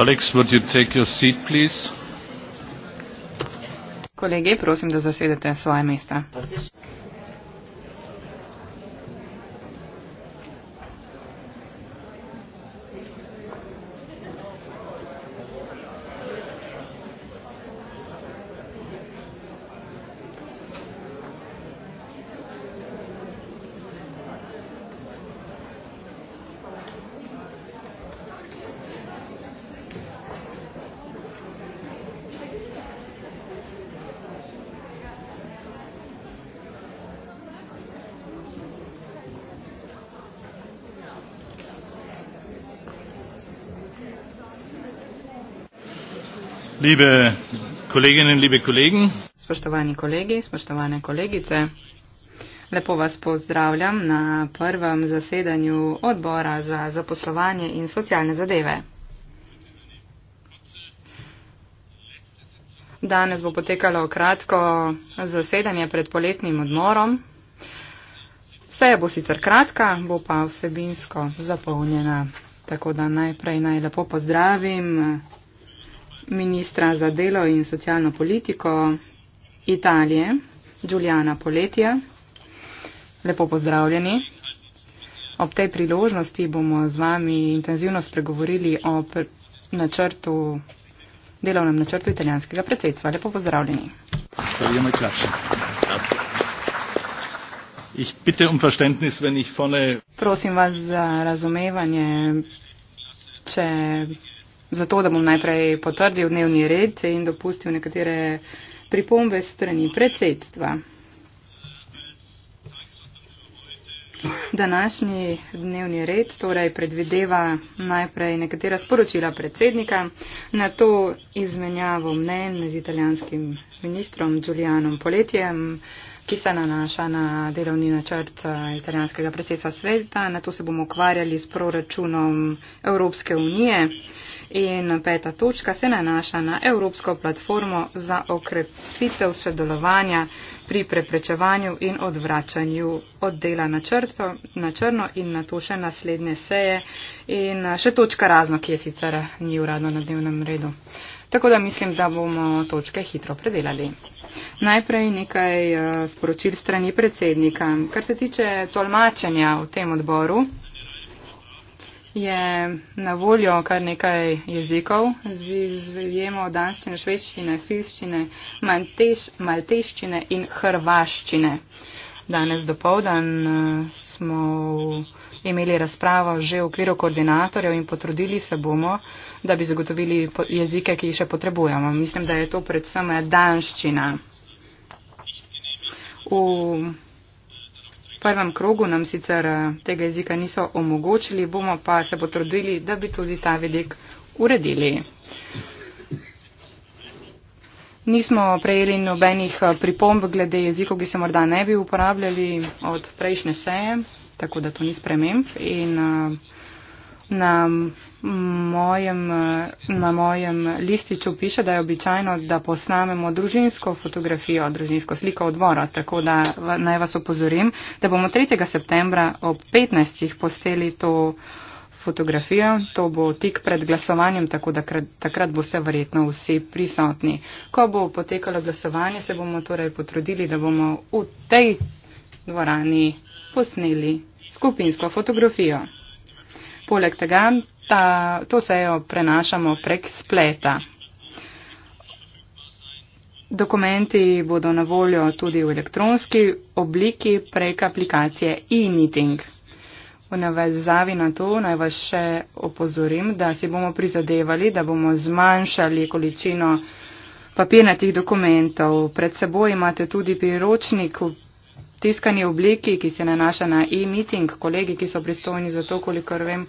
Colleagues, would you take your seat, please? Kolegi, prosim, da zasedete svoje mesta. Liebe Kolleginnen, liebe Kollegen. Spoštovani kolegi, spoštovane kolegice. Lepo vas pozdravljam na prvem zasedanju odbora za zaposlovanje in socialne zadeve. Danes bo potekalo kratko zasedanje pred poletnim odmorom. Seja bo sicer kratka, bo pa vsebinsko zapolnjena. Tako da najprej najlepo pozdravim ministra za delo in socialno politiko Italije, Giuliana Poletija. Lepo pozdravljeni. Ob tej priložnosti bomo z vami intenzivno spregovorili o načrtu, delovnem načrtu italijanskega predsedstva. Lepo pozdravljeni. Ich bitte um Verständnis, wenn ich vorne. Prosim vas za razumevanje, če zato, da bom najprej potrdil dnevni red in dopustil nekatere pripombe strani predsedstva. Današnji dnevni red torej predvideva najprej nekatera sporočila predsednika, na to izmenjavo mnen z italijanskim ministrom Giulianom Poletjem, ki se nanaša na delovni načrt eh, italijanskega predsedstva sveta, na to se bomo ukvarjali s proračunom Evropske unije. In peta točka se nanaša na Evropsko platformo za okrepitev sodelovanja pri preprečevanju in odvračanju od dela na, črto, na črno in na to še naslednje seje. In eh, še točka razno, ki je sicer eh, ni uradno na dnevnem redu. Tako da mislim, da bomo točke hitro predelali. Najprej nekaj eh, sporočil strani predsednika. Kar se tiče tolmačenja v tem odboru, je na voljo kar nekaj jezikov, z izjemo danščine, švedščine, filščine, mantež, malteščine in hrvaščine. Danes dopovdan eh, smo imeli razpravo že v okviru koordinatorjev in potrudili se bomo, da bi zagotovili jezike, ki jih še potrebujemo. Mislim, da je to predvsem danščina prvem krogu nam sicer eh, tega jezika niso omogočili, bomo pa se potrudili, da bi tudi ta vidik uredili. Nismo prejeli nobenih eh, pripomb glede jezikov, ki se morda ne bi uporabljali od prejšnje seje, tako da to ni sprememb in eh, nam mojem, na mojem lističu piše, da je običajno, da posnamemo družinsko fotografijo, družinsko sliko odvora. Tako da naj vas upozorim, da bomo 3. septembra ob 15. posteli to fotografijo. To bo tik pred glasovanjem, tako da takrat boste verjetno vsi prisotni. Ko bo potekalo glasovanje, se bomo torej potrudili, da bomo v tej dvorani posneli skupinsko fotografijo. Poleg tega ta, to sejo prenašamo prek spleta. Dokumenti bodo na voljo tudi v elektronski obliki prek aplikacije e-meeting. V navezavi na to naj vas še opozorim, da si bomo prizadevali, da bomo zmanjšali količino papirnatih dokumentov. Pred seboj imate tudi priročnik v tiskani obliki, ki se nanaša na e-meeting. Kolegi, ki so pristojni za to, kolikor vem,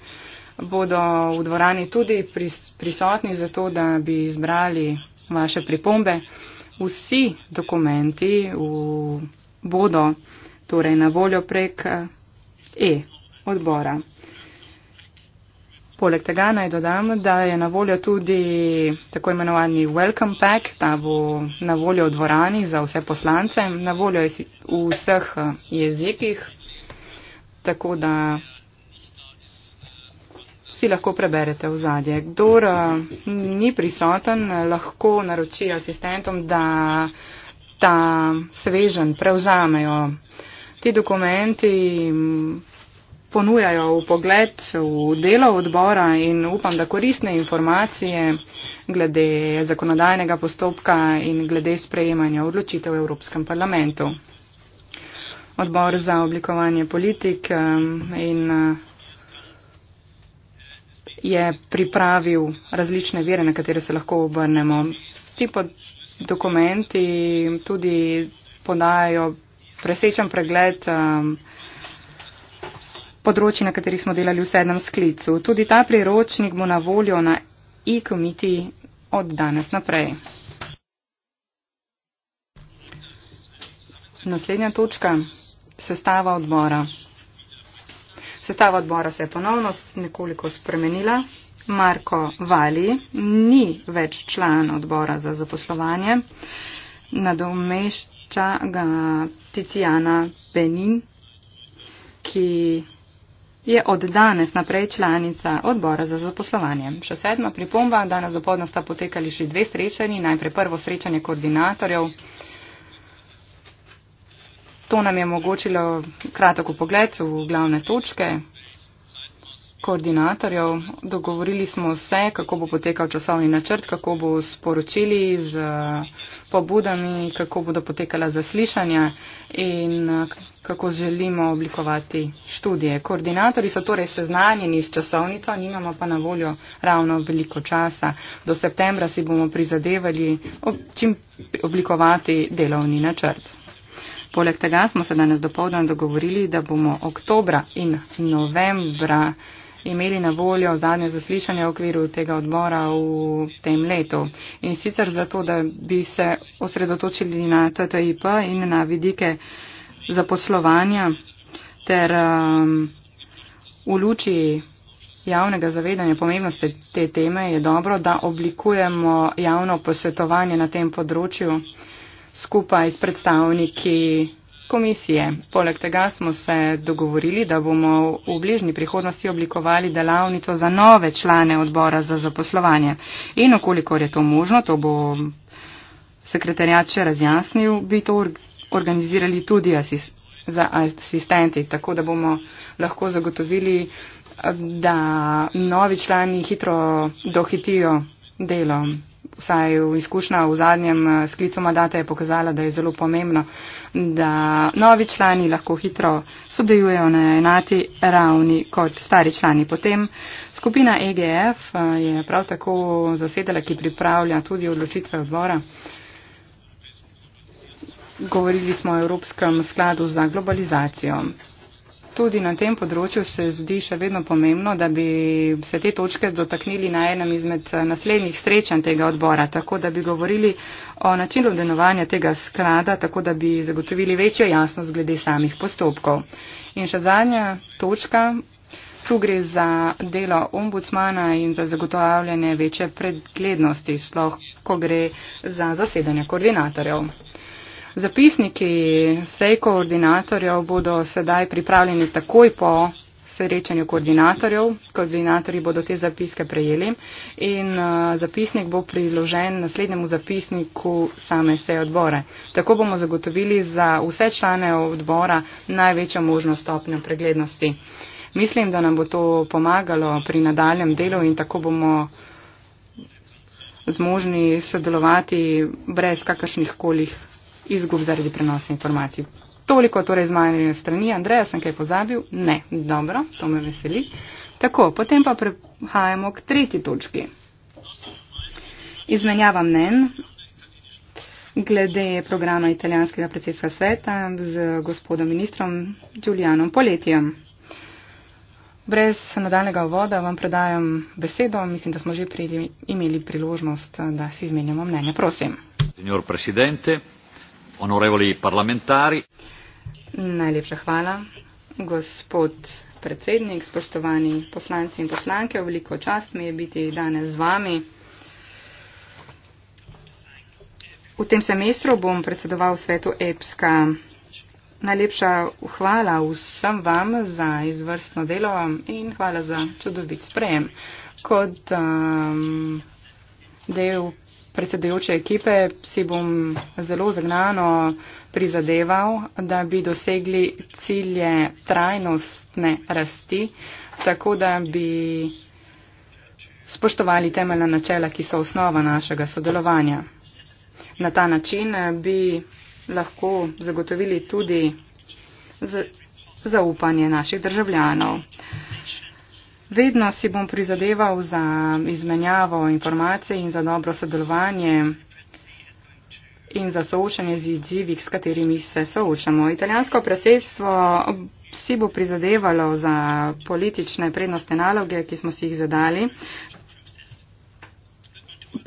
bodo v dvorani tudi pris, prisotni za to, da bi izbrali vaše pripombe. Vsi dokumenti v, bodo torej na voljo prek E odbora. Poleg tega naj dodam, da je na voljo tudi tako imenovani Welcome Pack, ta bo na voljo v dvorani za vse poslance, na voljo je v vseh eh, jezikih, tako da si lahko preberete v zadje. Kdor eh, ni prisoten, eh, lahko naroči asistentom, da ta svežen prevzamejo. Ti dokumenti mm, ponujajo v pogled v delo odbora in upam, da koristne informacije glede zakonodajnega postopka in glede sprejemanja odločitev v Evropskem parlamentu. Odbor za oblikovanje politik eh, in je pripravil različne vire, na katere se lahko obrnemo. Ti pa dokumenti tudi podajajo presečen pregled um, področji, na katerih smo delali v sedmem sklicu. Tudi ta priročnik bo na voljo na e-komiti od danes naprej. Naslednja točka. Sestava odbora sestava odbora se je ponovno nekoliko spremenila. Marko Vali ni več član odbora za zaposlovanje, nadomešča ga Tiziana Benin, ki je od danes naprej članica odbora za zaposlovanje. Še sedma pripomba, danes dopoledne sta potekali še dve srečanji, najprej prvo srečanje koordinatorjev. To nam je omogočilo kratek pogled v glavne točke koordinatorjev. Dogovorili smo se, kako bo potekal časovni načrt, kako bo sporočili z eh, pobudami, kako bodo potekala zaslišanja in eh, kako želimo oblikovati študije. Koordinatorji so torej seznanjeni s časovnico, nimamo pa na voljo ravno veliko časa. Do septembra si bomo prizadevali ob, čim oblikovati delovni načrt. Poleg tega smo se danes dopoldan dogovorili, da bomo oktobra in novembra imeli na voljo zadnje zaslišanje v okviru tega odbora v tem letu. In sicer zato, da bi se osredotočili na TTIP in na vidike zaposlovanja ter um, v luči javnega zavedanja pomembnosti te teme je dobro, da oblikujemo javno posvetovanje na tem področju skupaj s predstavniki komisije. Poleg tega smo se dogovorili, da bomo v bližnji prihodnosti oblikovali delavnico za nove člane odbora za zaposlovanje. In okolikor je to možno, to bo sekretarjat še razjasnil, bi to organizirali tudi asist za asistenti, tako da bomo lahko zagotovili, da novi člani hitro dohitijo delo vsaj izkušnja v zadnjem eh, sklicu mandata je pokazala, da je zelo pomembno, da novi člani lahko hitro sodelujejo na enati ravni kot stari člani. Potem skupina EGF eh, je prav tako zasedala, ki pripravlja tudi odločitve odbora. Govorili smo o Evropskem skladu za globalizacijo tudi na tem področju se zdi še vedno pomembno, da bi se te točke dotaknili na enem izmed eh, naslednjih srečanj tega odbora, tako da bi govorili o načinu denovanja tega sklada, tako da bi zagotovili večjo jasnost glede samih postopkov. In še zadnja točka. Tu gre za delo ombudsmana in za zagotavljanje večje preglednosti, sploh ko gre za zasedanje koordinatorjev. Zapisniki sej koordinatorjev bodo sedaj pripravljeni takoj po srečanju koordinatorjev. Koordinatorji bodo te zapiske prejeli in eh, zapisnik bo priložen naslednjemu zapisniku same seje odbore. Tako bomo zagotovili za vse člane odbora največjo možno stopnjo preglednosti. Mislim, da nam bo to pomagalo pri nadaljem delu in tako bomo zmožni sodelovati brez kakršnih kolih izgub zaradi prenosa informacij. Toliko torej zmanjene strani. Andreja, sem kaj pozabil? Ne. Dobro, to me veseli. Tako, potem pa prehajamo k tretji točki. Izmenjava mnen glede programa italijanskega predsedstva sveta z gospodom ministrom Giulianom Poletijem. Brez nadaljnega uvoda vam predajam besedo. Mislim, da smo že pri, imeli priložnost, da si izmenjamo mnenje. Prosim. Signor Presidente, onorevoli parlamentari. Najlepša hvala, gospod predsednik, spoštovani poslanci in poslanke. Veliko čast mi je biti danes z vami. V tem semestru bom predsedoval svetu EPSKA. Najlepša hvala vsem vam za izvrstno delo in hvala za čudovit sprejem. Kot um, del predsedujoče ekipe si bom zelo zagnano prizadeval, da bi dosegli cilje trajnostne rasti, tako da bi spoštovali temeljna načela, ki so osnova našega sodelovanja. Na ta način bi lahko zagotovili tudi zaupanje naših državljanov. Vedno si bom prizadeval za izmenjavo informacij in za dobro sodelovanje in za soočanje z izzivih, s katerimi se soočamo. Italijansko predsedstvo si bo prizadevalo za politične prednostne naloge, ki smo si jih zadali.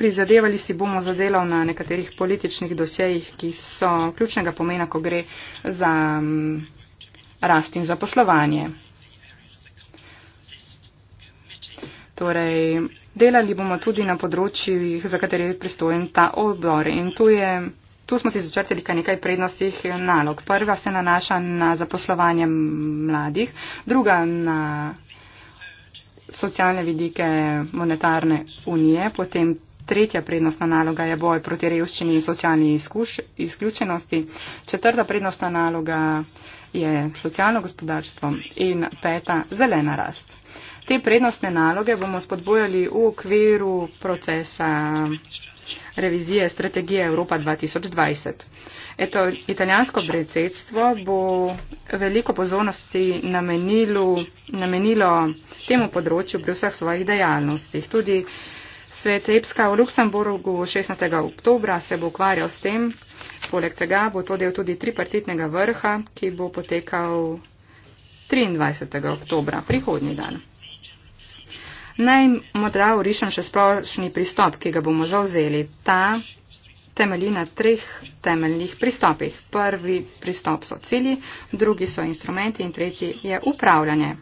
Prizadevali si bomo za delo na nekaterih političnih dosejih, ki so ključnega pomena, ko gre za mm, rast in zaposlovanje. Torej, delali bomo tudi na področjih, za katere je pristojen ta odbor. In tu, je, tu smo si začrtali kar nekaj prednostih nalog. Prva se nanaša na zaposlovanje mladih, druga na socialne vidike monetarne unije, potem tretja prednostna naloga je boj proti revščini in socialni izkuš, izključenosti, četrta prednostna naloga je socialno gospodarstvo in peta zelena rast. Te prednostne naloge bomo spodbojali v okviru procesa revizije strategije Evropa 2020. Eto, italijansko predsedstvo bo veliko pozornosti namenilo, namenilo temu področju pri vseh svojih dejavnostih. Tudi svet EPSKA v Luksemburgu 16. oktobra se bo ukvarjal s tem. Poleg tega bo to del tudi tripartitnega vrha, ki bo potekal 23. oktobra, prihodnji dan. Naj modra urišem še splošni pristop, ki ga bomo zauzeli. Ta temelji na treh temeljnih pristopih. Prvi pristop so cilji, drugi so instrumenti in tretji je upravljanje.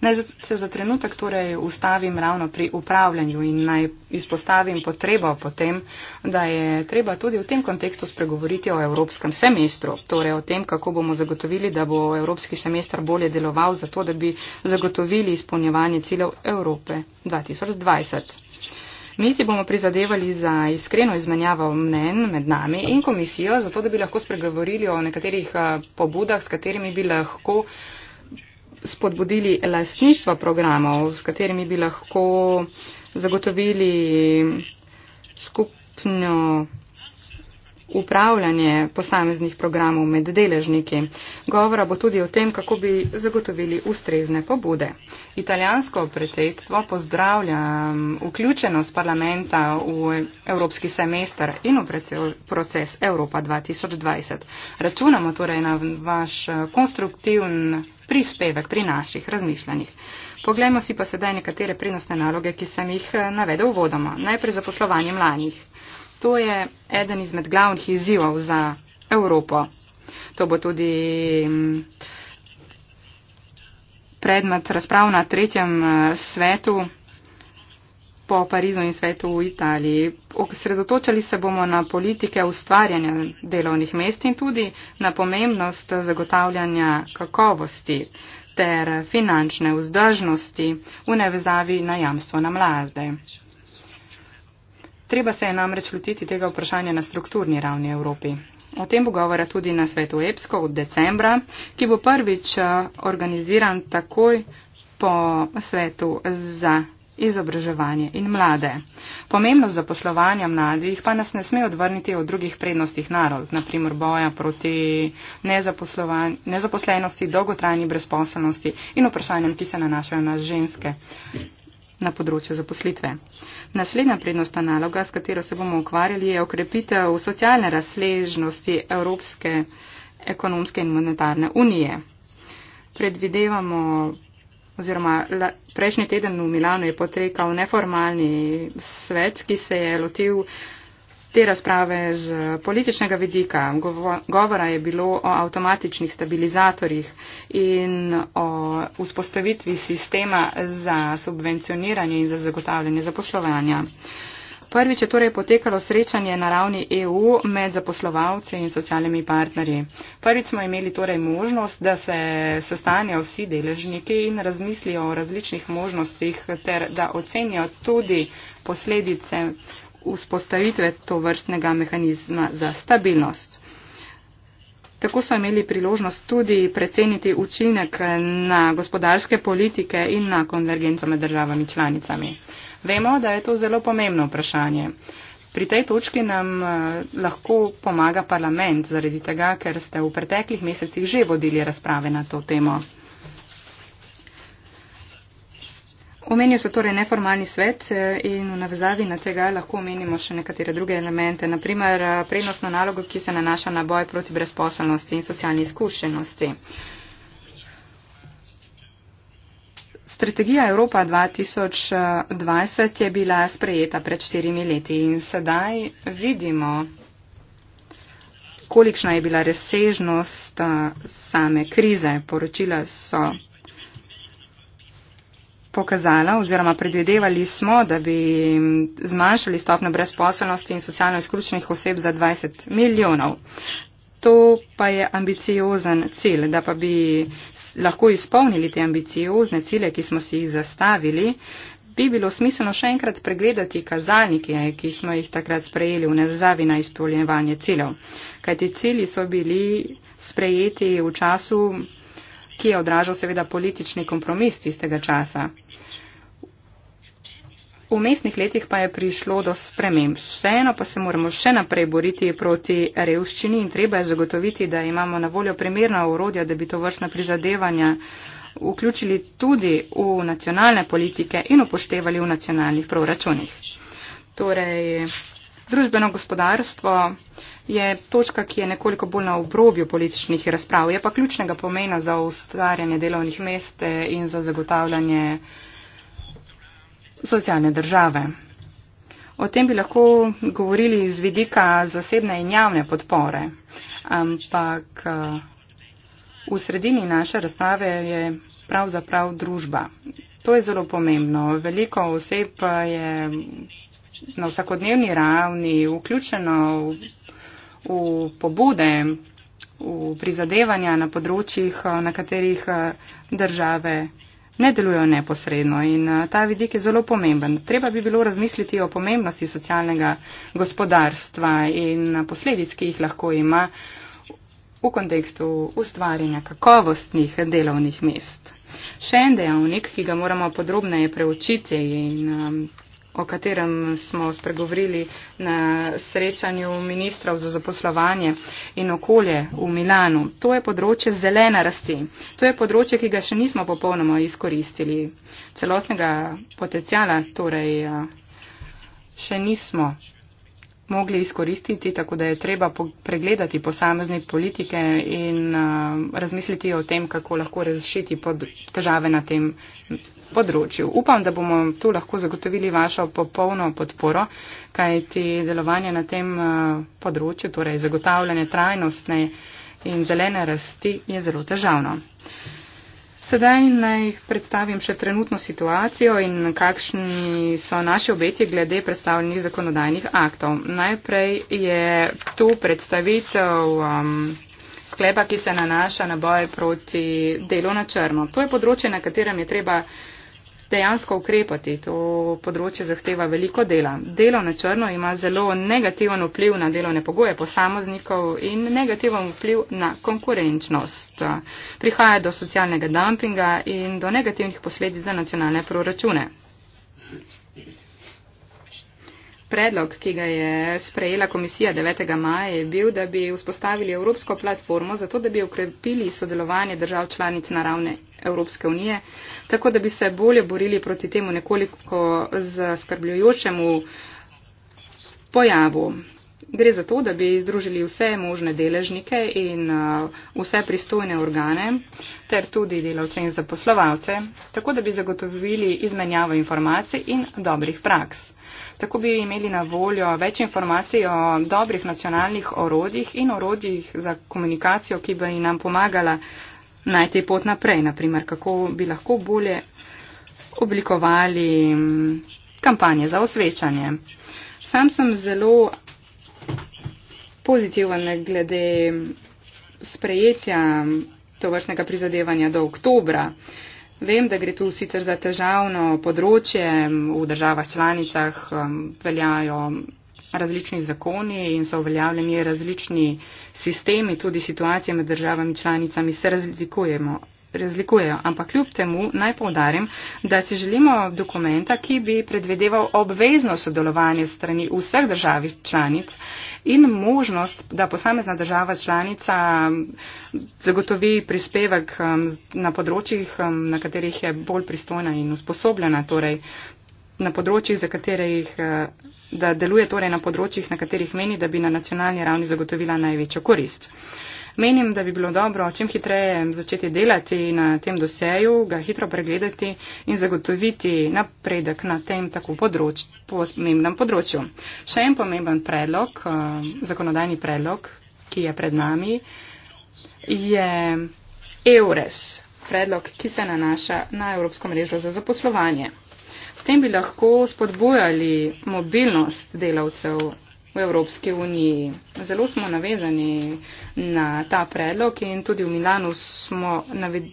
Naj se za trenutek torej ustavim ravno pri upravljanju in naj izpostavim potrebo potem, da je treba tudi v tem kontekstu spregovoriti o evropskem semestru, torej o tem, kako bomo zagotovili, da bo evropski semestr bolje deloval za to, da bi zagotovili izpolnjevanje ciljev Evrope 2020. Mi si bomo prizadevali za iskreno izmenjavo mnen med nami in komisijo, zato da bi lahko spregovorili o nekaterih eh, pobudah, s katerimi bi lahko spodbudili lastništva programov, s katerimi bi lahko zagotovili skupno upravljanje posameznih programov med deležniki. Govora bo tudi o tem, kako bi zagotovili ustrezne pobude. Italijansko predsedstvo pozdravlja vključenost parlamenta v evropski semester in v proces Evropa 2020. Računamo torej na vaš konstruktivn prispevek pri naših razmišljanjih. Poglejmo si pa sedaj nekatere prinosne naloge, ki sem jih navedel vodoma. Najprej zaposlovanje mladih. To je eden izmed glavnih izzivov za Evropo. To bo tudi mm, predmet razprav na tretjem eh, svetu po Parizu in svetu v Italiji. Sredotočali se bomo na politike ustvarjanja delovnih mest in tudi na pomembnost zagotavljanja kakovosti ter finančne vzdržnosti v nevezavi na jamstvo na mlade. Treba se je namreč lotiti tega vprašanja na strukturni ravni Evropi. O tem bo govora tudi na svetu EPSKO od decembra, ki bo prvič eh, organiziran takoj po svetu za izobraževanje in mlade. Pomembnost zaposlovanja mladih pa nas ne sme odvrniti od drugih prednostih narod, naprimer boja proti nezaposlenosti, dolgotrajni brezposelnosti in vprašanjem, ki se nanašajo na ženske na področju zaposlitve. Naslednja prednostna naloga, s katero se bomo ukvarjali, je okrepitev socialne razsležnosti Evropske ekonomske in monetarne unije. Predvidevamo, oziroma prejšnji teden v Milano je potekal neformalni svet, ki se je lotil te razprave z političnega vidika. Govora je bilo o avtomatičnih stabilizatorjih in o vzpostavitvi sistema za subvencioniranje in za zagotavljanje zaposlovanja. Prvič je torej potekalo srečanje na ravni EU med zaposlovalci in socialnimi partnerji. Prvič smo imeli torej možnost, da se sestanjajo vsi deležniki in razmislijo o različnih možnostih ter da ocenijo tudi posledice vzpostavitve tovrstnega mehanizma za stabilnost. Tako so imeli priložnost tudi preceniti učinek na gospodarske politike in na konvergenco med državami članicami. Vemo, da je to zelo pomembno vprašanje. Pri tej točki nam eh, lahko pomaga parlament, zaradi tega, ker ste v preteklih mesecih že vodili razprave na to temo. Omenijo se torej neformalni svet eh, in v navezavi na tega lahko omenimo še nekatere druge elemente, naprimer eh, prednostno nalogo, ki se nanaša na boj proti brezposelnosti in socialni izkušenosti. Strategija Evropa 2020 je bila sprejeta pred štirimi leti in sedaj vidimo, kolikšna je bila razsežnost eh, same krize. Poročila so pokazala oziroma predvidevali smo, da bi zmanjšali stopno brezposelnosti in socialno izključenih oseb za 20 milijonov. To pa je ambiciozen cilj, da pa bi lahko izpolnili te ambiciozne cilje, ki smo si jih zastavili, bi bilo smiselno še enkrat pregledati kazalnike, ki smo jih takrat sprejeli v nezavi na izpolnjevanje ciljev. Kaj ti cilji so bili sprejeti v času, ki je odražal seveda politični kompromis tistega časa. V mestnih letih pa je prišlo do sprememb. Vseeno pa se moramo še naprej boriti proti revščini in treba je zagotoviti, da imamo na voljo primerna urodja, da bi to vrstna prizadevanja vključili tudi v nacionalne politike in upoštevali v nacionalnih proračunih. Torej, družbeno gospodarstvo je točka, ki je nekoliko bolj na obrobju političnih razprav, je pa ključnega pomena za ustvarjanje delovnih mest in za zagotavljanje socialne države. O tem bi lahko govorili z vidika zasebne in javne podpore, ampak v sredini naše razprave je pravzaprav družba. To je zelo pomembno. Veliko oseb je na vsakodnevni ravni vključeno v, v pobude, v prizadevanja na področjih, na katerih države ne delujejo neposredno in eh, ta vidik je zelo pomemben. Treba bi bilo razmisliti o pomembnosti socialnega gospodarstva in posledic, ki jih lahko ima v kontekstu ustvarjanja kakovostnih delovnih mest. Še en dejavnik, ki ga moramo podrobneje preučiti in um, o katerem smo spregovorili na srečanju ministrov za zaposlovanje in okolje v Milanu. To je področje zelena rasti. To je področje, ki ga še nismo popolnoma izkoristili. Celotnega potencijala torej še nismo mogli izkoristiti, tako da je treba pregledati posamezne politike in uh, razmisliti o tem, kako lahko razrešiti težave na tem področju. Upam, da bomo tu lahko zagotovili vašo popolno podporo, kajti delovanje na tem eh, področju, torej zagotavljanje trajnostne in zelene rasti, je zelo težavno. Sedaj naj predstavim še trenutno situacijo in kakšni so naše obetje glede predstavljenih zakonodajnih aktov. Najprej je tu predstavitev um, sklepa, ki se nanaša na boj proti delu na črno. To je področje, na katerem je treba dejansko ukrepati. To področje zahteva veliko dela. Delo na črno ima zelo negativen vpliv na delovne pogoje posameznikov in negativen vpliv na konkurenčnost. Prihaja do socialnega dumpinga in do negativnih posledic za nacionalne proračune. Predlog, ki ga je sprejela komisija 9. maja, je bil, da bi vzpostavili evropsko platformo za to, da bi ukrepili sodelovanje držav članic na ravne Evropske unije, tako da bi se bolje borili proti temu nekoliko zaskrbljujočemu pojavu gre za to, da bi združili vse možne deležnike in uh, vse pristojne organe ter tudi delavce in zaposlovalce, tako da bi zagotovili izmenjavo informacij in dobrih praks. Tako bi imeli na voljo več informacij o dobrih nacionalnih orodjih in orodjih za komunikacijo, ki bi nam pomagala najti pot naprej, naprimer, kako bi lahko bolje oblikovali mm, kampanje za osvečanje. Sam sem zelo pozitiven glede sprejetja tovršnega prizadevanja do oktobra. Vem, da gre tu sicer za težavno področje, v državah članicah um, veljajo različni zakoni in so uveljavljeni različni sistemi, tudi situacija med državami članicami se razlikujemo razlikujejo. Ampak kljub temu naj povdarim, da si želimo dokumenta, ki bi predvedeval obvezno sodelovanje strani vseh držav članic in možnost, da posamezna država članica zagotovi prispevek na področjih, na katerih je bolj pristojna in usposobljena, torej na področjih, za katerih e, da deluje torej na področjih, na katerih meni, da bi na nacionalni ravni zagotovila največjo korist. Menim, da bi bilo dobro čim hitreje začeti delati na tem doseju, ga hitro pregledati in zagotoviti napredek na tem tako področ, pomembnem področju. Še en pomemben predlog, eh, zakonodajni predlog, ki je pred nami, je EURES, predlog, ki se nanaša na Evropsko mrežo za zaposlovanje. S tem bi lahko spodbujali mobilnost delavcev Evropski uniji. Zelo smo navezani na ta predlog in tudi v Milanu smo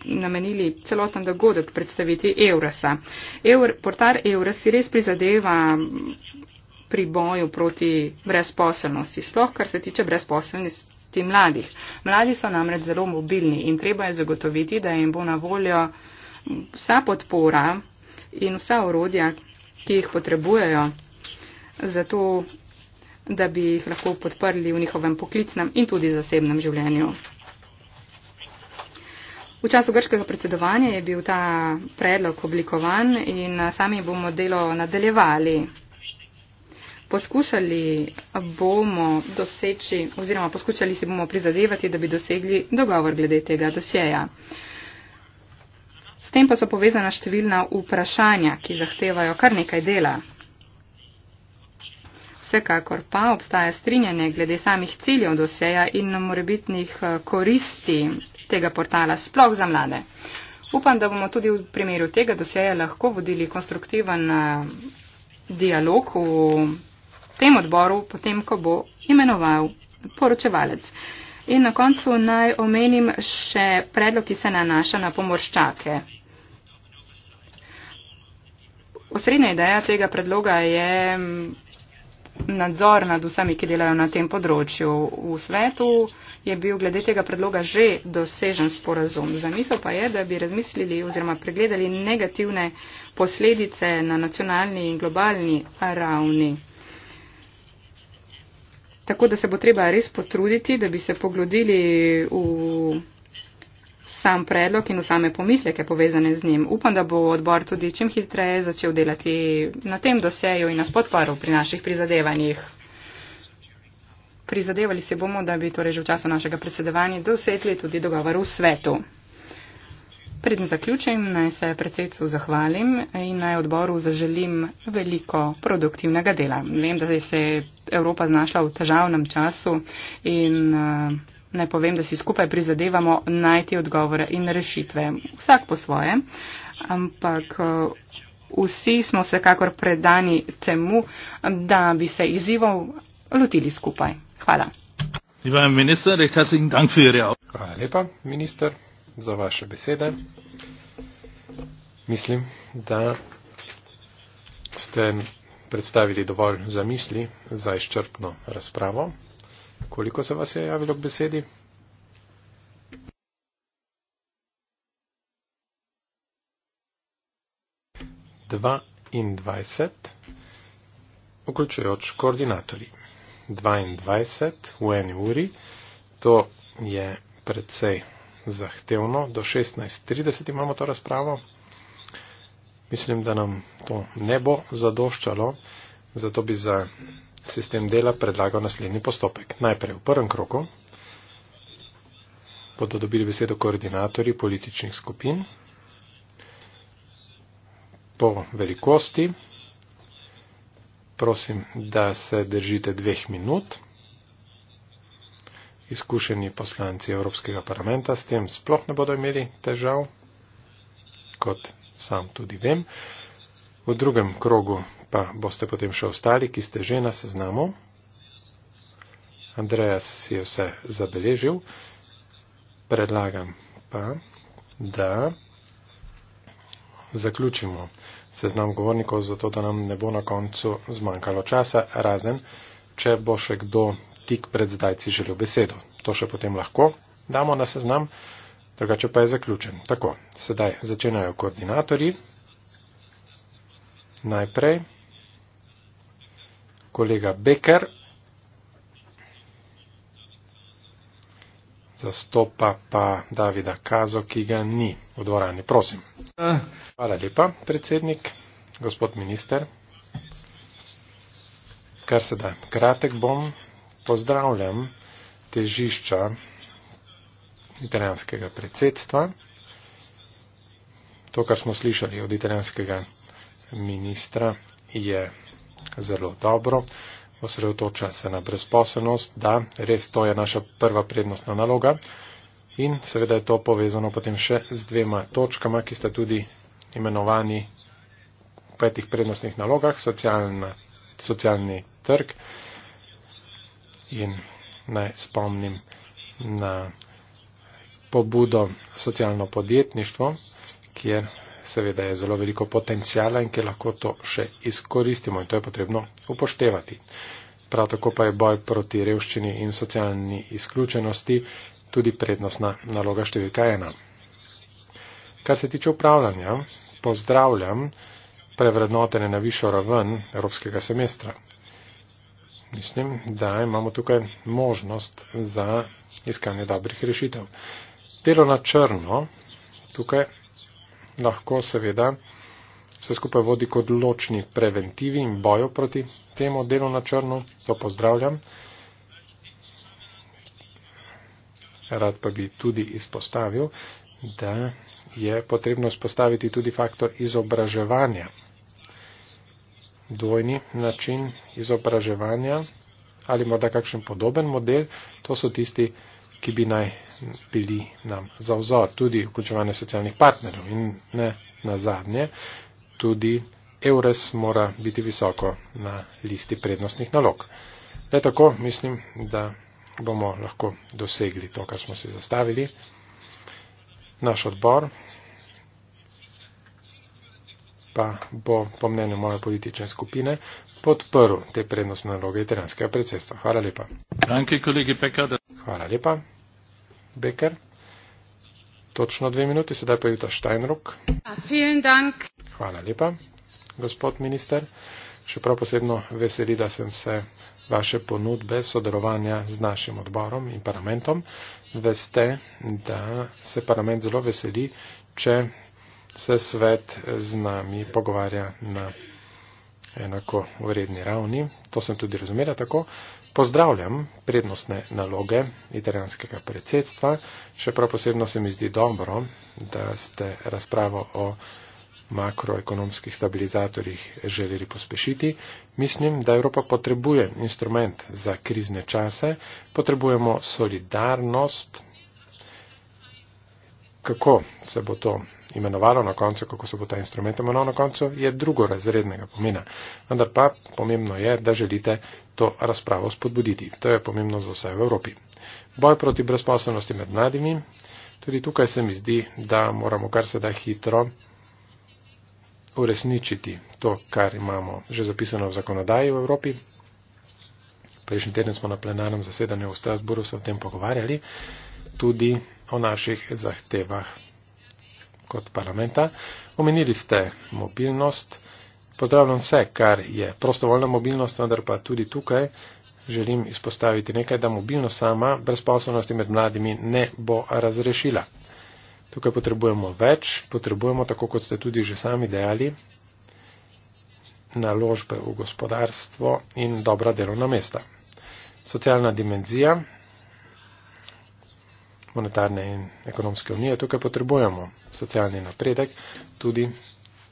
namenili celoten dogodek predstaviti Eurasa. Eur, portar Euras si res prizadeva pri boju proti brezposelnosti, sploh kar se tiče brezposelnosti. Mladih. Mladi so namreč zelo mobilni in treba je zagotoviti, da jim bo na voljo vsa podpora in vsa orodja, ki jih potrebujejo. Zato da bi jih lahko podprli v njihovem poklicnem in tudi zasebnem življenju. V času grškega predsedovanja je bil ta predlog oblikovan in sami bomo delo nadaljevali. Poskušali bomo doseči oziroma poskušali si bomo prizadevati, da bi dosegli dogovor glede tega dosjeja. S tem pa so povezana številna vprašanja, ki zahtevajo kar nekaj dela. Vsekakor pa obstaja strinjanje glede samih ciljev doseja in morebitnih eh, koristi tega portala sploh za mlade. Upam, da bomo tudi v primeru tega doseja lahko vodili konstruktiven eh, dialog v tem odboru, potem, ko bo imenoval poročevalec. In na koncu naj omenim še predlog, ki se nanaša na pomorščake. Osrednja ideja tega predloga je nadzor nad vsemi, ki delajo na tem področju. V svetu je bil glede tega predloga že dosežen sporazum. Zamisel pa je, da bi razmislili oziroma pregledali negativne posledice na nacionalni in globalni ravni. Tako da se bo treba res potruditi, da bi se poglodili v sam predlog in vsame pomisleke povezane z njim. Upam, da bo odbor tudi čim hitreje začel delati na tem doseju in nas podporil pri naših prizadevanjih. Prizadevali se bomo, da bi torej že v času našega predsedovanja dosegli tudi dogovor v svetu. Predn zaključim, naj se predsedcu zahvalim in naj odboru zaželim veliko produktivnega dela. Vem, da se je Evropa znašla v težavnem času in uh, naj povem, da si skupaj prizadevamo najti odgovore in rešitve. Vsak po svoje, ampak vsi smo vsekakor predani temu, da bi se izzivov lotili skupaj. Hvala. Hvala lepa, minister, za vaše besede. Mislim, da ste predstavili dovolj zamisli za izčrpno razpravo. Koliko se vas je javilo k besedi? Dva in dvajset, vključujoč koordinatorji. Dva in dvajset v eni uri, to je predvsej zahtevno, do 16.30 imamo to razpravo. Mislim, da nam to ne bo zadoščalo, zato bi za sistem dela predlagal naslednji postopek. Najprej v prvem kroku bodo dobili besedo koordinatorji političnih skupin po velikosti. Prosim, da se držite dveh minut. Izkušeni poslanci Evropskega parlamenta s tem sploh ne bodo imeli težav, kot sam tudi vem. V drugem krogu pa boste potem še ostali, ki ste že na seznamu. Andreas si je vse zabeležil. Predlagam pa, da zaključimo seznam govornikov, zato da nam ne bo na koncu zmanjkalo časa, razen, če bo še kdo tik pred zdajci želel besedo. To še potem lahko damo na seznam, drugače pa je zaključen. Tako, sedaj začenjajo koordinatorji. Najprej kolega Becker, zastopa pa Davida Kazo, ki ga ni v dvorani. Prosim. Hvala lepa, predsednik, gospod minister. Kar se da, kratek bom, pozdravljam težišča italijanskega predsedstva. To, kar smo slišali od italijanskega ministra, je zelo dobro. Osredotoča se na brezposobnost, da res to je naša prva prednostna naloga. In seveda je to povezano potem še z dvema točkama, ki sta tudi imenovani v petih prednostnih nalogah, socialna, socialni trg. In naj spomnim na pobudo socialno podjetništvo, kjer seveda je zelo veliko potencijala in ki lahko to še izkoristimo in to je potrebno upoštevati. Prav tako pa je boj proti revščini in socialni izključenosti tudi prednostna naloga številka ena. Kar se tiče upravljanja, pozdravljam prevrednotene na višjo raven evropskega semestra. Mislim, da imamo tukaj možnost za iskanje dobrih rešitev. Delo na črno, tukaj lahko seveda vse skupaj vodi kot ločni preventivi in bojo proti temu delu na črnu. To pozdravljam. Rad pa bi tudi izpostavil, da je potrebno spostaviti tudi faktor izobraževanja. Dvojni način izobraževanja ali morda kakšen podoben model, to so tisti, ki bi naj bili nam za vzor, tudi vključevanje socialnih partnerov in ne na zadnje, tudi EURES mora biti visoko na listi prednostnih nalog. Le tako mislim, da bomo lahko dosegli to, kar smo si zastavili. Naš odbor pa bo po mnenju moje politične skupine podprl te prednostne naloge italijanskega predsedstva. Hvala lepa. Hvala lepa. Becker. Točno dve minuti, sedaj pa Juta Steinruck. Ja, Hvala lepa, gospod minister. Še prav posebno veseli, da sem se vaše ponudbe sodelovanja z našim odborom in parlamentom. Veste, da se parlament zelo veseli, če se svet z nami pogovarja na enako vredni ravni. To sem tudi razumela tako. Pozdravljam prednostne naloge italijanskega predsedstva. Še prav posebno se mi zdi dobro, da ste razpravo o makroekonomskih stabilizatorjih želeli pospešiti. Mislim, da Evropa potrebuje instrument za krizne čase, potrebujemo solidarnost. Kako se bo to imenovalo na koncu, kako se bo ta instrument imenoval na koncu, je drugorazrednega pomena. Vendar pa pomembno je, da želite to razpravo spodbuditi. To je pomembno za vse v Evropi. Boj proti brezposobnosti med mladimi. Tudi tukaj se mi zdi, da moramo kar se da hitro uresničiti to, kar imamo že zapisano v zakonodaji v Evropi. Prejšnji teden smo na plenarnem zasedanju v Strasburu se o tem pogovarjali, tudi o naših zahtevah kot parlamenta. Omenili ste mobilnost. Pozdravljam vse, kar je prostovoljna mobilnost, vendar pa tudi tukaj želim izpostaviti nekaj, da mobilnost sama brezposobnosti med mladimi ne bo razrešila. Tukaj potrebujemo več, potrebujemo, tako kot ste tudi že sami dejali, naložbe v gospodarstvo in dobra delovna mesta. Socialna dimenzija monetarne in ekonomske unije. Tukaj potrebujemo socialni napredek, tudi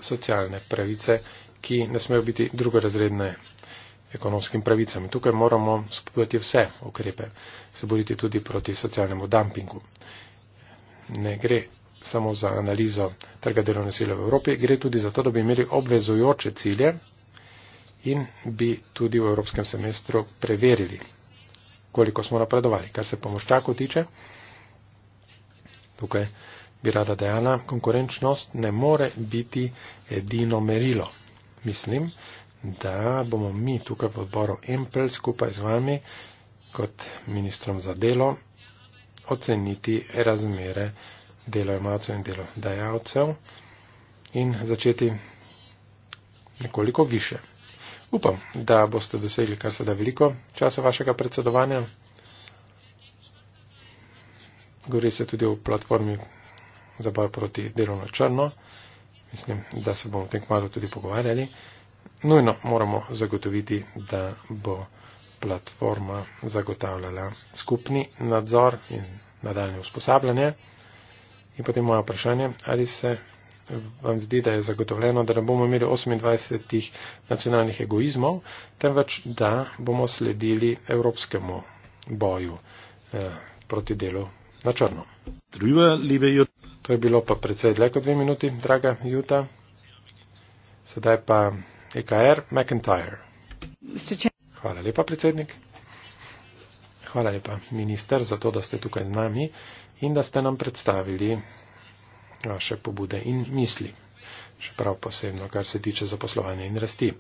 socialne pravice, ki ne smejo biti drugorazredne ekonomskim pravicam. Tukaj moramo spodbujati vse ukrepe, se boriti tudi proti socialnemu dumpingu. Ne gre samo za analizo trga delovne sile v Evropi, gre tudi za to, da bi imeli obvezujoče cilje in bi tudi v evropskem semestru preverili, koliko smo napredovali. Kar se pomoščakov tiče, Tukaj bi rada dejala, konkurenčnost ne more biti edino merilo. Mislim, da bomo mi tukaj v odboru Empel skupaj z vami kot ministrom za delo oceniti razmere delojemalcev in delodajalcev in začeti nekoliko više. Upam, da boste dosegli kar se da veliko časa vašega predsedovanja govori se tudi o platformi za boj proti delovno črno. Mislim, da se bomo o tem kmalo tudi pogovarjali. Nujno moramo zagotoviti, da bo platforma zagotavljala skupni nadzor in nadaljne usposabljanje. In potem moja vprašanje, ali se vam zdi, da je zagotovljeno, da ne bomo imeli 28 nacionalnih egoizmov, temveč da bomo sledili evropskemu boju eh, proti delu na črno. Druga live jut. To je bilo pa predvsej dlje kot dve minuti, draga Juta. Sedaj pa EKR McIntyre. Hvala lepa, predsednik. Hvala lepa, minister, za to, da ste tukaj z nami in da ste nam predstavili vaše pobude in misli. Še prav posebno, kar se tiče zaposlovanja in rasti.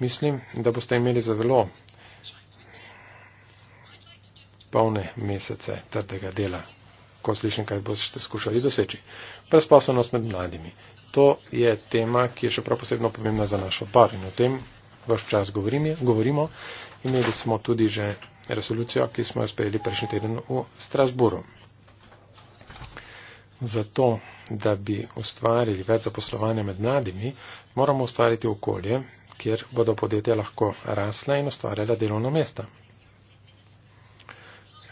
Mislim, da boste imeli zelo polne mesece trdega dela ko slišim, kaj boste skušali doseči. Presposobnost med mladimi. To je tema, ki je še prav posebno pomembna za našo par in o tem vaš čas govorim, govorimo. Imeli smo tudi že resolucijo, ki smo jo sprejeli prejšnji teden v Strasburu. Zato, da bi ustvarili več zaposlovanja med mladimi, moramo ustvariti okolje, kjer bodo podjetja lahko rasla in ustvarjala delovno mesta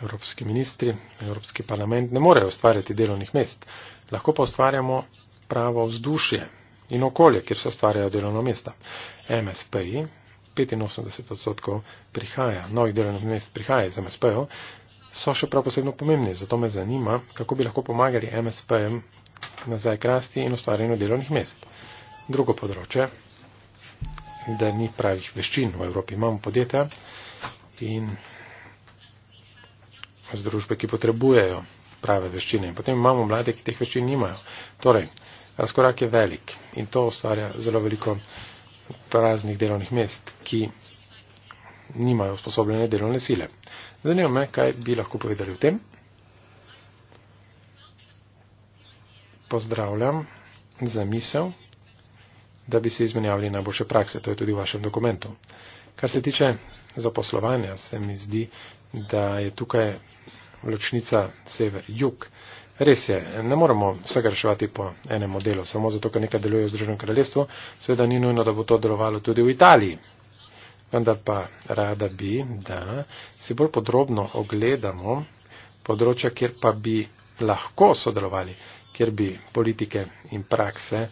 evropski ministri, evropski parlament ne morejo ustvarjati delovnih mest, lahko pa ustvarjamo pravo vzdušje in okolje, kjer se ustvarjajo delovna mesta. MSPI, 85 odstotkov prihaja, novih delovnih mest prihaja iz MSP-jev, so še prav posebno pomembni, zato me zanima, kako bi lahko pomagali MSP-jem nazaj k rasti in ustvarjanju delovnih mest. Drugo področje, da ni pravih veščin v Evropi, imamo podjetja in z družbe, ki potrebujejo prave veščine. In potem imamo mlade, ki teh veščin nimajo. Torej, razkorak je velik in to ustvarja zelo veliko praznih delovnih mest, ki nimajo usposobljene delovne sile. Zanima me, kaj bi lahko povedali o tem. Pozdravljam za misel, da bi se izmenjavali najboljše prakse. To je tudi v vašem dokumentu. Kar se tiče zaposlovanja, se mi zdi, da je tukaj ločnica sever-jug. Res je, ne moremo vsega reševati po enem modelu, samo zato, ker nekaj deluje v Združenem kraljestvu, seveda ni nujno, da bo to delovalo tudi v Italiji. Vendar pa rada bi, da si bolj podrobno ogledamo področja, kjer pa bi lahko sodelovali, kjer bi politike in prakse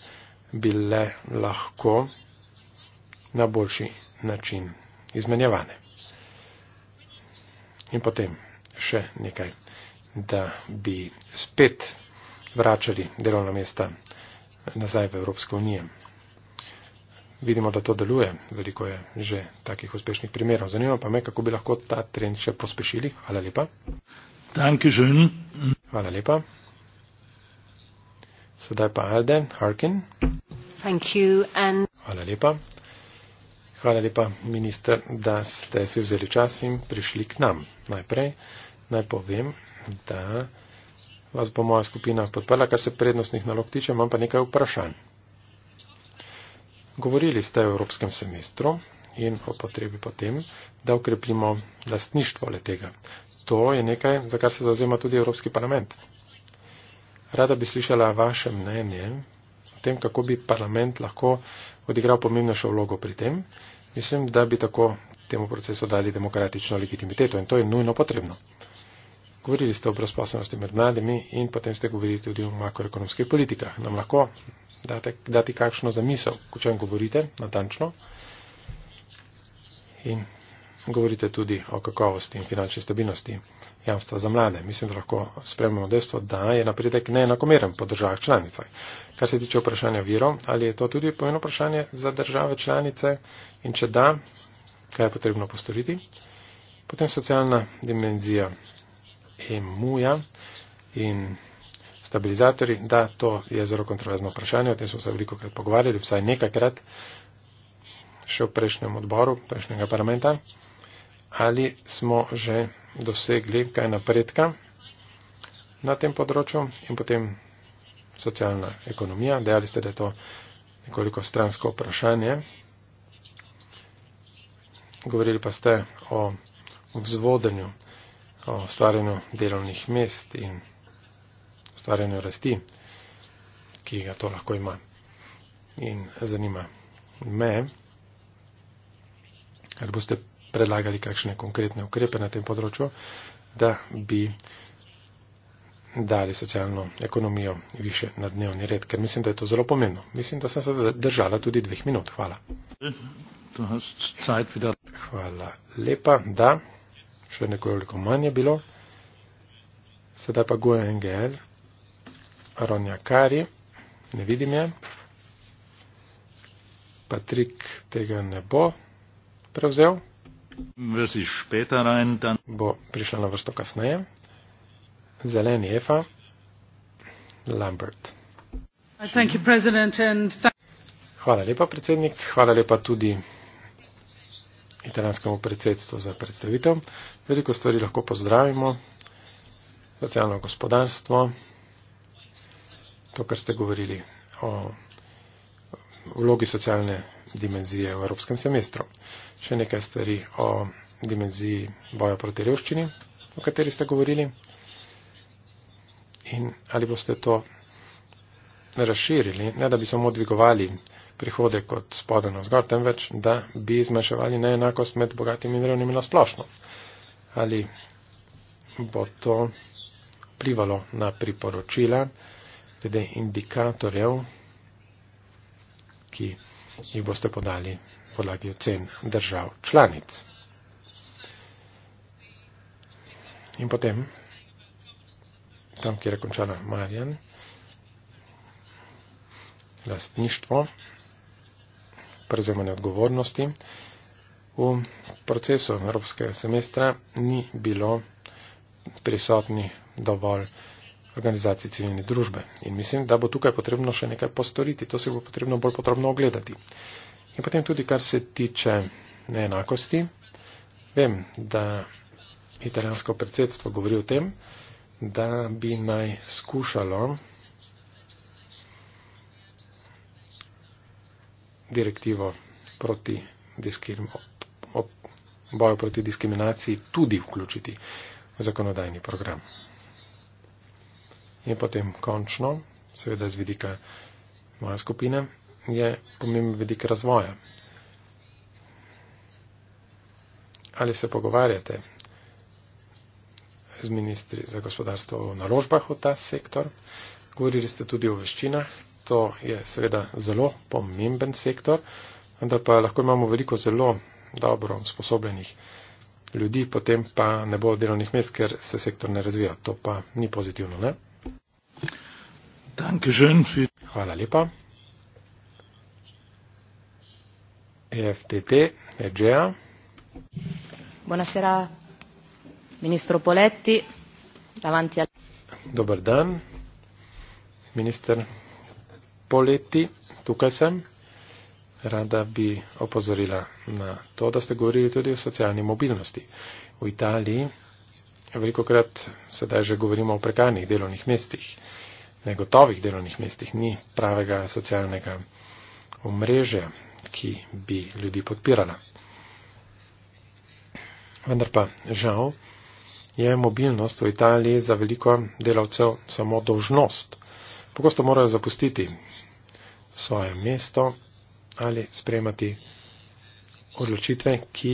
bile lahko na boljši način izmenjevane. In potem še nekaj, da bi spet vračali delovna mesta nazaj v Evropsko unijo. Vidimo, da to deluje, veliko je že takih uspešnih primerov. Zanima pa me, kako bi lahko ta trend še pospešili. Hvala lepa. Hvala lepa. Sedaj pa Alde Harkin. Hvala lepa. Hvala lepa, minister, da ste se vzeli čas in prišli k nam. Najprej naj povem, da vas bo moja skupina podprla, kar se prednostnih nalog tiče, imam pa nekaj vprašanj. Govorili ste o Evropskem semestru in o potrebi potem, da ukrepimo lastništvo le tega. To je nekaj, za kar se zauzema tudi Evropski parlament. Rada bi slišala vaše mnenje, o tem, kako bi parlament lahko odigral pomembnejšo vlogo pri tem. Mislim, da bi tako temu procesu dali demokratično legitimiteto in to je nujno potrebno. Govorili ste o brezposobnosti med mladimi in potem ste govorili tudi o makroekonomskih politikah. Nam lahko date, dati kakšno zamisel, o čem govorite, natančno. In govorite tudi o kakovosti in finančni stabilnosti jamstva za mlade. Mislim, da lahko spremljamo dejstvo, da je napredek neenakomeren po državah članicah. Kar se tiče vprašanja virov, ali je to tudi pomeno vprašanje za države članice in če da, kaj je potrebno postoriti. Potem socialna dimenzija EMU-ja in stabilizatori, da to je zelo kontroverzno vprašanje, o tem smo se veliko krat pogovarjali, vsaj nekajkrat še v prejšnjem odboru, prejšnjega parlamenta ali smo že dosegli kaj napredka na tem področju in potem socialna ekonomija. Dejali ste, da je to nekoliko stransko vprašanje. Govorili pa ste o vzvodenju, o stvarjenju delovnih mest in stvarjenju rasti, ki ga to lahko ima. In zanima me, ali boste predlagali kakšne konkretne ukrepe na tem področju, da bi dali socialno ekonomijo više na dnevni red, ker mislim, da je to zelo pomembno. Mislim, da sem se držala tudi dveh minut. Hvala. Hvala lepa, da. Še nekoliko manj je bilo. Sedaj pa Goja NGL, Ronja Kari, ne vidim je. Patrik tega ne bo prevzel bo prišla na vrsto kasneje. Zeleni Efa Lambert. Hvala lepa, predsednik. Hvala lepa tudi italijanskemu predsedstvu za predstavitev. Veliko stvari lahko pozdravimo. Socialno gospodarstvo, to, kar ste govorili o vlogi socialne dimenzije v evropskem semestru. Še nekaj stvari o dimenziji boja proti revščini, o kateri ste govorili. In ali boste to razširili, ne da bi samo dvigovali prihode kot spodaj na zgor, temveč da bi zmanjševali neenakost med bogatimi in revnimi na splošno. Ali bo to vplivalo na priporočila glede indikatorjev, ki jih boste podali podlagi ocen držav članic. In potem, tam, kjer je končana Marjan, lastništvo, prevzemanje odgovornosti, v procesu evropskega semestra ni bilo prisotni dovolj organizacij civilne družbe. In mislim, da bo tukaj potrebno še nekaj postoriti, to se bo potrebno bolj podrobno ogledati. In potem tudi, kar se tiče neenakosti, vem, da italijansko predsedstvo govori o tem, da bi naj skušalo direktivo proti diskrim, ob, ob, boju proti diskriminaciji tudi vključiti v zakonodajni program. In potem končno, seveda z vidika moje skupine, je pomemben vidik razvoja. Ali se pogovarjate z ministri za gospodarstvo o naložbah v ta sektor? Govorili ste tudi o veščinah, to je seveda zelo pomemben sektor, vendar pa lahko imamo veliko zelo dobro sposobljenih ljudi, potem pa ne bo delovnih mest, ker se sektor ne razvija. To pa ni pozitivno, ne? Hvala lepa. EFTT, EGEA. Buonasera, ministro Poletti, davanti a. Dobar dan, minister Poletti, tukaj sem. Rada bi opozorila na to, da ste govorili tudi o socialni mobilnosti. V Italiji veliko krat sedaj že govorimo o prekarnih delovnih mestih negotovih delovnih mestih ni pravega socialnega omrežja, ki bi ljudi podpirala. Vendar pa žal je mobilnost v Italiji za veliko delavcev samo dožnost. Pogosto morajo zapustiti svoje mesto ali spremati odločitve, ki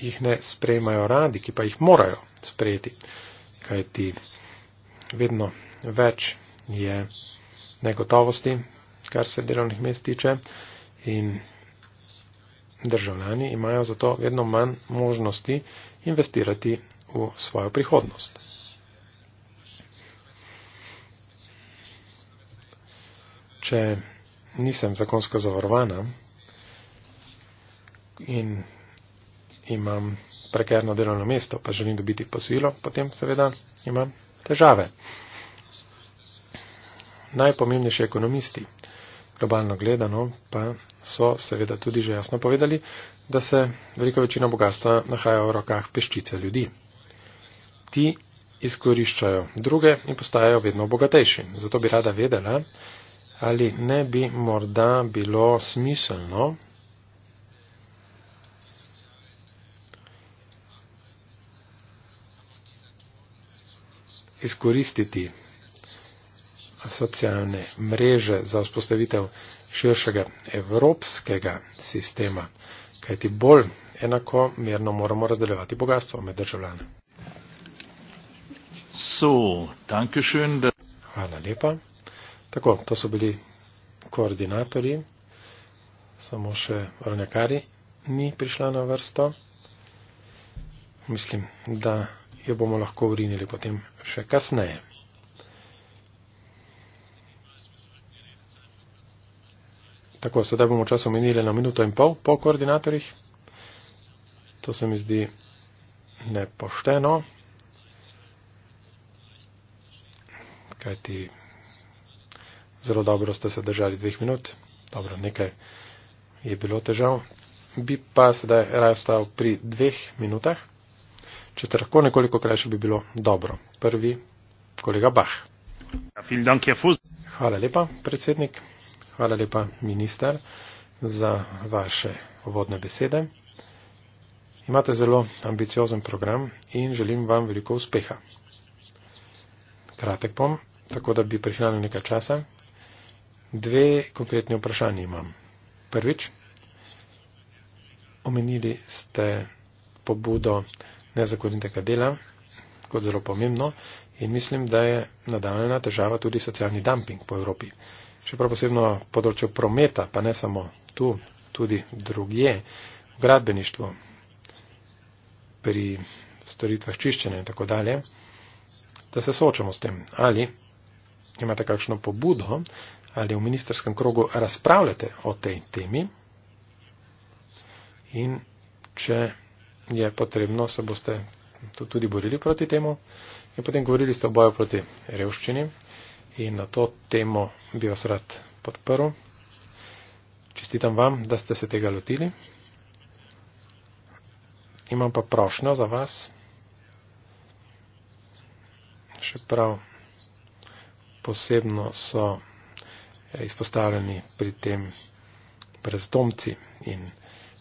jih ne sprejmajo radi, ki pa jih morajo sprejeti, kajti vedno več je negotovosti, kar se delovnih mest tiče in državljani imajo zato vedno manj možnosti investirati v svojo prihodnost. Če nisem zakonsko zavarovana in imam prekerno delovno mesto, pa želim dobiti posilo, potem seveda imam težave najpomembnejši ekonomisti. Globalno gledano pa so seveda tudi že jasno povedali, da se velika večina bogatstva nahaja v rokah peščice ljudi. Ti izkoriščajo druge in postajajo vedno bogatejši. Zato bi rada vedela, ali ne bi morda bilo smiselno izkoristiti socialne mreže za vzpostavitev širšega evropskega sistema, kajti bolj enako merno moramo razdeljevati bogatstvo med državljane. So, schön, da... Hvala lepa. Tako, to so bili koordinatorji, samo še ravnjakari ni prišla na vrsto. Mislim, da jo bomo lahko urinili potem še kasneje. Tako, sedaj bomo čas omenili na minuto in pol po koordinatorjih. To se mi zdi nepošteno. Kaj ti zelo dobro ste se držali dveh minut. Dobro, nekaj je bilo težav. Bi pa sedaj raje stal pri dveh minutah. Če ste lahko nekoliko krajši, bi bilo dobro. Prvi kolega Bach. Ja, Hvala lepa, predsednik. Hvala lepa, minister, za vaše vodne besede. Imate zelo ambiciozen program in želim vam veliko uspeha. Kratek bom, tako da bi prihranil nekaj časa. Dve konkretni vprašanji imam. Prvič, omenili ste pobudo nezakonitega dela kot zelo pomembno in mislim, da je nadaljena težava tudi socialni dumping po Evropi čeprav posebno področju prometa, pa ne samo tu, tudi drugje, v gradbeništvu, pri storitvah čiščenja in tako dalje, da se soočamo s tem. Ali imate kakšno pobudo, ali v ministerskem krogu razpravljate o tej temi in če je potrebno, se boste tudi borili proti temu. In potem govorili ste o boju proti revščini, in na to temo bi vas rad podprl. Čestitam vam, da ste se tega lotili. Imam pa prošnjo za vas, še prav posebno so eh, izpostavljeni pri tem brezdomci in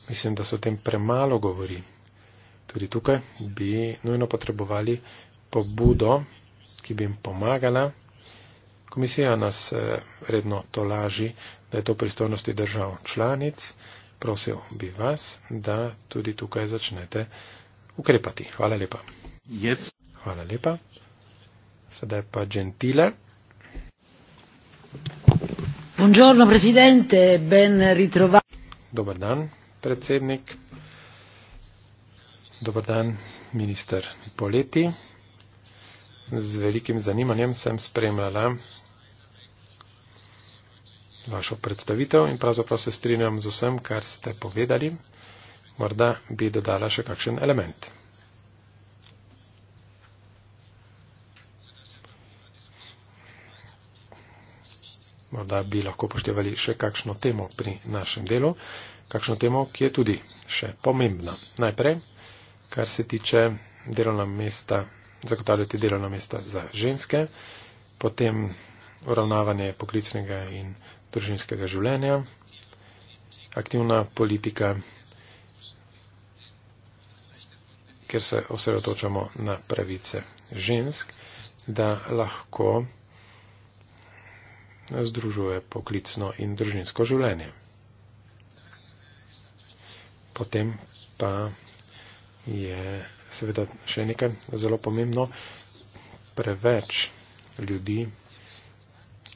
mislim, da se o tem premalo govori. Tudi tukaj bi nujno potrebovali pobudo, ki bi jim pomagala. Komisija nas eh, redno to laži, da je to pristojnosti držav članic. Prosil bi vas, da tudi tukaj začnete ukrepati. Hvala lepa. Jec. Hvala lepa. Sedaj pa Gentile. Buongiorno, presidente, ben ritrovati. Dobar dan, predsednik. Dobar dan, minister Poleti. Z velikim zanimanjem sem spremljala vašo predstavitev in pravzaprav se strinjam z vsem, kar ste povedali. Morda bi dodala še kakšen element. Morda bi lahko poštevali še kakšno temo pri našem delu, kakšno temo, ki je tudi še pomembna. Najprej, kar se tiče delovna mesta, zagotavljati delovna mesta za ženske, potem uravnavanje poklicnega in družinskega življenja, aktivna politika, kjer se osredotočamo na pravice žensk, da lahko združuje poklicno in družinsko življenje. Potem pa je seveda še nekaj zelo pomembno. Preveč ljudi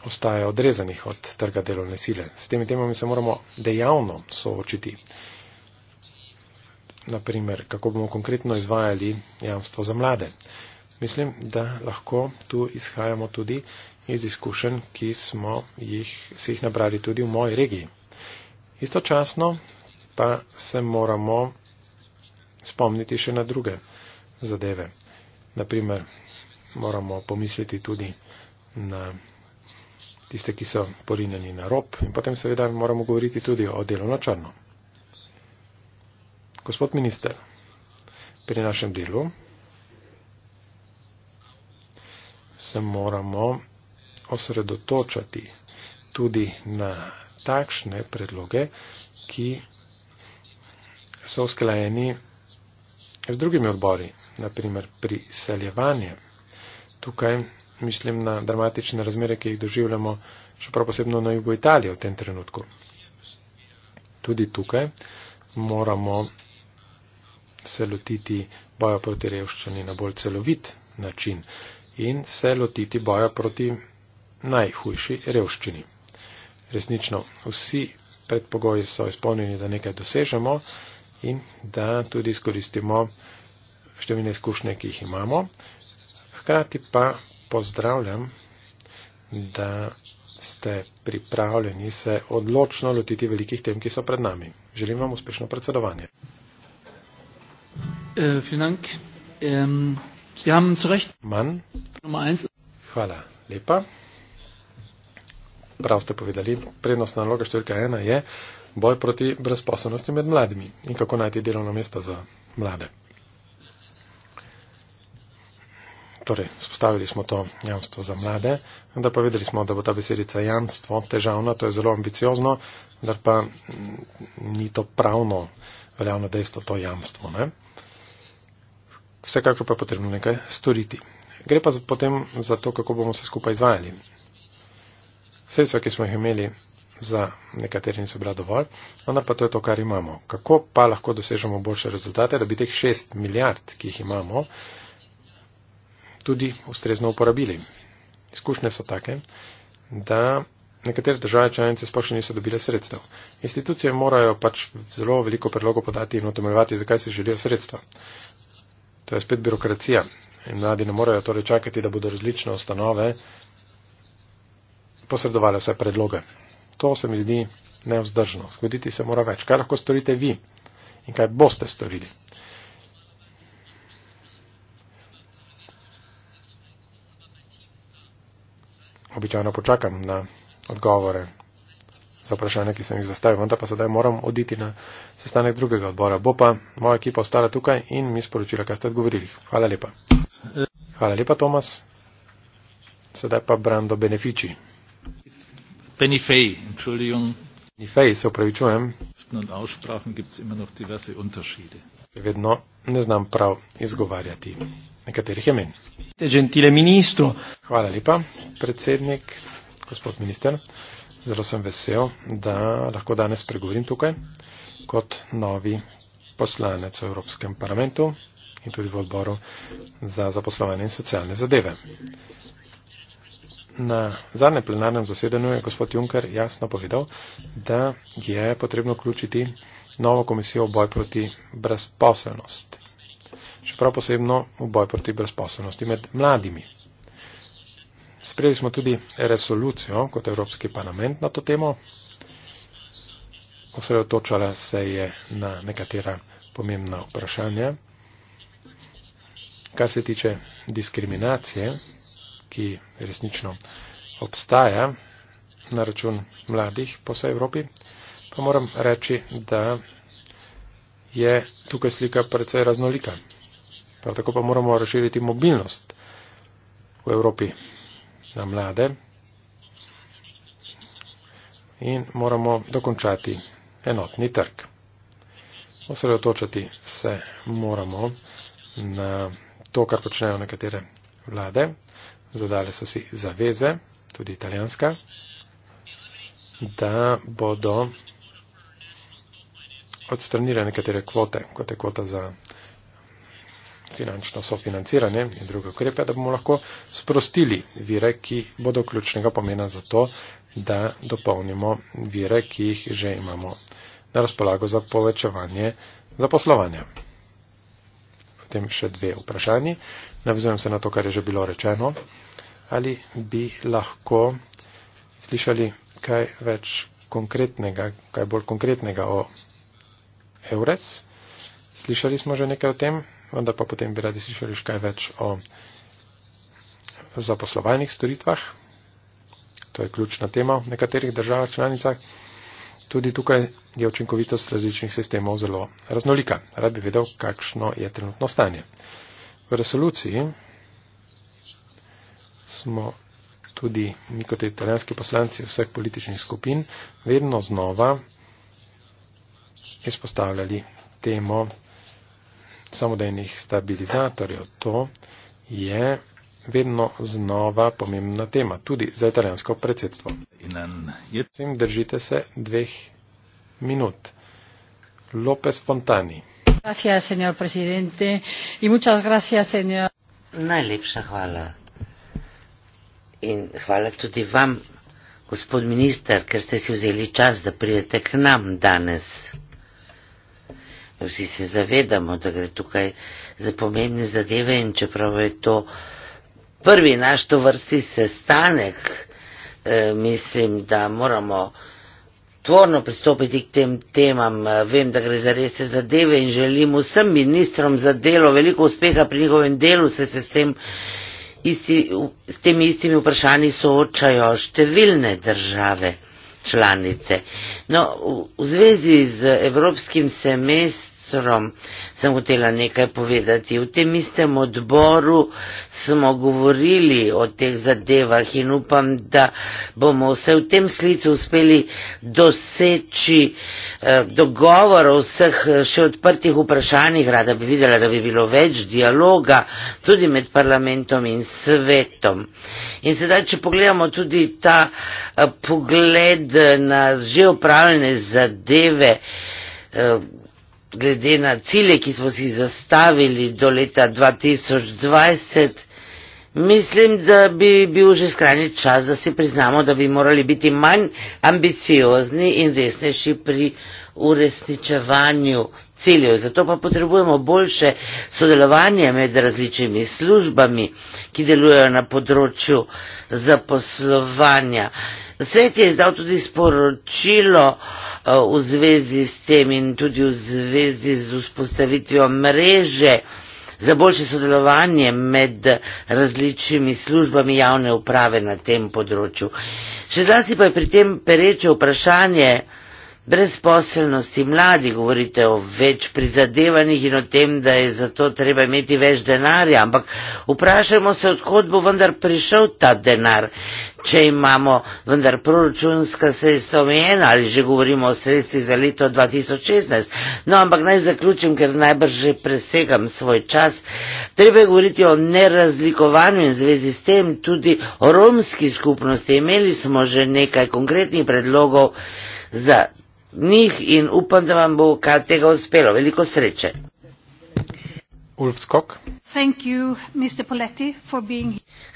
ostajajo odrezanih od trga delovne sile. S temi temami se moramo dejavno soočiti. Naprimer, kako bomo konkretno izvajali jamstvo za mlade. Mislim, da lahko tu izhajamo tudi iz izkušenj, ki smo jih, si jih nabrali tudi v moji regiji. Istočasno pa se moramo spomniti še na druge zadeve. Naprimer, moramo pomisliti tudi na tiste, ki so porinjeni na rob in potem seveda moramo govoriti tudi o delu na črno. Gospod minister, pri našem delu se moramo osredotočati tudi na takšne predloge, ki so usklajeni z drugimi odbori, naprimer priseljevanje. Tukaj mislim na dramatične razmere, ki jih doživljamo, še prav posebno na jugu Italije v tem trenutku. Tudi tukaj moramo se lotiti boja proti revščini na bolj celovit način in se lotiti boja proti najhujši revščini. Resnično, vsi predpogoji so izpolnjeni, da nekaj dosežemo in da tudi izkoristimo številne izkušnje, ki jih imamo. Hkrati pa pozdravljam, da ste pripravljeni se odločno lotiti velikih tem, ki so pred nami. Želim vam uspešno predsedovanje. Eh, ähm, Hvala lepa. Prav ste povedali, prednost naloga številka ena je boj proti brezposobnosti med mladimi in kako najti delovno mesto za mlade. torej spostavili smo to jamstvo za mlade, da pa vedeli smo, da bo ta besedica jamstvo težavna, to je zelo ambiciozno, da pa mm, ni to pravno veljavno dejstvo, to jamstvo. Ne? Vsekakor pa je potrebno nekaj storiti. Gre pa potem za to, kako bomo se skupaj izvajali. Sredstva, ki smo jih imeli, za nekateri niso bila dovolj, vendar pa to je to, kar imamo. Kako pa lahko dosežemo boljše rezultate, da bi teh 6 milijard, ki jih imamo, tudi ustrezno uporabili. Izkušnje so take, da nekatere države članice sploh še niso dobile sredstev. Institucije morajo pač zelo veliko predlogov podati in utemeljevati, zakaj si želijo sredstva. To je spet birokracija. In mladi ne morejo torej čakati, da bodo različne ustanove posredovali vse predloge. To se mi zdi neozdržno. Zgoditi se mora več. Kaj lahko storite vi in kaj boste storili? običajno počakam na odgovore za vprašanje, ki sem jih zastavil, vendar pa sedaj moram oditi na sestanek drugega odbora. Bo pa moja ekipa ostala tukaj in mi sporočila, kaj ste odgovorili. Hvala lepa. Hvala lepa, Tomas. Sedaj pa Brando Benefici. Benefej, entschuldigung. Benefej, se upravičujem. Vedno ne znam prav izgovarjati nekaterih imen. Hvala lepa, predsednik, gospod minister. Zelo sem vesel, da lahko danes pregovorim tukaj kot novi poslanec v Evropskem parlamentu in tudi v odboru za zaposlovanje in socialne zadeve. Na zadnjem plenarnem zasedanju je gospod Juncker jasno povedal, da je potrebno vključiti novo komisijo v boj proti brezposelnosti čeprav posebno v boj proti brezposobnosti med mladimi. Sprejeli smo tudi resolucijo kot Evropski parlament na to temo. Osredotočala se je na nekatera pomembna vprašanja. Kar se tiče diskriminacije, ki resnično obstaja na račun mladih po vsej Evropi, pa moram reči, da je tukaj slika precej raznolika. Prav tako pa moramo razširiti mobilnost v Evropi na mlade in moramo dokončati enotni trg. Osredotočati se moramo na to, kar počnejo nekatere vlade. Zadale so si zaveze, tudi italijanska, da bodo odstranile nekatere kvote, kot je kvota za finančno sofinanciranje in druge ukrepe, da bomo lahko sprostili vire, ki bodo ključnega pomena za to, da dopolnimo vire, ki jih že imamo na razpolago za povečevanje zaposlovanja. Potem še dve vprašanje. Navzujem se na to, kar je že bilo rečeno. Ali bi lahko slišali kaj več konkretnega, kaj bolj konkretnega o EURES? Slišali smo že nekaj o tem vendar pa potem bi radi slišali še kaj več o zaposlovalnih storitvah. To je ključna tema v nekaterih državah članicah. Tudi tukaj je učinkovitost različnih sistemov zelo raznolika. Rad bi vedel, kakšno je trenutno stanje. V resoluciji smo tudi mi kot italijanski poslanci vseh političnih skupin vedno znova izpostavljali temo samodejnih stabilizatorjev. To je vedno znova pomembna tema, tudi za italijansko predsedstvo. Vsem držite se dveh minut. Lopez Fontani. Gracias, señor presidente. In muchas gracias, señor. Najlepša hvala. In hvala tudi vam, gospod minister, ker ste si vzeli čas, da pridete k nam danes vsi se zavedamo, da gre tukaj za pomembne zadeve in čeprav je to prvi naš to vrsti sestanek, eh, mislim, da moramo tvorno pristopiti k tem temam. Eh, vem, da gre za rese zadeve in želim vsem ministrom za delo veliko uspeha pri njihovem delu, se, se s, tem isti, s temi istimi vprašanji soočajo številne države članice. No, v, v zvezi z evropskim semestrom, profesorom sem hotela nekaj povedati. V tem istem odboru smo govorili o teh zadevah in upam, da bomo vse v tem slicu uspeli doseči eh, dogovor o vseh eh, še odprtih vprašanjih. Rada bi videla, da bi bilo več dialoga tudi med parlamentom in svetom. In sedaj, če pogledamo tudi ta eh, pogled na že upravljene zadeve, eh, glede na cilje, ki smo si zastavili do leta 2020, mislim, da bi bil že skrajni čas, da si priznamo, da bi morali biti manj ambiciozni in resnejši pri uresničevanju ciljev, zato pa potrebujemo boljše sodelovanje med različnimi službami, ki delujejo na področju zaposlovanja. Svet je izdal tudi sporočilo eh, v zvezi s tem in tudi v zvezi z vzpostavitvijo mreže za boljše sodelovanje med različnimi službami javne uprave na tem področju. Še zlasti pa je pri tem pereče vprašanje, brezposelnosti mladi, govorite o več prizadevanjih in o tem, da je zato treba imeti več denarja, ampak vprašajmo se, odkot bo vendar prišel ta denar, če imamo vendar proračunska sredstva omejena ali že govorimo o sredstvih za leto 2016. No, ampak naj zaključim, ker najbrž že presegam svoj čas. Treba je govoriti o nerazlikovanju in zvezi s tem tudi o romski skupnosti. Imeli smo že nekaj konkretnih predlogov za njih in upam, da vam bo kar tega uspelo. Veliko sreče. Ulf Skok.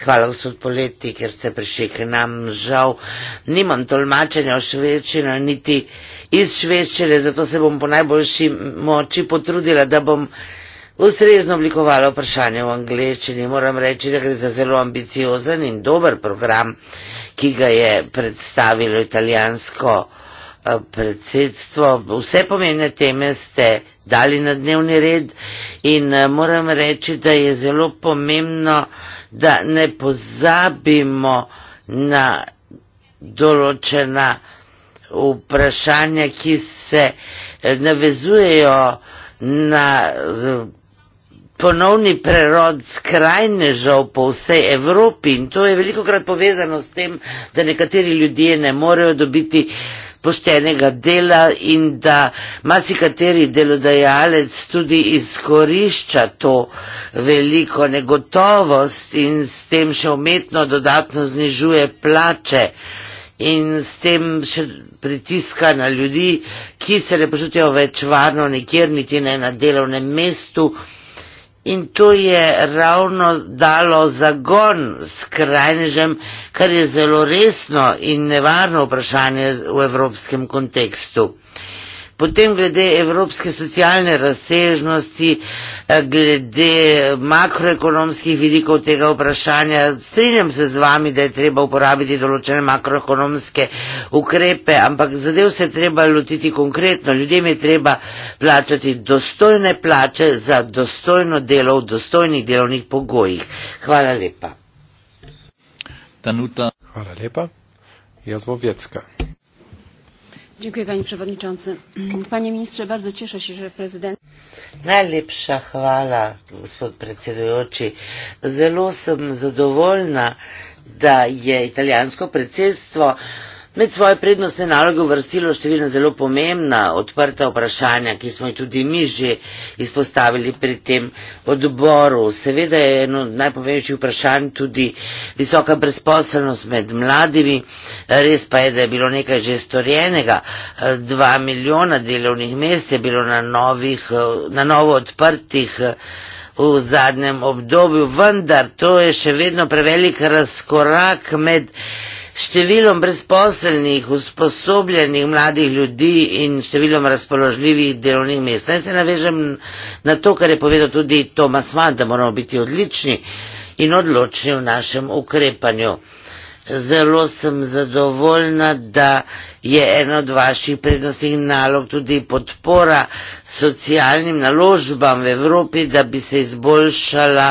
Hvala, gospod Poleti, ker ste prišli k nam. Žal, nimam tolmačenja o švečini, niti iz švečine, zato se bom po najboljši moči potrudila, da bom ustrezno oblikovala vprašanje v angleščini. Moram reči, da gre za zelo ambiciozen in dober program, ki ga je predstavilo italijansko. Eh, predsedstvo, vse pomene teme ste dali na dnevni red in eh, moram reči, da je zelo pomembno, da ne pozabimo na določena vprašanja, ki se eh, navezujejo na ponovni prerod skrajnežav po vsej Evropi in to je veliko krat povezano s tem, da nekateri ljudje ne morejo dobiti poštenega dela in da marsikateri delodajalec tudi izkorišča to veliko negotovost in s tem še umetno dodatno znižuje plače in s tem še pritiska na ljudi, ki se ne počutijo več varno nikjer, niti ne na delovnem mestu. In to je ravno dalo zagon skrajnežem, kar je zelo resno in nevarno vprašanje v evropskem kontekstu. Potem glede evropske socialne razsežnosti, eh, glede makroekonomskih vidikov tega vprašanja, strinjam se z vami, da je treba uporabiti določene makroekonomske ukrepe, ampak zadev se je treba lotiti konkretno. Ljudem je treba plačati dostojne plače za dostojno delo v dostojnih delovnih pogojih. Hvala lepa. Danuta. Hvala lepa. Jaz bom vjetska panie przewodniczący panie ministrze bardzo cieszę się że prezydent Najlepša hvala, gospod predsedujoči. Zelo sem zadovoljna, da je italijansko predsedstvo uh, Med svoje prednostne naloge vrstilo številna zelo pomembna odprta vprašanja, ki smo jih tudi mi že izpostavili pri tem odboru. Seveda je eno od najpomembnejših vprašanj tudi visoka brezposelnost med mladimi. Res pa je, da je bilo nekaj že storjenega. Dva milijona delovnih mest je bilo na, novih, na novo odprtih v zadnjem obdobju, vendar to je še vedno prevelik razkorak med številom brezposelnih, usposobljenih mladih ljudi in številom razpoložljivih delovnih mest. Naj se navežem na to, kar je povedal tudi Tomas Mann, da moramo biti odlični in odločni v našem ukrepanju. Zelo sem zadovoljna, da je ena od vaših prednostnih nalog tudi podpora socialnim naložbam v Evropi, da bi se izboljšala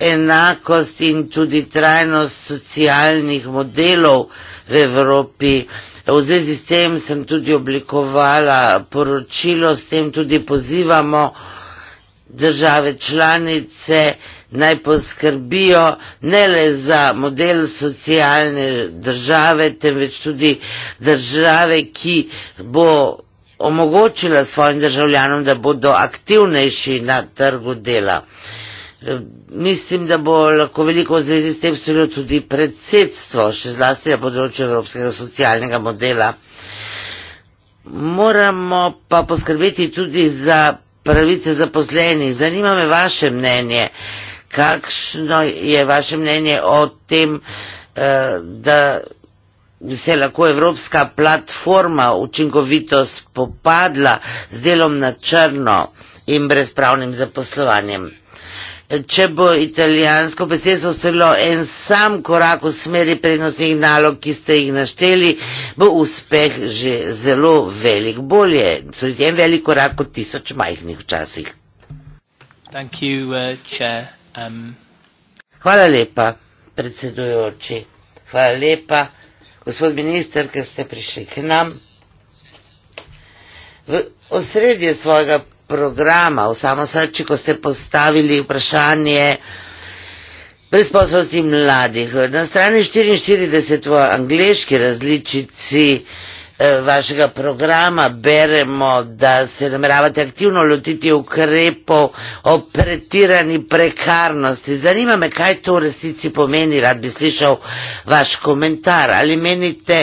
enakost in tudi trajnost socialnih modelov v Evropi. V zvezi s tem sem tudi oblikovala poročilo, s tem tudi pozivamo države članice naj poskrbijo ne le za model socialne države, temveč tudi države, ki bo omogočila svojim državljanom, da bodo aktivnejši na trgu dela. Mislim, da bo lahko veliko v zvezi s tem storilo tudi predsedstvo, še zlasti na področju evropskega socialnega modela. Moramo pa poskrbeti tudi za pravice zaposlenih. Zanima me vaše mnenje. Kakšno je vaše mnenje o tem, eh, da se lahko evropska platforma učinkovito spopadla z delom na črno in brezpravnim zaposlovanjem? če bo italijansko besedstvo stalo en sam korak v smeri prednostnih nalog, ki ste jih našteli, bo uspeh že zelo velik. Bolje, so ljudje en velik korak kot tisoč majhnih včasih. You, uh, um... Hvala lepa, predsedujoči. Hvala lepa, gospod minister, ker ste prišli k nam. V osredje svojega programa. V samo srči, ko ste postavili vprašanje brezposobnosti mladih. Na strani 44 v angliški različici eh, vašega programa beremo, da se nameravate aktivno lotiti ukrepov o pretirani prekarnosti. Zanima me, kaj to v resnici pomeni, rad bi slišal vaš komentar. Ali menite,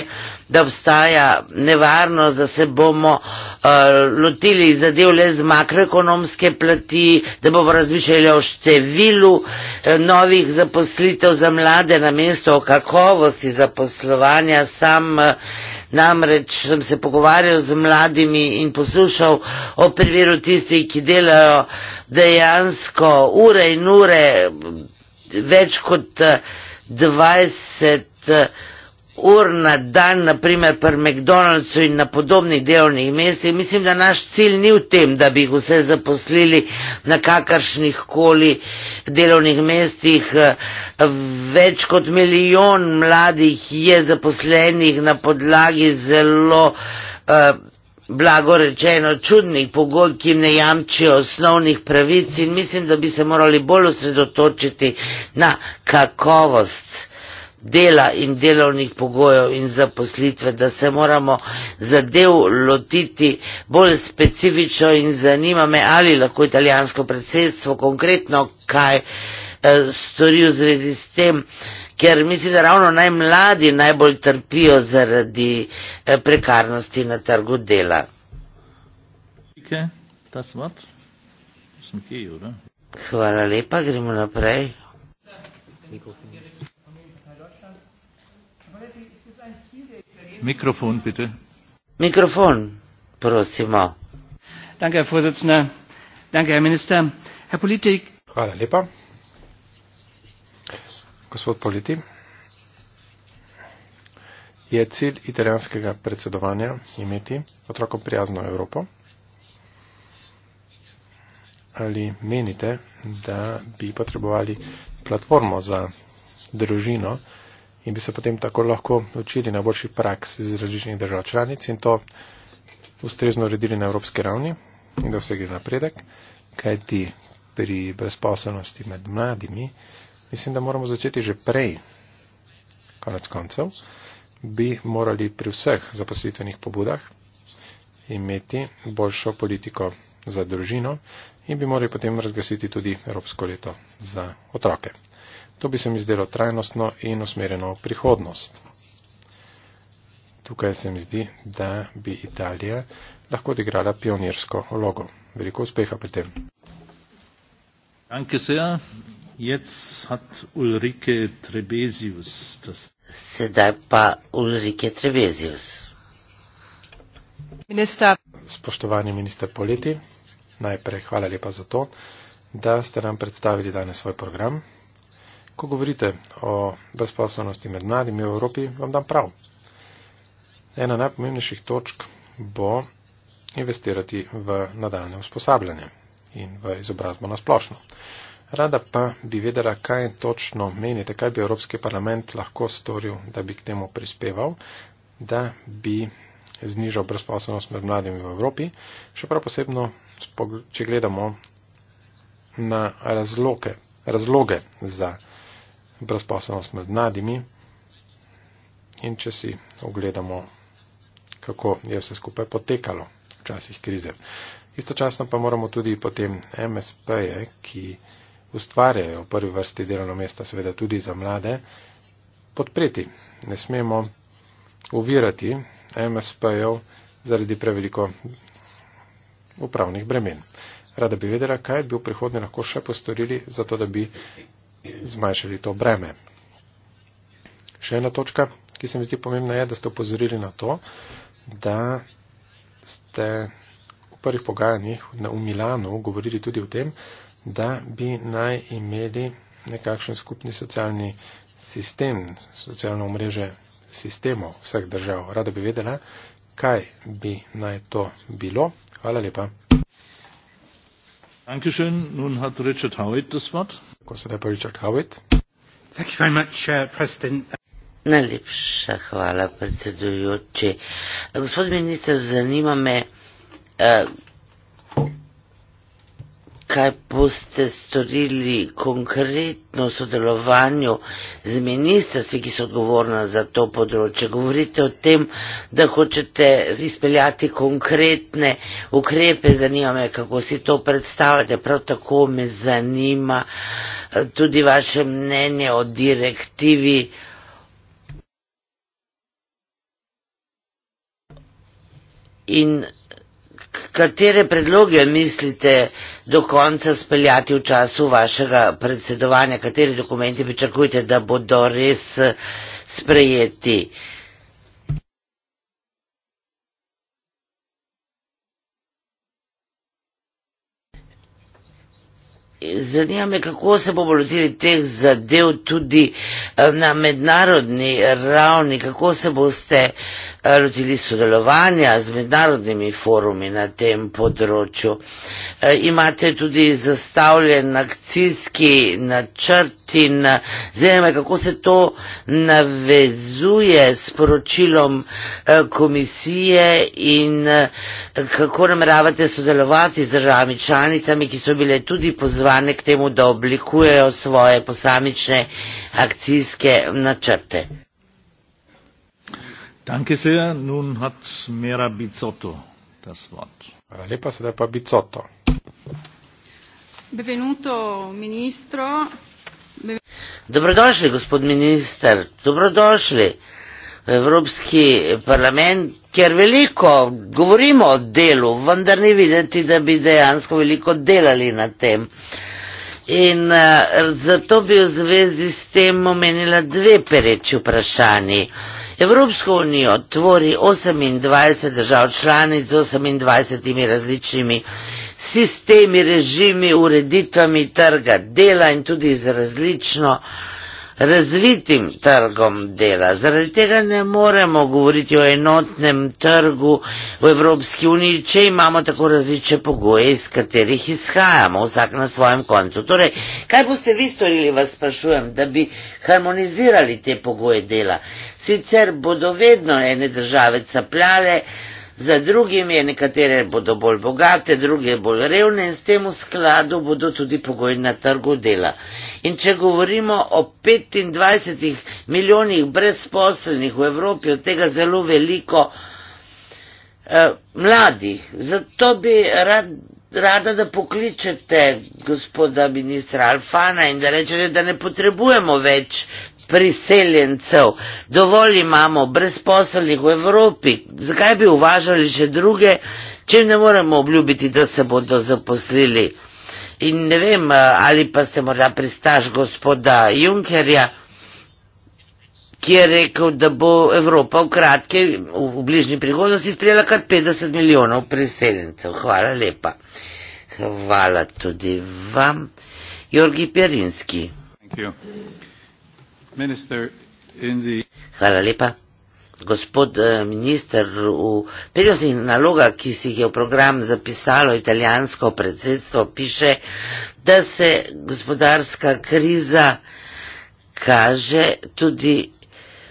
da obstaja nevarnost, da se bomo uh, lotili zadev le z makroekonomske plati, da bomo razmišljali o številu uh, novih zaposlitev za mlade na mesto o kakovosti zaposlovanja. Sam uh, namreč sem se pogovarjal z mladimi in poslušal o primeru tistih, ki delajo dejansko ure in ure, več kot 20. Uh, ur na dan, na primer pri McDonald'su in na podobnih delovnih mestih, mislim, da naš cilj ni v tem, da bi jih vse zaposlili na kakršnih koli delovnih mestih. Več kot milijon mladih je zaposlenih na podlagi zelo eh, blago rečeno čudnih pogodb, ki jim ne jamčijo osnovnih pravic in mislim, da bi se morali bolj osredotočiti na kakovost dela in delovnih pogojev in zaposlitve, da se moramo zadev lotiti bolj specifično in zanima me, ali lahko italijansko predsedstvo konkretno kaj eh, stori v zvezi s tem, ker mislim, da ravno najmladi najbolj trpijo zaradi eh, prekarnosti na trgu dela. Hvala lepa, gremo naprej. Mikrofon. Mikrofon, bitte. Mikrofon, prosimo. Danke, Herr Vorsitzender. Danke, Herr Minister. Herr Politik. Hvala lepa. Gospod Politi, je cilj italijanskega predsedovanja imeti otrokom prijazno Evropo? Ali menite, da bi potrebovali platformo za družino, in bi se potem tako lahko učili najboljših praks iz različnih držav članic in to ustrezno uredili na evropski ravni in da vse gre napredek, kajti pri brezposobnosti med mladimi mislim, da moramo začeti že prej, konec koncev, bi morali pri vseh zaposlitvenih pobudah imeti boljšo politiko za družino in bi morali potem razglasiti tudi Evropsko leto za otroke. To bi se mi zdelo trajnostno in usmerjeno v prihodnost. Tukaj se mi zdi, da bi Italija lahko odigrala pionirsko vlogo. Veliko uspeha pri tem. Sedaj pa Ulrike Trebezius. Minister. Spoštovani minister Politi, najprej hvala lepa za to, da ste nam predstavili danes svoj program. Ko govorite o brezposobnosti med mladimi v Evropi, vam dam prav. Ena najpomembnejših točk bo investirati v nadaljne usposabljanje in v izobrazbo na splošno. Rada pa bi vedela, kaj točno menite, kaj bi Evropski parlament lahko storil, da bi k temu prispeval, da bi znižal brezposobnost med mladimi v Evropi, še prav posebno, če gledamo na razloke, razloge za brezposobnost med mladimi. In če si ogledamo, kako je vse skupaj potekalo v časih krize. Istočasno pa moramo tudi potem MSP-je, ki ustvarjajo v prvi vrsti delovno mesta, seveda tudi za mlade, podpreti. Ne smemo uvirati MSP-jev zaradi preveliko upravnih bremen. Rada bi vedela, kaj bi v prihodnje lahko še postorili, zato da bi zmanjšali to breme. Še ena točka, ki se mi zdi pomembna, je, da ste upozorili na to, da ste v prvih pogajanjih v Milanu govorili tudi o tem, da bi naj imeli nekakšen skupni socialni sistem, socialno mreže sistemov vseh držav. Rada bi vedela, kaj bi naj to bilo. Hvala lepa. Dankeschön. Nun hat Richard Howitt das Wort. Richard Howitt. Thank you very much, uh, President. Najlepša hvala, predsedujoči. Gospod minister, zanima me, uh, kaj boste storili konkretno sodelovanju z ministrstvi, ki so odgovorna za to področje. Govorite o tem, da hočete izpeljati konkretne ukrepe, zanima me, kako si to predstavljate. Prav tako me zanima eh, tudi vaše mnenje o direktivi. In Katere predloge mislite do konca speljati v času vašega predsedovanja, kateri dokumenti pričakujete, da bodo res eh, sprejeti? Zanima me, kako se bomo lotili teh zadev tudi eh, na mednarodni ravni, kako se boste uh, lotili eh, sodelovanja z mednarodnimi forumi na tem področju. Eh, imate tudi zastavljen akcijski načrt in eh, zanima, kako se to navezuje s poročilom komisije in kako nameravate sodelovati z državami članicami, ki so bile tudi pozvane k temu, da oblikujejo svoje posamične akcijske načrte. Danke sehr. Nun hat Mera Bizzotto das Wort. Lepa, sedaj pa Bizzotto. Benvenuto, ministro. Dobrodošli, gospod minister, dobrodošli v Evropski parlament, ker veliko govorimo o delu, vendar ni videti, da bi dejansko veliko delali na tem. In uh, zato bi v zvezi s tem omenila dve pereči vprašanji. Uh, Evropsko unijo tvori 28 držav članic z 28 različnimi sistemi, režimi, ureditvami trga dela in tudi z različno razvitim trgom dela. Zaradi tega ne moremo govoriti o enotnem trgu v Evropski uniji, če imamo tako različne pogoje, iz katerih izhajamo, vsak na svojem koncu. Torej, kaj boste vi storili, vas sprašujem, da bi harmonizirali te pogoje dela? Sicer bodo vedno ene države capljale, Za drugim je nekatere bodo bolj bogate, druge bolj revne in s tem v skladu bodo tudi pogoji na trgu dela. In če govorimo o 25 milijonih brezposelnih v Evropi, od tega zelo veliko eh, mladih, zato bi rad, rada, da pokličete gospoda ministra Alfana in da rečete, da ne potrebujemo več priseljencev, dovolj imamo brezposelnih v Evropi, zakaj bi uvažali še druge, če ne moremo obljubiti, da se bodo zaposlili. In ne vem, ali pa se morda pristaš gospoda Junkerja, ki je rekel, da bo Evropa v kratke, v bližnji prihodnosti sprijela kar 50 milijonov preseljencev. Hvala lepa. Hvala tudi vam, Jorgi Pjerinski. Hvala lepa gospod eh, minister, v petih nalogah, ki si jih je v program zapisalo italijansko predsedstvo, piše, da se gospodarska kriza kaže tudi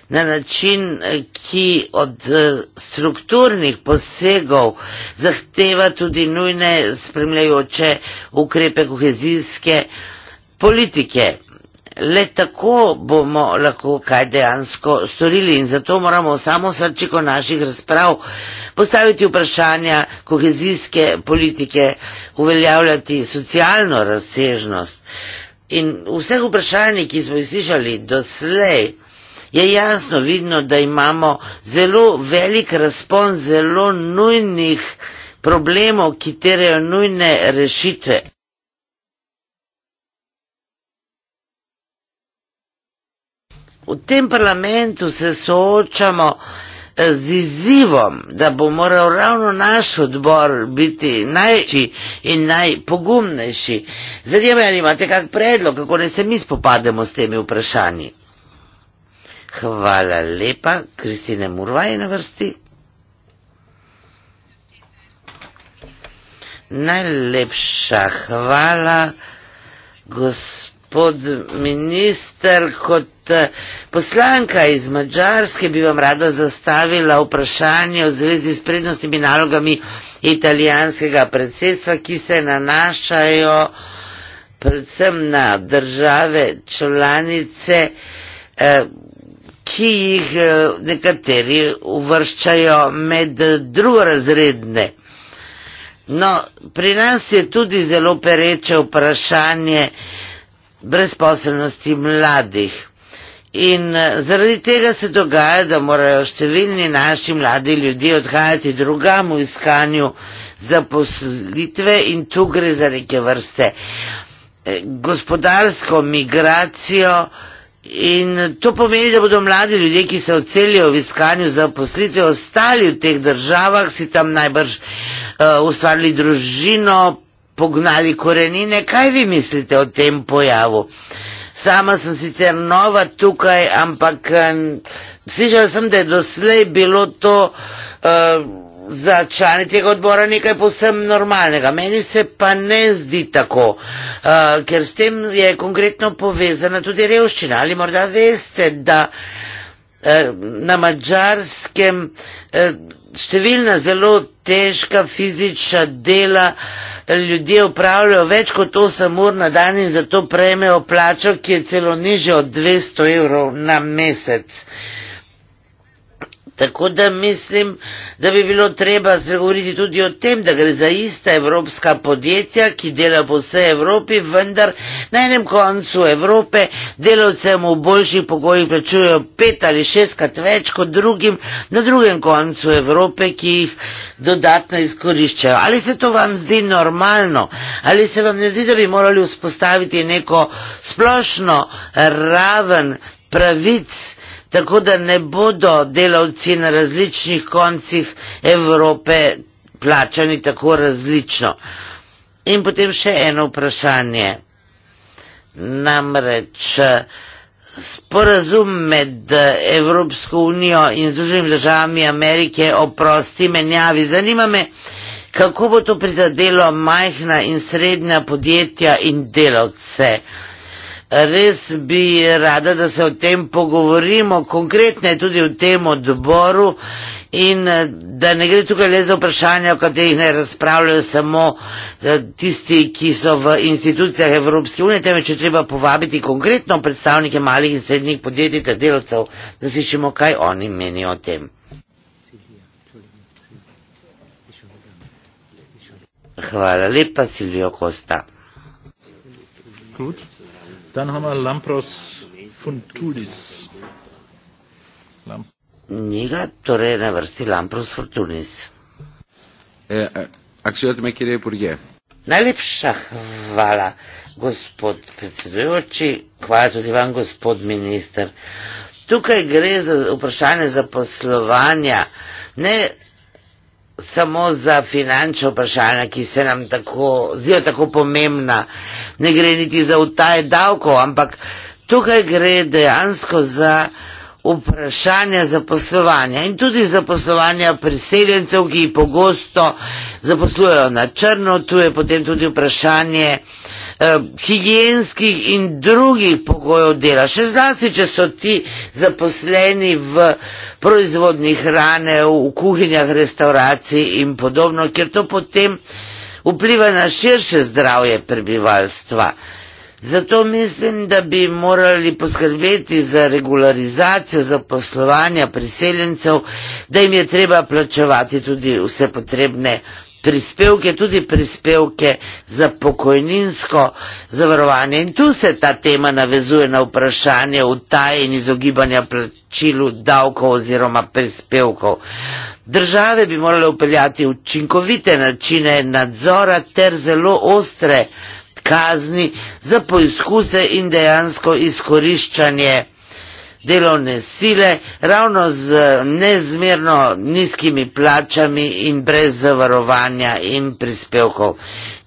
na način, ki od eh, strukturnih posegov zahteva tudi nujne spremljajoče ukrepe kohezijske politike le tako bomo lahko kaj dejansko storili in zato moramo samo srčiko naših razprav postaviti vprašanja kohezijske politike, uveljavljati socialno razsežnost. In vseh vprašanj, ki smo jih slišali doslej, je jasno vidno, da imamo zelo velik razpon zelo nujnih problemov, ki terejo nujne rešitve. V tem parlamentu se soočamo eh, z izzivom, da bo moral ravno naš odbor biti največji in najpogumnejši. Zanima me, ali imate kak predlog, kako naj se mi spopademo s temi vprašanji. Hvala lepa, Kristine Murva je na vrsti. Najlepša hvala, gospod minister, kot Eh, poslanka iz Mačarske bi vam rada zastavila vprašanje v zvezi s prednostnimi nalogami italijanskega predsedstva, ki se nanašajo predvsem na države članice, eh, ki jih eh, nekateri uvrščajo med drugorazredne. No, pri nas je tudi zelo pereče vprašanje brezposobnosti mladih. In eh, zaradi tega se dogaja, da morajo številni naši mladi ljudje odhajati drugam v iskanju zaposlitve in tu gre za neke vrste eh, gospodarsko migracijo. In to pomeni, da bodo mladi ljudje, ki se odselijo v iskanju zaposlitve, ostali v teh državah, si tam najbrž uh, ustvarili družino, pognali korenine. Kaj vi mislite o tem pojavu? Uh, Sama sem sicer nova tukaj, ampak eh, slišala sem, da je doslej bilo to uh, za člani tega odbora nekaj posebno normalnega. Meni se pa ne zdi tako, uh, ker s tem je konkretno povezana tudi revščina. Ali morda veste, da uh, na mačarskem. Uh, številna zelo težka fizična dela ljudje upravljajo več kot 8 ur na dan in zato prejmejo plačo, ki je celo nižja od 200 evrov na mesec. Tako da mislim, da bi bilo treba spregovoriti tudi o tem, da gre za ista evropska podjetja, ki dela po vsej Evropi, vendar na enem koncu Evrope delavcem v boljših pogojih plačujejo pet ali šestkrat več kot drugim na drugem koncu Evrope, ki jih dodatno izkoriščajo. Ali se to vam zdi normalno? Ali se vam ne zdi, da bi morali vzpostaviti neko splošno raven pravic? tako da ne bodo delavci na različnih koncih Evrope plačani tako različno. In potem še eno vprašanje. Namreč sporazum med Evropsko unijo in Združenimi državami Amerike o prosti menjavi. Zanima me, kako bo to prizadelo majhna in srednja podjetja in delavce. Res bi rada, da se o tem pogovorimo, konkretno je tudi v tem odboru in eh, da ne gre tukaj le za vprašanja, o katerih ne razpravljajo samo eh, tisti, ki so v institucijah Evropske unije, temveč je treba povabiti konkretno predstavnike malih in srednjih podjetij ter delovcev, da si čemo, kaj oni menijo o tem. Hvala lepa, Silvijo Kosta. Good. Dann haben wir Lampros von Tunis. Njega, torej na vrsti Lampros Fortunis. Eh, eh, Najlepša hvala, gospod predsedujoči, hvala tudi vam, gospod minister. Tukaj gre za vprašanje zaposlovanja, ne samo za finančno vprašanje, ki se nam tako zdijo tako pomembna, ne gre niti za utaje davkov, ampak tukaj gre dejansko za vprašanje zaposlovanja in tudi zaposlovanja priseljencev, ki pogosto zaposlujejo na črno, tu je potem tudi vprašanje eh, higijenskih in drugih pogojev dela, še zlasti, če so ti zaposleni v proizvodni hrane, v kuhinjah, restauraciji in podobno, ker to potem vpliva na širše zdravje prebivalstva. Zato mislim, da bi morali poskrbeti za regularizacijo zaposlovanja priseljencev, da jim je treba plačevati tudi vse potrebne prispevke, tudi prispevke za pokojninsko zavarovanje. In tu se ta tema navezuje na vprašanje utaje in izogibanja plačilu davkov oziroma prispevkov. Države bi morale upeljati učinkovite načine nadzora ter zelo ostre kazni za poizkuse in dejansko izkoriščanje delovne sile, ravno z neizmerno nizkimi plačami in brez zavarovanja in prispevkov.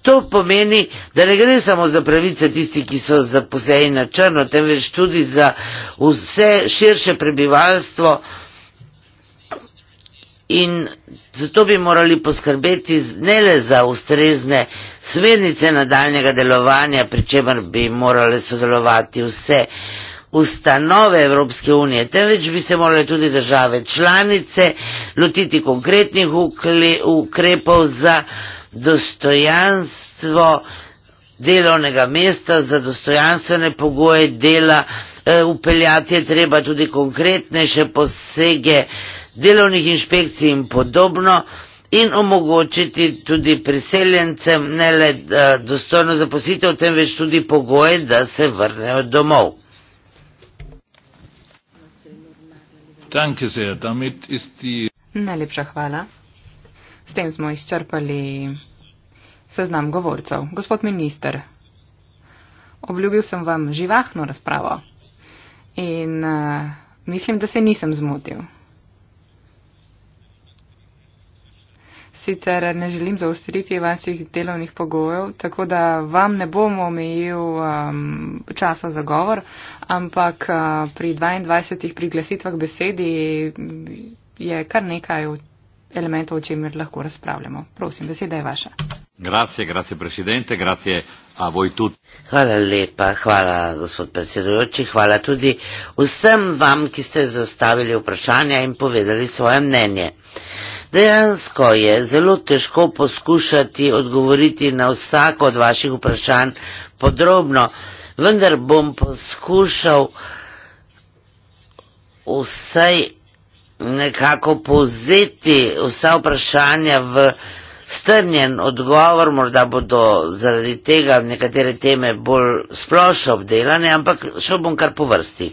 To pomeni, da ne gre samo za pravice tisti, ki so zaposleni na črno, temveč tudi za vse širše prebivalstvo in zato bi morali poskrbeti ne le za ustrezne smernice nadaljnjega delovanja, pri čemer bi morale sodelovati vse ustanove Evropske unije, temveč bi se morale tudi države članice lotiti konkretnih ukrepov za dostojanstvo delovnega mesta, za dostojanstvene pogoje dela, upeljati eh, je treba tudi konkretnejše posege delovnih inšpekcij in podobno in omogočiti tudi priseljencem ne le eh, dostojno zaposlitev, temveč tudi pogoje, da se vrnejo domov. Danke sehr. Damit ist die... Najlepša hvala. S tem smo izčrpali seznam govorcev. Gospod minister, obljubil sem vam živahno razpravo in uh, mislim, da se nisem zmotil. Sicer ne želim zaustriti vaših delovnih pogojev, tako da vam ne bom omejil um, časa za govor, ampak uh, pri 22 priglasitvah besedi je kar nekaj elementov, o čemer lahko razpravljamo. Prosim, beseda je vaša. Grazie, grazie presidente, grazie a voi tutti. Hvala lepa, hvala gospod predsedujoči, hvala tudi vsem vam, ki ste zastavili vprašanja in povedali svoje mnenje. Dejansko je zelo težko poskušati odgovoriti na vsako od vaših vprašanj podrobno, vendar bom poskušal vsaj nekako povzeti vsa vprašanja v strnjen odgovor, morda bodo zaradi tega nekatere teme bolj splošno obdelane, ampak šel bom kar po vrsti.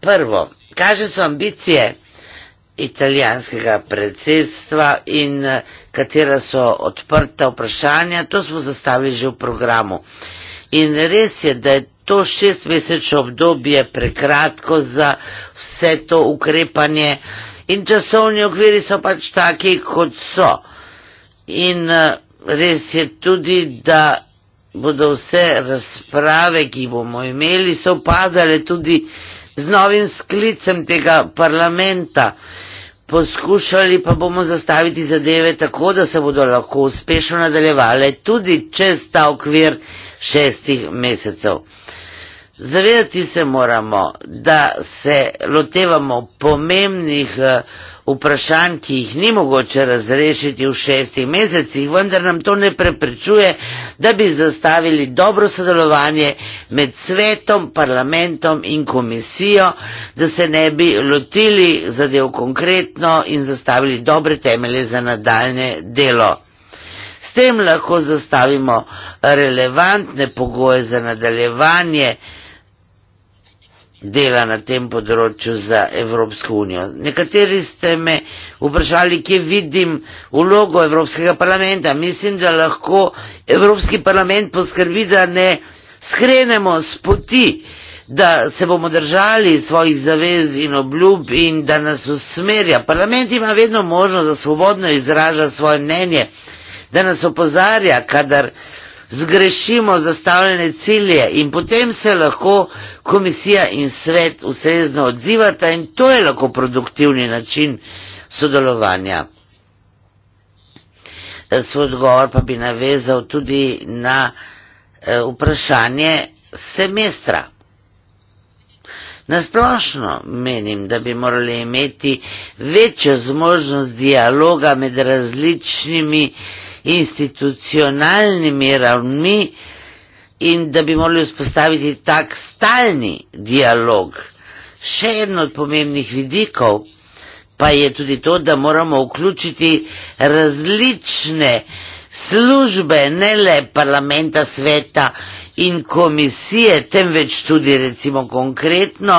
Prvo, kaže so ambicije, italijanskega predsedstva in eh, katera so odprta vprašanja, to smo zastavili že v programu. In res je, da je to šestmesečno obdobje prekratko za vse to ukrepanje in časovni okviri so pač taki, kot so. In eh, res je tudi, da bodo vse razprave, ki bomo imeli, so upadale tudi z novim sklicem tega parlamenta poskušali pa bomo zastaviti zadeve tako, da se bodo lahko uspešno nadaljevale tudi čez ta okvir šestih mesecev. Zavedati se moramo, da se lotevamo pomembnih uh, vprašanj, ki jih ni mogoče razrešiti v šestih mesecih, vendar nam to ne preprečuje, da bi zastavili dobro sodelovanje med svetom, parlamentom in komisijo, da se ne bi lotili zadev konkretno in zastavili dobre temelje za nadaljne delo. S tem lahko zastavimo relevantne pogoje za nadaljevanje dela na tem področju za Evropsko unijo. Nekateri ste me vprašali, kje vidim ulogo Evropskega parlamenta. Mislim, da lahko Evropski parlament poskrbi, da ne skrenemo s poti, da se bomo držali svojih zavez in obljub in da nas usmerja. Parlament ima vedno možnost, da svobodno izraža svoje mnenje, da nas opozarja, kadar zgrešimo zastavljene cilje in potem se lahko komisija in svet ustrezno odzivata in to je lahko produktivni način sodelovanja. Eh, svoj odgovor pa bi navezal tudi na eh, vprašanje semestra. Nasplošno menim, da bi morali imeti večjo zmožnost dialoga med različnimi institucionalnimi ravni in da bi morali vzpostaviti tak stalni dialog. Še eno od pomembnih vidikov pa je tudi to, da moramo vključiti različne službe, ne le parlamenta, sveta in komisije, temveč tudi recimo konkretno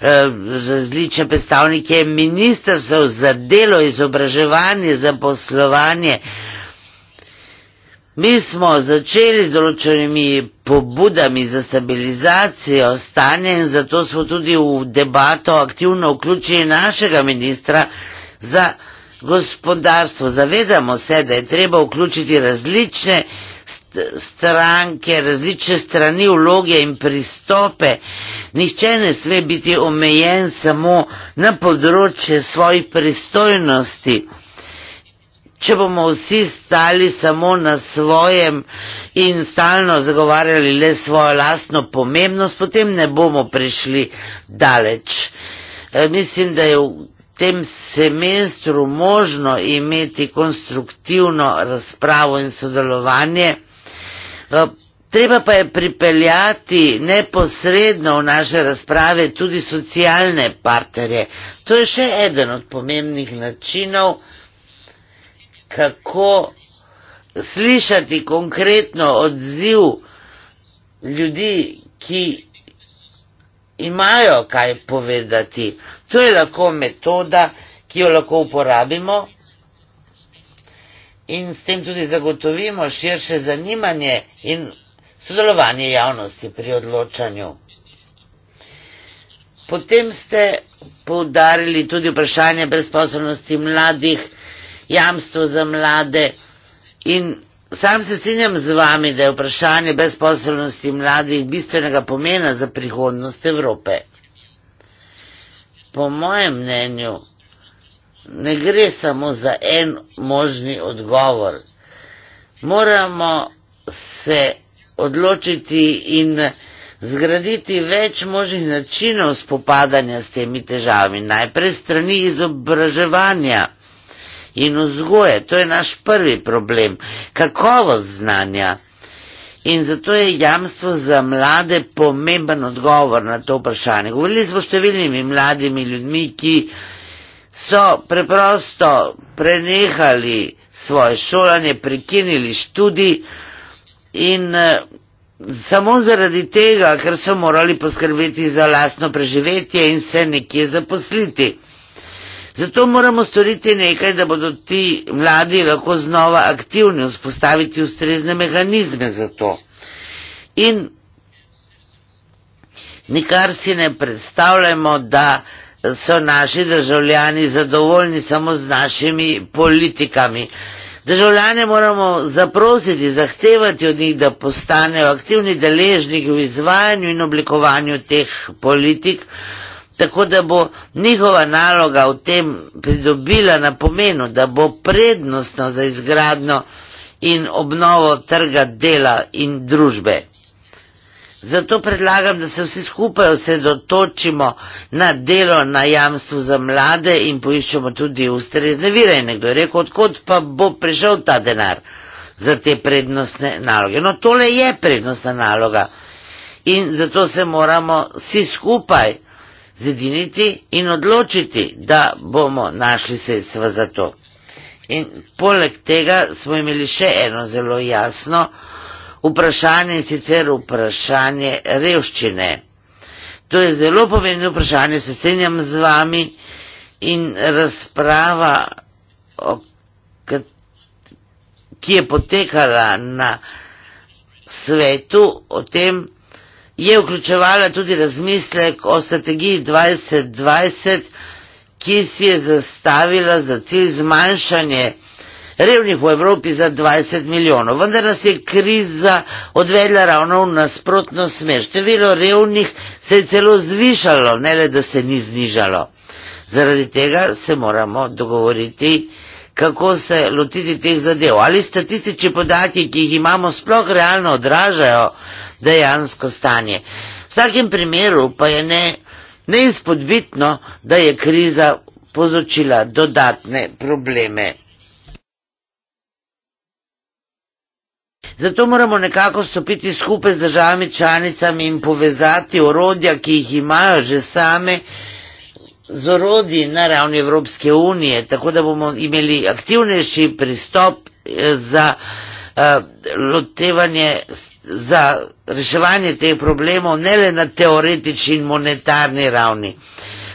eh, različne predstavnike ministrstv za delo, izobraževanje, zaposlovanje, za Mi smo začeli z določenimi pobudami za stabilizacijo stanja in zato smo tudi v debato aktivno vključili našega ministra za gospodarstvo. Zavedamo se, da je treba vključiti različne stranke, različne strani vloge in pristope. Nihče ne sme biti omejen samo na področje svojih pristojnosti če bomo vsi stali samo na svojem in stalno zagovarjali le svojo lastno pomembnost, potem ne bomo prišli daleč. E, mislim, da je v tem semestru možno imeti konstruktivno razpravo in sodelovanje. E, treba pa je pripeljati neposredno v naše razprave tudi socialne partnerje. To je še eden od pomembnih načinov, kako slišati konkretno odziv ljudi, ki imajo kaj povedati. To je lahko metoda, ki jo lahko uporabimo in s tem tudi zagotovimo širše zanimanje in sodelovanje javnosti pri odločanju. Potem ste poudarili tudi vprašanje brezposobnosti mladih jamstvo za mlade. In sam se strinjam z vami, da je vprašanje brezposobnosti mladih bistvenega pomena za prihodnost Evrope. Po mojem mnenju ne gre samo za en možni odgovor. Moramo se odločiti in zgraditi več možnih načinov spopadanja s temi težavami. Najprej strani izobraževanja in vzgoje. To je naš prvi problem, kakovost znanja. In zato je jamstvo za mlade pomemben odgovor na to vprašanje. Govorili smo številnimi mladimi ljudmi, ki so preprosto prenehali svoje šolanje, prekinili študi in eh, samo zaradi tega, ker so morali poskrbeti za lastno preživetje in se nekje zaposliti. Zato moramo storiti nekaj, da bodo ti vladi lahko znova aktivni, vzpostaviti ustrezne mehanizme za to. In nikar si ne predstavljamo, da so naši državljani zadovoljni samo z našimi politikami. Državljane moramo zaprositi, zahtevati od njih, da postanejo aktivni deležniki v izvajanju in oblikovanju teh politik, tako da bo njihova naloga v tem pridobila na pomenu, da bo prednostna za izgradno in obnovo trga dela in družbe. Zato predlagam, da se vsi skupaj osredotočimo na delo na jamstvu za mlade in poiščemo tudi ustrezne vire. Nekdo je rekel, odkot pa bo prišel ta denar za te prednostne naloge. No, tole je prednostna naloga in zato se moramo vsi skupaj zediniti in odločiti, da bomo našli sredstva za to. In poleg tega smo imeli še eno zelo jasno vprašanje in sicer vprašanje revščine. To je zelo pomembno vprašanje, se strinjam z vami in razprava, ki je potekala na svetu o tem, je vključevala tudi razmislek o strategiji 2020, ki si je zastavila za cilj zmanjšanje revnih v Evropi za 20 milijonov. Vendar nas je kriza odvedla ravno v nasprotno smer. Število revnih se je celo zvišalo, ne le da se ni znižalo. Zaradi tega se moramo dogovoriti, kako se lotiti teh zadev. Ali statistični podatki, ki jih imamo, sploh realno odražajo dejansko stanje. V vsakem primeru pa je ne, neizpodbitno, da je kriza povzročila dodatne probleme. Zato moramo nekako stopiti skupaj z državami članicami in povezati orodja, ki jih imajo že same, z orodji na ravni Evropske unije, tako da bomo imeli aktivnejši pristop eh, za uh, lotevanje za reševanje teh problemov, ne le na teoretični in monetarni ravni.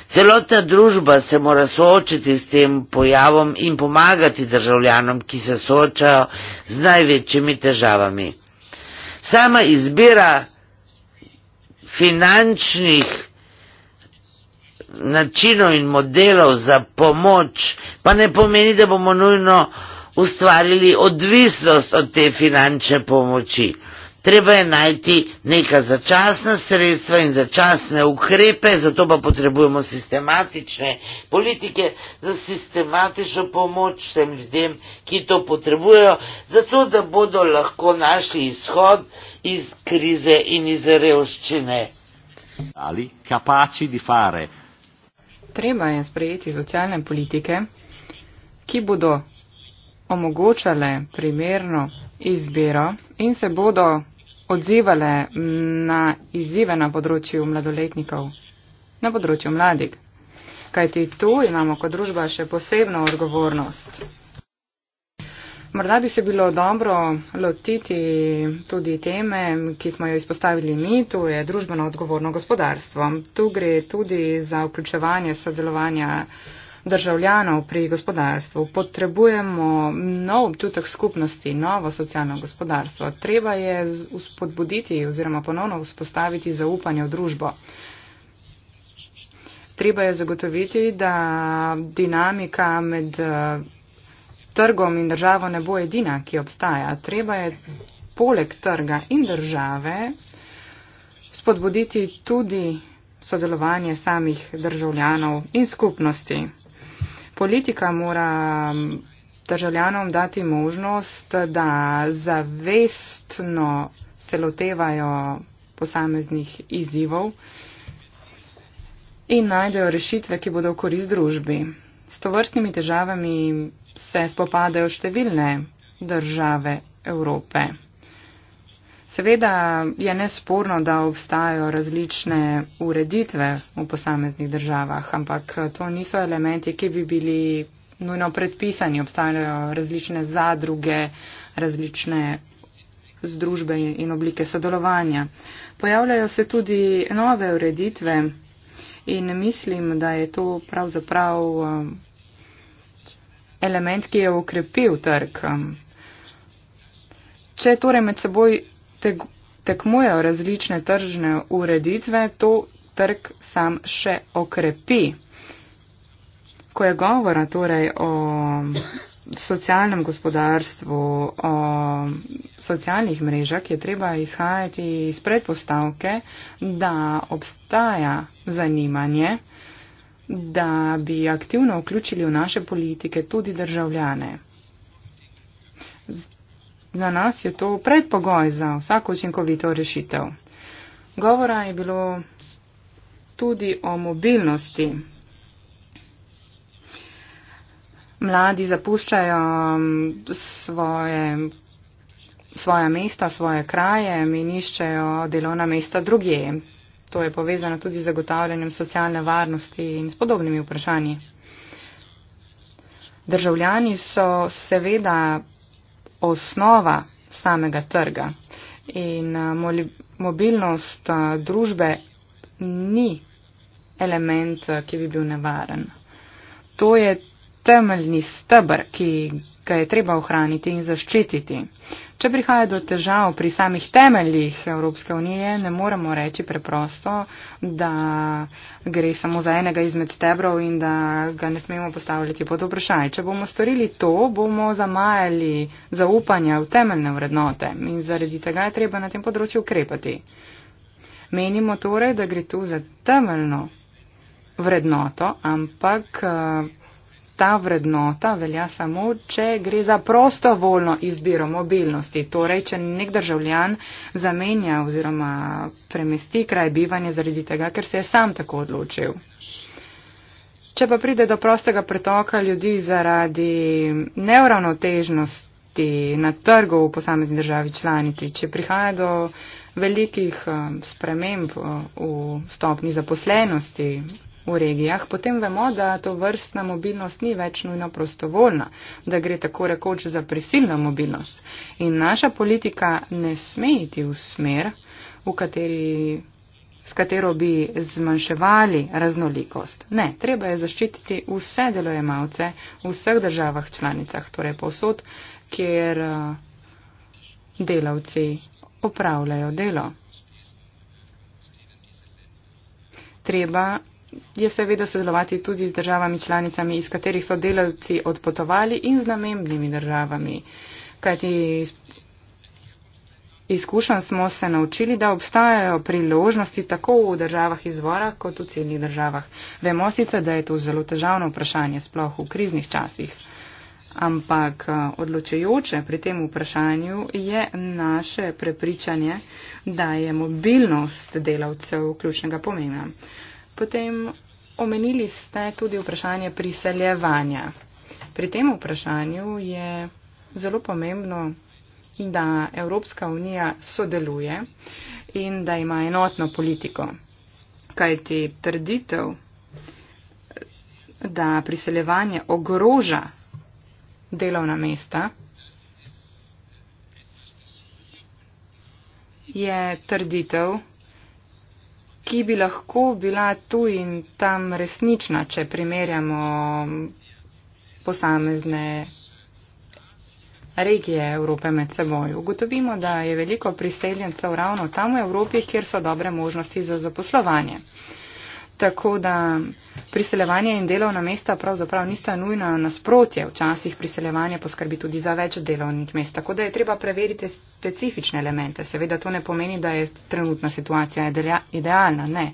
Celotna družba se mora soočiti s tem pojavom in pomagati državljanom, ki se soočajo z največjimi težavami. Sama izbira finančnih načinov in modelov za pomoč pa ne pomeni, da bomo nujno ustvarili odvisnost od te finančne pomoči treba je najti neka začasna sredstva in začasne ukrepe, zato pa potrebujemo sistematične politike za sistematično pomoč vsem ljudem, ki to potrebujejo, zato da bodo lahko našli izhod iz krize in iz revščine. Ali kapači di fare? Treba je sprejeti socialne politike, ki bodo omogočale primerno izbiro in se bodo odzivale na izzive na področju mladoletnikov, na področju mladih. Kajti tu imamo kot družba še posebno odgovornost. Morda bi se bilo dobro lotiti tudi teme, ki smo jo izpostavili mi, tu je družbeno odgovorno gospodarstvo. Tu gre tudi za vključevanje sodelovanja državljanov pri gospodarstvu. Potrebujemo nov občutek skupnosti, novo socialno gospodarstvo. Treba je spodbuditi oziroma ponovno vzpostaviti zaupanje v družbo. Treba je zagotoviti, da dinamika med eh, trgom in državo ne bo edina, ki obstaja. Treba je poleg trga in države spodbuditi tudi sodelovanje samih državljanov in skupnosti. Politika mora državljanom dati možnost, da zavestno se lotevajo posameznih izzivov in najdejo rešitve, ki bodo v korist družbi. S tovrstnimi težavami se spopadajo številne države Evrope. Seveda je nesporno, da obstajajo različne ureditve v posameznih državah, ampak to niso elementi, ki bi bili nujno predpisani. Obstajajo različne zadruge, različne združbe in oblike sodelovanja. Pojavljajo se tudi nove ureditve in mislim, da je to pravzaprav um, element, ki je ukrepil trg. Um, če torej med seboj teg, tekmujejo različne tržne ureditve, to trg sam še okrepi. Ko je govora torej o socialnem gospodarstvu, o socialnih mrežah, je treba izhajati iz predpostavke, da obstaja zanimanje, da bi aktivno vključili v naše politike tudi državljane. Za nas je to predpogoj za vsako učinkovito rešitev. Govora je bilo tudi o mobilnosti. Mladi zapuščajo um, svoje, svoja mesta, svoje kraje in iščejo delovna mesta druge. To je povezano tudi z zagotavljanjem socialne varnosti in s podobnimi vprašanji. Državljani so seveda osnova samega trga. In eh, mobilnost eh, družbe ni element, eh, ki bi bil nevaren. To je temeljni stebr, ki ga je treba ohraniti in zaščititi. Uh, Če prihaja do težav pri samih temeljih Evropske unije, ne moremo reči preprosto, da gre samo za enega izmed stebrov in da ga ne smemo postavljati pod vprašanje. Če bomo storili to, bomo zamajali zaupanje v temeljne vrednote in zaradi tega je treba na tem področju ukrepati. Menimo torej, da gre tu za temeljno vrednoto, ampak eh, ta vrednota velja samo, če gre za prostovoljno izbiro mobilnosti. Torej, če nek državljan zamenja oziroma premesti kraj bivanja zaradi tega, ker se je sam tako odločil. Če pa pride do prostega pretoka ljudi zaradi neuravnotežnosti, na trgu v posamezni državi članici, če prihaja do velikih eh, sprememb eh, v stopni zaposlenosti v regijah, potem vemo, da to vrstna mobilnost ni več nujno prostovoljna, da gre tako rekoč za prisilno mobilnost. In naša politika ne sme iti v smer, v kateri s katero bi zmanjševali raznolikost. Ne, treba je zaščititi vse delojemalce v vseh državah članicah, torej povsod, kjer eh, delavci opravljajo delo. Treba je seveda sodelovati tudi z državami članicami, iz katerih so delavci odpotovali in z namembnimi državami. Kajti izkušen smo se naučili, da obstajajo priložnosti tako v državah izvora kot v celih državah. Vemo sicer, da je to zelo težavno vprašanje, sploh v kriznih časih. Ampak eh, odločujoče pri tem vprašanju je naše prepričanje, da je mobilnost delavcev ključnega pomena. Potem omenili ste tudi vprašanje priseljevanja. Pri tem vprašanju je zelo pomembno, da Evropska unija sodeluje in da ima enotno politiko. Kajti trditev, da priseljevanje ogroža delovna mesta, je trditev, ki bi lahko bila tu in tam resnična, če primerjamo posamezne regije Evrope med seboj. Ugotovimo, da je veliko priseljencev ravno tam v Evropi, kjer so dobre možnosti za zaposlovanje tako, da priseljevanje in delovna mesta pravzaprav nista nujna nasprotje. Včasih priseljevanje poskrbi tudi za več delovnih mest. Tako da je treba preveriti specifične elemente. Seveda to ne pomeni, da je trenutna situacija idealna. Ne.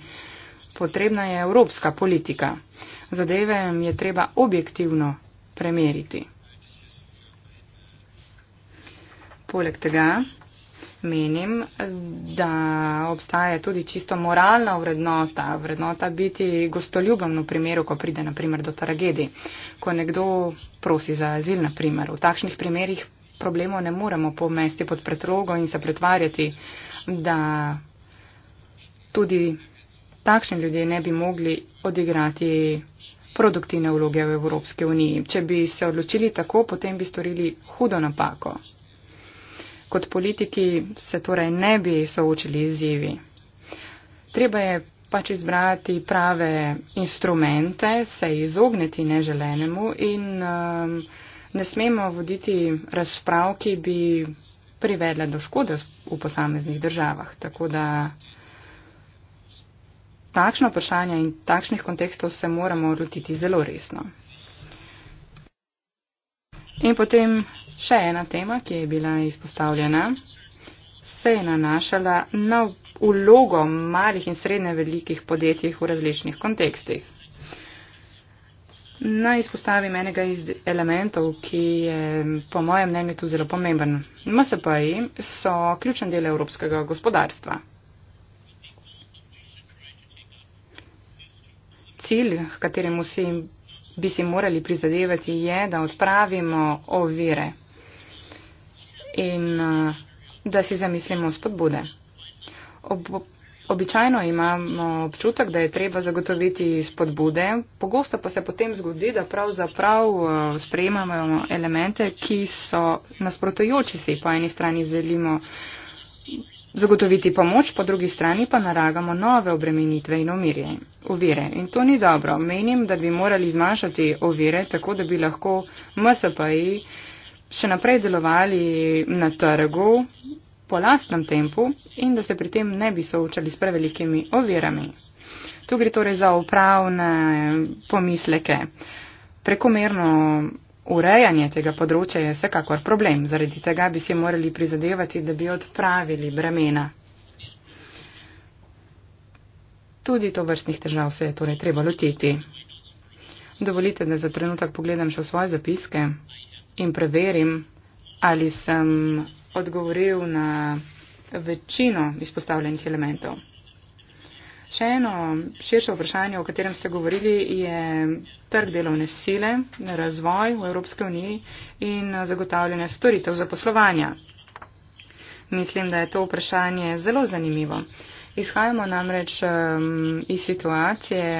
Potrebna je evropska politika. Zadeve je treba objektivno premeriti. Poleg tega menim, da obstaja tudi čisto moralna vrednota, vrednota biti gostoljuben v primeru, ko pride naprimer do tragedije, ko nekdo prosi za azil naprimer. V takšnih primerih problemov ne moremo pomesti pod pretrogo in se pretvarjati, da tudi takšni ljudje ne bi mogli odigrati produktivne vloge v Evropski uniji. Če bi se odločili tako, potem bi storili hudo napako kot politiki se torej ne bi soočili izzivi. Treba je pač izbrati prave instrumente, se izogniti neželenemu in um, ne smemo voditi razprav, ki bi privedle do škode v posameznih državah. Tako da takšno vprašanje in takšnih kontekstov se moramo lotiti zelo resno. In potem Še ena tema, ki je bila izpostavljena, se je nanašala na ulogo malih in srednje velikih podjetij v različnih kontekstih. Naj izpostavim enega iz elementov, ki je po mojem mnenju tu zelo pomemben. MSP-ji so ključen del evropskega gospodarstva. Cilj, k kateremu si, bi si morali prizadevati, je, da odpravimo ovire in uh, da si zamislimo spodbude. Ob, običajno imamo občutek, da je treba zagotoviti spodbude, pogosto pa se potem zgodi, da pravzaprav uh, sprejemamo elemente, ki so nasprotujoči si. Po eni strani želimo zagotoviti pomoč, po drugi strani pa naragamo nove obremenitve in umirje, uvire. In to ni dobro. Menim, da bi morali zmanjšati ovire, tako da bi lahko MSPI še naprej delovali na trgu po lastnem tempu in da se pri tem ne bi soočali s prevelikimi ovirami. Tu gre torej za upravne pomisleke. Prekomerno urejanje tega področja je vsekakor problem, zaradi tega bi se morali prizadevati, da bi odpravili bremena. Tudi to vrstnih težav se je torej treba lotiti. Dovolite, da za trenutek pogledam še svoje zapiske in preverim, ali sem odgovoril na večino izpostavljenih elementov. Še eno širše vprašanje, o katerem ste govorili, je trg delovne sile, razvoj v Evropske uniji in zagotavljanje storitev za poslovanja. Mislim, da je to vprašanje zelo zanimivo. Izhajamo namreč um, iz situacije,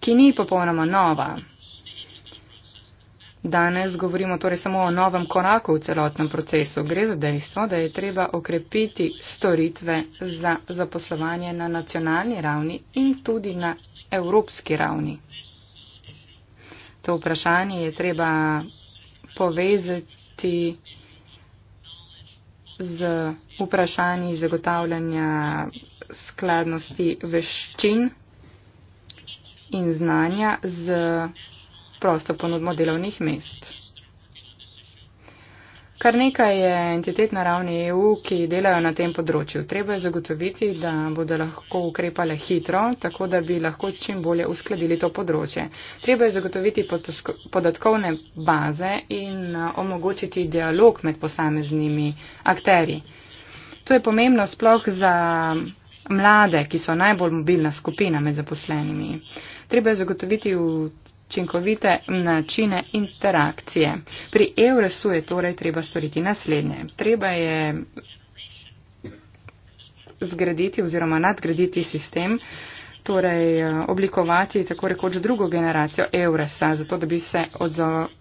ki ni popolnoma nova. Danes govorimo torej samo o novem koraku v celotnem procesu. Gre za dejstvo, da je treba okrepiti storitve za zaposlovanje na nacionalni ravni in tudi na evropski ravni. To vprašanje je treba povezati z vprašanji zagotavljanja skladnosti veščin in znanja z prosto ponudmo delovnih mest. Kar nekaj je entitet na ravni EU, ki delajo na tem področju. Treba je zagotoviti, da bodo lahko ukrepale hitro, tako da bi lahko čim bolje uskladili to področje. Treba je zagotoviti podatkovne baze in omogočiti dialog med posameznimi akteri. To je pomembno sploh za mlade, ki so najbolj mobilna skupina med zaposlenimi. Treba je zagotoviti v učinkovite načine interakcije. Pri EURES-u je torej treba storiti naslednje. Treba je zgraditi oziroma nadgraditi sistem, torej eh, oblikovati tako rekoč drugo generacijo EURES-a, zato da bi se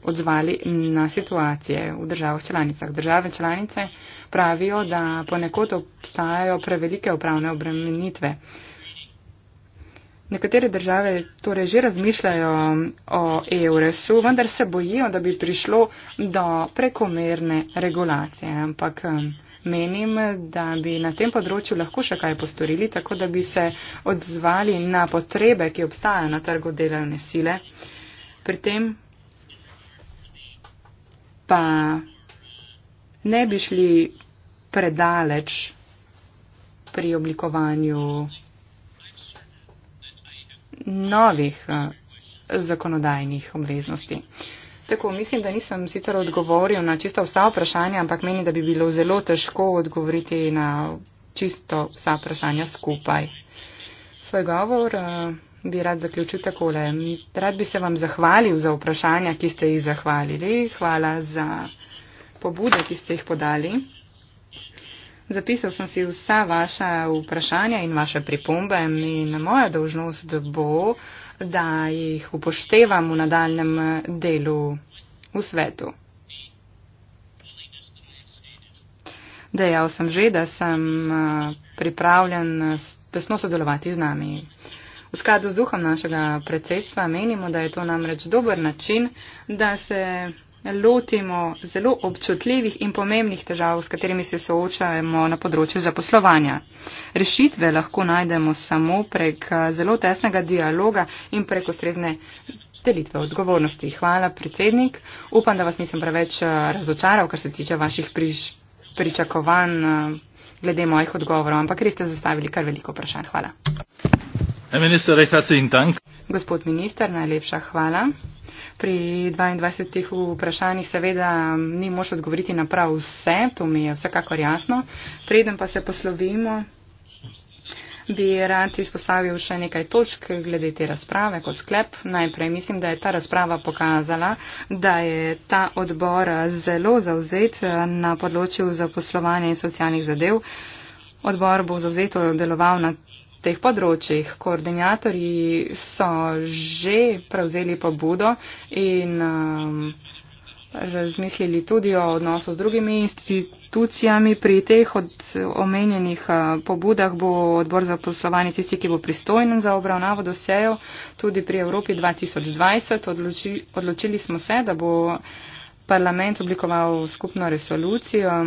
odzvali na situacije v državah članicah. Države članice pravijo, da ponekod obstajajo prevelike upravne obremenitve. Nekatere države torej že razmišljajo o evresu, vendar se bojijo, da bi prišlo do prekomerne regulacije. Ampak eh, menim, da bi na tem področju lahko še kaj postorili, tako da bi se odzvali na potrebe, ki obstajajo na trgu delovne sile. Pri tem pa ne bi šli predaleč pri oblikovanju novih eh, zakonodajnih obveznosti. Tako, mislim, da nisem sicer odgovoril na čisto vsa vprašanja, ampak meni, da bi bilo zelo težko odgovoriti na čisto vsa vprašanja skupaj. Svoj govor eh, bi rad zaključil takole. Rad bi se vam zahvalil za vprašanja, ki ste jih zahvalili. Hvala za pobude, ki ste jih podali. Zapisal sem si vsa vaša vprašanja in vaše pripombe in moja dožnost bo, da jih upoštevam v nadaljem delu v svetu. Dejal sem že, da sem eh, pripravljen tesno sodelovati z nami. V skladu z duhom našega predsedstva menimo, da je to namreč dober način, da se lotimo zelo občutljivih in pomembnih težav, s katerimi se soočajemo na področju zaposlovanja. Rešitve lahko najdemo samo prek eh, zelo tesnega dialoga in prek ustrezne delitve odgovornosti. Hvala, predsednik. Upam, da vas nisem preveč eh, razočaral, kar se tiče vaših priž, pričakovanj eh, glede mojih odgovorov, ampak res ste zastavili kar veliko vprašanj. Hvala. Hey, minister, Gospod minister, najlepša hvala. Pri 22 vprašanjih seveda ni moč odgovoriti na prav vse, to mi je vsekakor jasno. Preden pa se poslovimo, bi rad izpostavil še nekaj točk glede te razprave kot sklep. Najprej mislim, da je ta razprava pokazala, da je ta odbor zelo zauzet na področju zaposlovanja in socialnih zadev. Odbor bo zauzeto deloval na teh področjih. Koordinatorji so že prevzeli pobudo in um, razmislili tudi o odnosu z drugimi institucijami. Pri teh od omenjenih uh, pobudah bo odbor za poslovanje tisti, ki bo pristojen za obravnavo dosejo tudi pri Evropi 2020. Odloči, odločili smo se, da bo parlament oblikoval skupno resolucijo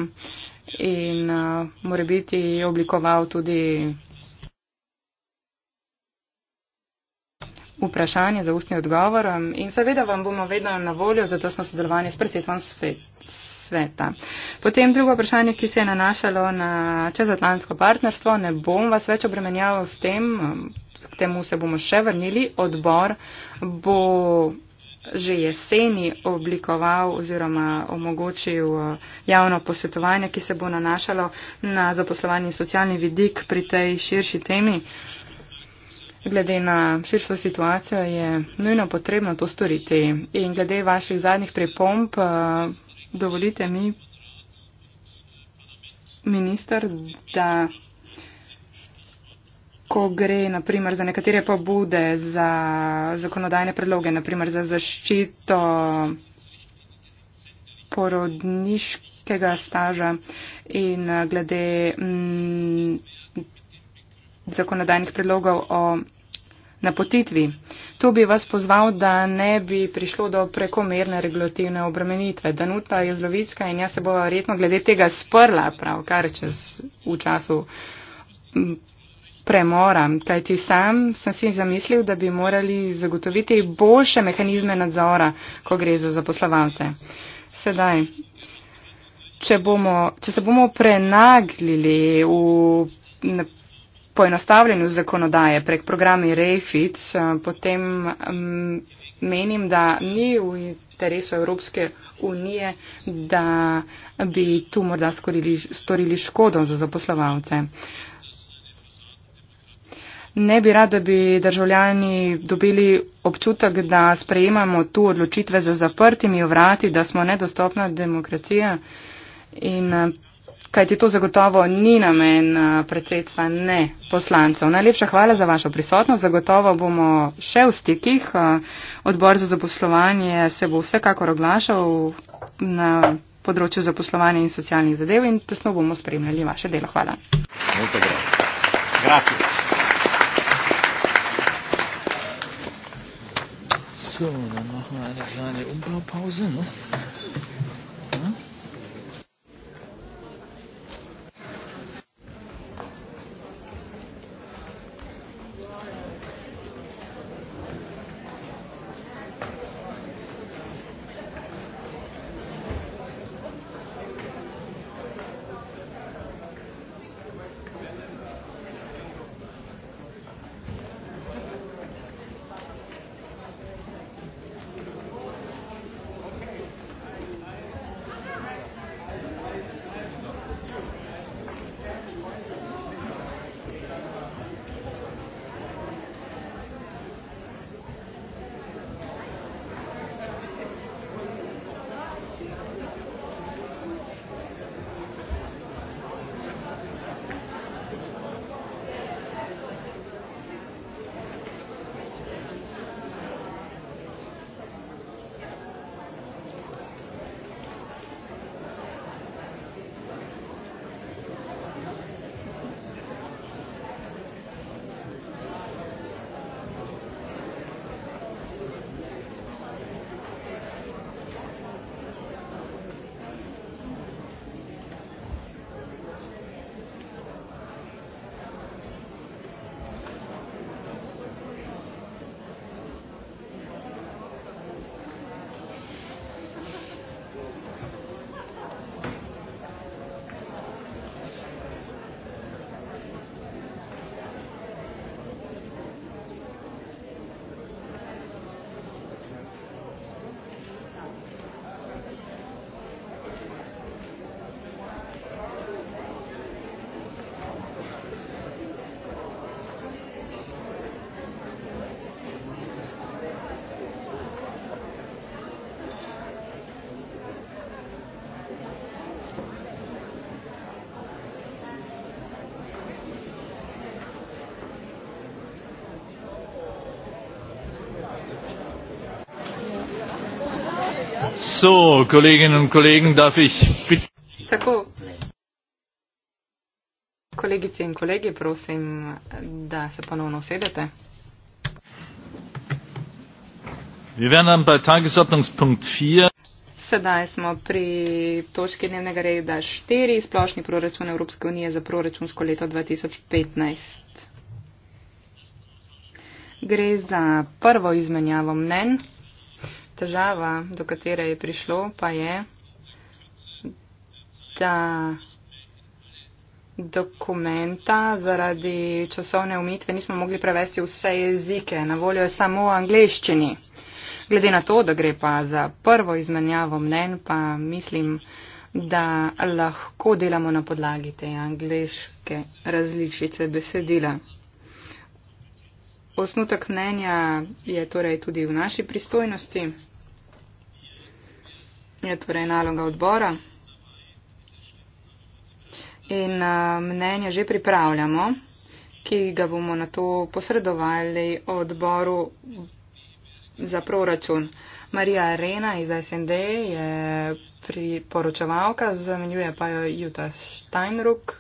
in uh, mora biti oblikoval tudi vprašanje, za ustni odgovor um, in seveda vam bomo vedno na voljo za tesno sodelovanje s predsedstvom sveta. Potem drugo vprašanje, ki se je nanašalo na čezatlantsko partnerstvo, ne bom vas več obremenjal s tem, um, k temu se bomo še vrnili, odbor bo že jeseni oblikoval oziroma omogočil uh, javno posvetovanje, ki se bo nanašalo na zaposlovanje socialni vidik pri tej širši temi. Glede na širšo situacijo je nujno potrebno to storiti. In glede vaših zadnjih pripomb, eh, dovolite mi, minister, da ko gre naprimer za nekatere pobude, za zakonodajne predloge, naprimer za zaščito porodniškega staža in eh, glede. Mm, zakonodajnih predlogov o napotitvi. Tu bi vas pozval, da ne bi prišlo do prekomerne regulativne obremenitve. Danuta je zlovitska in jaz se bo verjetno glede tega sprla prav, kar čez v času premora. Kaj ti sam sem si zamislil, da bi morali zagotoviti boljše mehanizme nadzora, ko gre za zaposlovalce. Sedaj. Če, bomo, če se bomo prenaglili v poenostavljanju zakonodaje prek programi REFIT, eh, potem mm, menim, da ni v interesu Evropske unije, da bi tu morda skorili, storili škodo za zaposlovalce. Ne bi rad, da bi državljani dobili občutek, da sprejemamo tu odločitve za zaprtimi vrati, da smo nedostopna demokracija in eh, kajti to zagotovo ni namen eh, predsedstva, ne poslancev. Najlepša hvala za vašo prisotnost. Zagotovo bomo še v stikih. Eh, odbor za zaposlovanje se bo vsekakor oglašal na področju zaposlovanja in socialnih zadev in tesno bomo spremljali vaše delo. Hvala. So, dann machen wir eine kleine Umbaupause. Ne? Ja? So, Kolleginnen und Kollegen, darf ich bitte. Tako. Kolegice in kolege, prosim, da se ponovno sedete. Sedaj smo pri točki dnevnega reda 4, splošni proračun Evropske unije za proračunsko leto 2015. Gre za prvo izmenjavo mnen težava, do katere je prišlo, pa je, da dokumenta zaradi časovne umitve nismo mogli prevesti vse jezike. Na voljo je samo v angleščini. Glede na to, da gre pa za prvo izmenjavo mnen, pa mislim, da lahko delamo na podlagi te angleške različice besedila. Osnutek mnenja je torej tudi v naši pristojnosti, je torej naloga odbora. In eh, mnenje že pripravljamo, ki ga bomo na to posredovali odboru za proračun. Marija Arena iz SND je priporočevalka, zamenjuje pa jo Juta Steinruck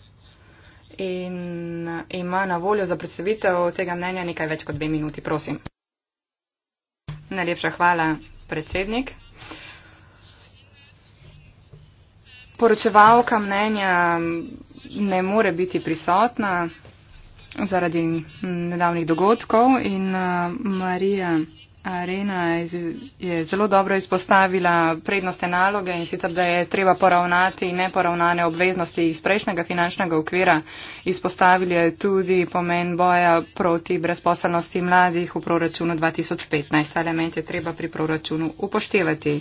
in ima na voljo za predstavitev tega mnenja nekaj več kot dve minuti, prosim. Najlepša hvala, predsednik. Poročevalka mnenja ne more biti prisotna zaradi nedavnih dogodkov in eh, Marija. Arena je zelo dobro izpostavila prednostne naloge in sicer, da je treba poravnati neporavnane obveznosti iz prejšnjega finančnega okvira. Izpostavili je tudi pomen boja proti brezposelnosti mladih v proračunu 2015. Ta element je treba pri proračunu upoštevati.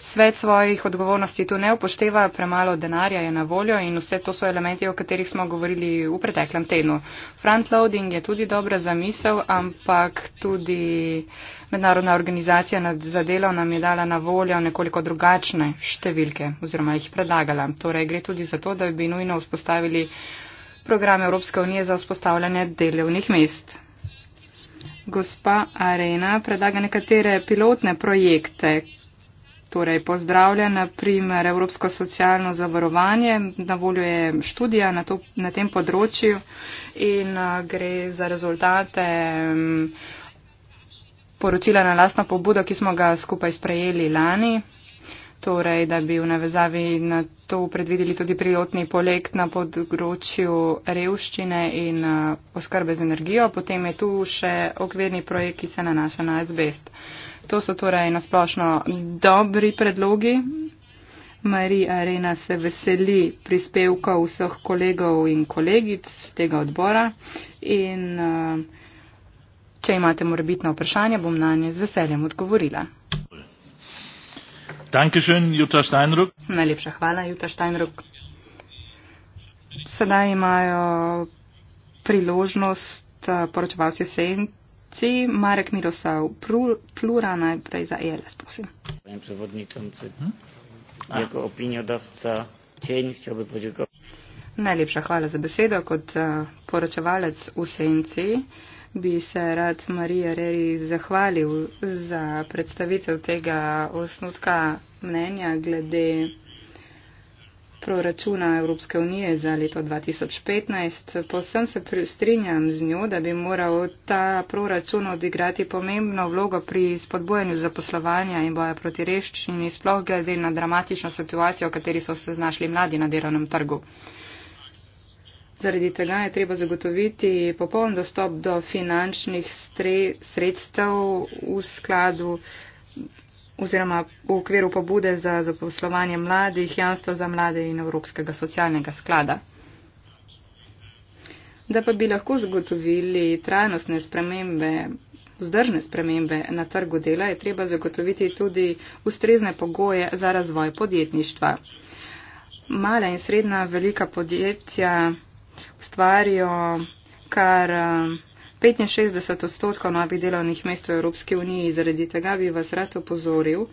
Svet svojih odgovornosti tu ne upošteva, premalo denarja je na voljo in vse to so elementi, o katerih smo govorili v preteklem tednu. Frontloading je tudi dobra zamisel, ampak tudi. Mednarodna organizacija za delo nam je dala na voljo nekoliko drugačne številke oziroma jih predlagala. Torej gre tudi za to, da bi nujno vzpostavili program Evropske unije za vzpostavljanje delovnih mest. Gospa Arena predlaga nekatere pilotne projekte. Torej pozdravlja na primer Evropsko socialno zavarovanje, na voljo je študija na, to, na tem področju in gre za rezultate. Um, poročila na lastno pobudo, ki smo ga skupaj sprejeli lani, torej da bi v navezavi na to predvideli tudi prijotni projekt na področju revščine in uh, oskrbe z energijo. Potem je tu še okvirni projekt, ki se nanaša na azbest. To so torej nasplošno dobri predlogi. Marija Arena se veseli prispevkov vseh kolegov in kolegic tega odbora. In, uh, Če imate morebitna vprašanja, bom na nje z veseljem odgovorila. Dankeschön, Jutta Steinruck. Najlepša hvala, Jutta Steinruck. Sedaj imajo priložnost eh, poročevalci senci Marek Mirosav Plura najprej za ELS, prosim. Mhm. Najlepša hvala za besedo kot eh, poročevalec v senci bi se rad Marija Reri zahvalil za predstavitev tega osnutka mnenja glede proračuna Evropske unije za leto 2015. Posem se strinjam z njo, da bi moral ta proračun odigrati pomembno vlogo pri spodbojanju zaposlovanja in boja proti reščini, sploh glede na dramatično situacijo, v kateri so se znašli mladi na delovnem trgu. Zaradi tega je treba zagotoviti popoln dostop do finančnih sredstev v skladu oziroma v okviru pobude za zaposlovanje mladih, jamstva za mlade in Evropskega socialnega sklada. Da pa bi lahko zagotovili trajnostne spremembe, vzdržne spremembe na trgu dela, je treba zagotoviti tudi ustrezne pogoje za razvoj podjetništva. Mala in srednja velika podjetja ustvarijo kar 65 eh, odstotkov novih delovnih mest v Evropski uniji. Zaradi tega bi vas rad upozoril,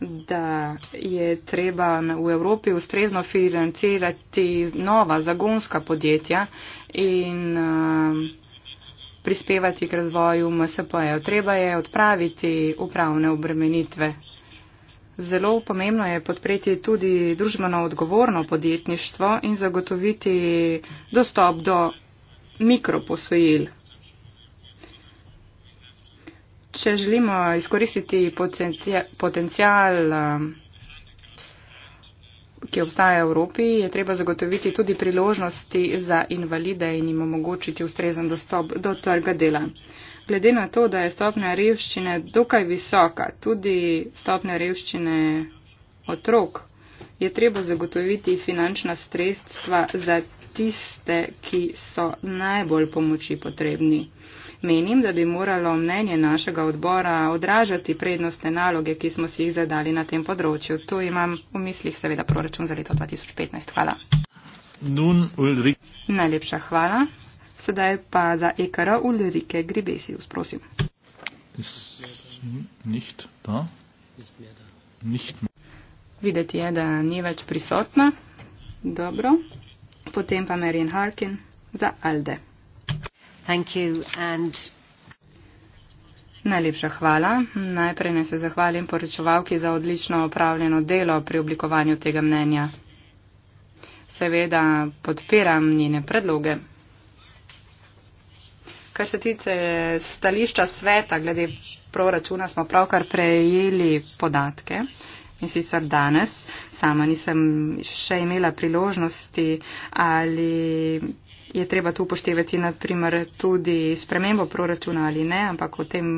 da je treba v Evropi ustrezno financirati nova zagonska podjetja in eh, prispevati k razvoju MSP-jev. Treba je odpraviti upravne obremenitve. Zelo pomembno je podpreti tudi družbeno odgovorno podjetništvo in zagotoviti dostop do mikroposojil. Če želimo izkoristiti potencijal, um, ki obstaja v Evropi, je treba zagotoviti tudi priložnosti za invalide in jim omogočiti ustrezen dostop do trga dela glede na to, da je stopnja revščine dokaj visoka, tudi stopnja revščine otrok, je treba zagotoviti finančna sredstva za tiste, ki so najbolj pomoči potrebni. Menim, da bi moralo mnenje našega odbora odražati prednostne naloge, ki smo si jih zadali na tem področju. To imam v mislih seveda proračun za leto 2015. Hvala. Nun, Najlepša hvala sedaj pa za EKR Ulrike Gribesius, prosim. Nicht da. Nicht Videti je, da ni več prisotna. Dobro. Potem pa Marian Harkin za Alde. Thank you and... Najlepša hvala. Najprej naj se zahvalim poročevalki za odlično opravljeno delo pri oblikovanju tega mnenja. Seveda podpiram njene predloge. Kar se tiče stališča sveta glede proračuna, smo pravkar prejeli podatke. In sicer danes, sama nisem še imela priložnosti, ali je treba tu upoštevati naprimer tudi spremembo proračuna ali ne, ampak o tem,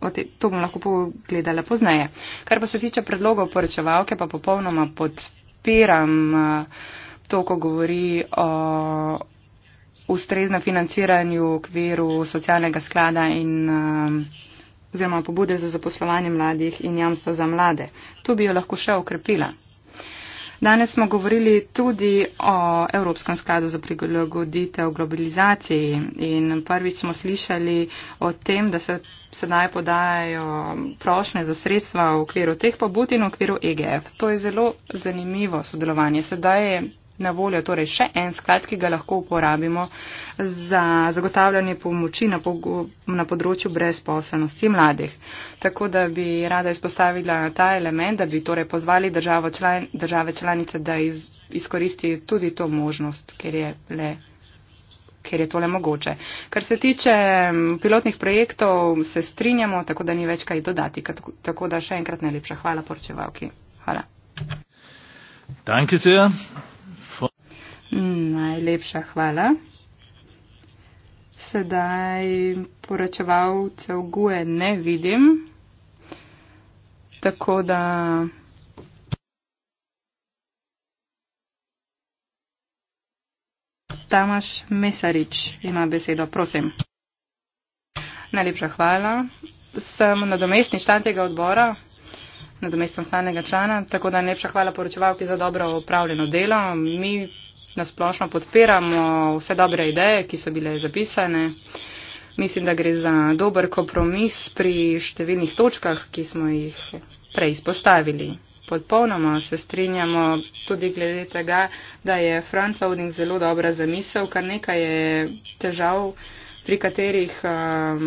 o te, to bom lahko pogledala poznaje. Kar pa se tiče predlogov poročevalke, pa popolnoma podpiram eh, to, ko govori o ustrezno financiranju v okviru socialnega sklada in um, oziroma pobude za zaposlovanje mladih in jamstva za mlade. To bi jo lahko še okrepila. Danes smo govorili tudi o Evropskem skladu za prilagoditev globalizaciji in prvič smo slišali o tem, da se sedaj podajajo prošne za sredstva v okviru teh pobud in v okviru EGF. To je zelo zanimivo sodelovanje. Sedaj je na voljo torej še en sklad, ki ga lahko uporabimo za zagotavljanje pomoči na, na področju brezposelnosti mladih. Tako da bi rada izpostavila ta element, da bi torej pozvali član, države članice, da iz, izkoristi tudi to možnost, ker je le ker je tole mogoče. Kar se tiče pilotnih projektov, se strinjamo, tako da ni več kaj dodati. Tako da še enkrat najlepša hvala poročevalki. Hvala. Danke sehr. Najlepša hvala. Sedaj poročevalcev guje ne vidim, tako da. Tamaš Mesarič ima besedo, prosim. Najlepša hvala. Sem nadomestni član tega odbora, nadomestno stalnega člana, tako da najlepša hvala poročevalki za dobro upravljeno delo. Mi nasplošno podpiramo vse dobre ideje, ki so bile zapisane. Mislim, da gre za dober kompromis pri številnih točkah, ki smo jih preizpostavili. Podpolnoma se strinjamo tudi glede tega, da je frontloading zelo dobra zamisel, kar nekaj je težav, pri katerih um,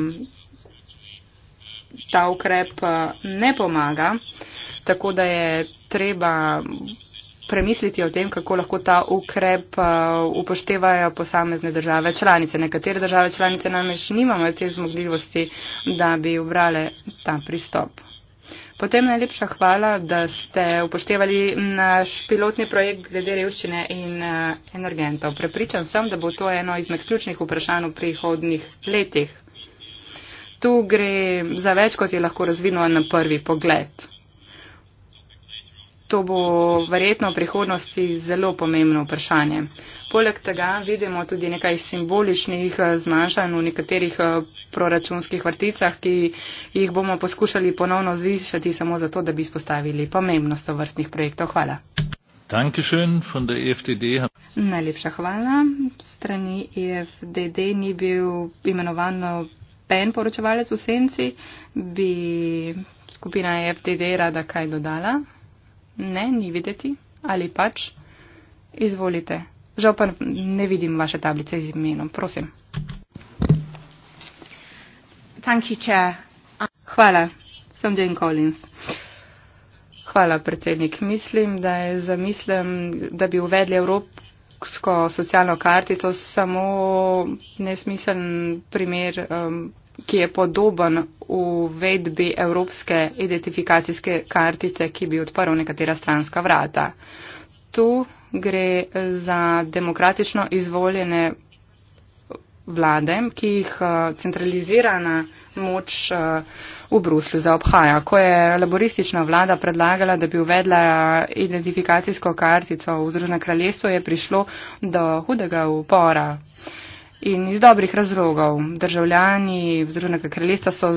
ta ukrep uh, ne pomaga. Tako da je treba premisliti o tem, kako lahko ta ukrep uh, upoštevajo posamezne države članice. Nekatere države članice namreč nimamo te zmogljivosti, da bi obrale ta pristop. Potem najlepša hvala, da ste upoštevali naš pilotni projekt glede revščine in uh, energentov. Prepričan sem, da bo to eno izmed ključnih vprašanj v prihodnih letih. Tu gre za več, kot je lahko razvidno na prvi pogled. To bo verjetno v prihodnosti zelo pomembno vprašanje. Poleg tega vidimo tudi nekaj simboličnih eh, zmanjšanj v nekaterih eh, proračunskih vrticah, ki jih bomo poskušali ponovno zvišati samo zato, da bi izpostavili pomembnost vrstnih projektov. Hvala. E Najlepša hvala. Strani EFDD ni bil imenovan pen eh, poročevalec v senci. Bi skupina EFDD rada kaj dodala? Ne, ni videti. Ali pač? Izvolite. Žal pa ne vidim vaše tablice z imenom. Prosim. Hvala, sem Jane Collins. Hvala, predsednik. Mislim, da je za mislim, da bi uvedli evropsko socialno kartico samo nesmiseln primer um, ki je podoben uvedbi evropske identifikacijske kartice, ki bi odprl nekatera stranska vrata. Tu gre za demokratično izvoljene vlade, ki jih eh, centralizirana moč eh, v Bruslju zaobhaja. Ko je laboristična vlada predlagala, da bi uvedla identifikacijsko kartico v Združeno kraljestvo, je prišlo do hudega upora In iz dobrih razlogov državljani Združenega kraljestva so,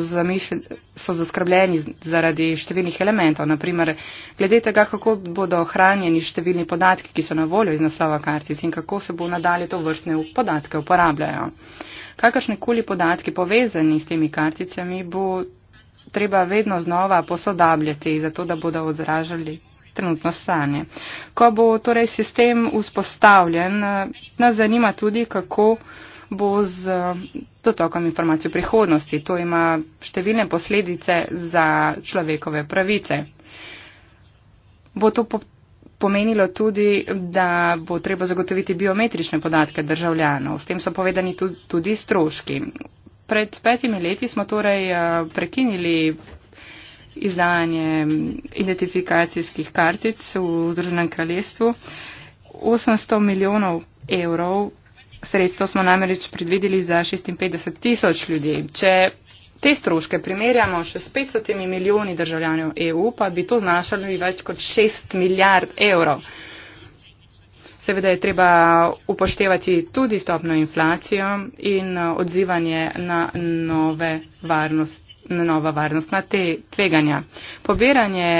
so zaskrbljeni zaradi številnih elementov. Naprimer, glede tega, kako bodo ohranjeni številni podatki, ki so na voljo iz naslova kartic in kako se bo nadalje to vrstne podatke uporabljajo. Kakršnekoli podatki povezani s temi karticami bo treba vedno znova posodabljati, zato da bodo odražali trenutno stanje. Ko bo torej sistem vzpostavljen, nas zanima tudi, kako bo z dotokom informacij v prihodnosti. To ima številne posledice za človekove pravice. Bo to pomenilo tudi, da bo treba zagotoviti biometrične podatke državljanov. S tem so povedani tudi stroški. Pred petimi leti smo torej eh, prekinili izdajanje identifikacijskih kartic v Združenem kraljestvu. 800 milijonov evrov sredstvo smo namreč predvideli za 56 tisoč ljudi. Če te stroške primerjamo še s 500 milijoni državljanov EU, pa bi to znašalo več kot 6 milijard evrov. Seveda je treba upoštevati tudi stopno inflacijo in uh, odzivanje na, nove varnost, na nova varnostna te tveganja. Pobiranje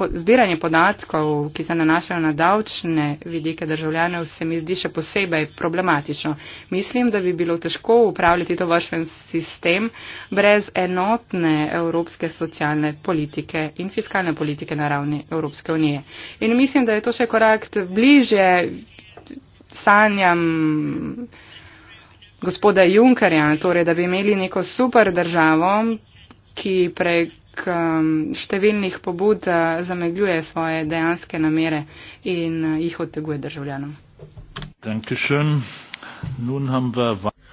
zbiranje podatkov, ki se nanašajo na davčne vidike državljanov, se mi zdi še posebej problematično. Mislim, da bi bilo težko upravljati to vršen sistem brez enotne evropske socialne politike in fiskalne politike na ravni Evropske unije. In mislim, da je to še korak bliže sanjam gospoda Junkerja, torej, da bi imeli neko super državo, ki prek poleg um, številnih pobud uh, zamegljuje svoje dejanske namere in uh, jih oteguje državljanom.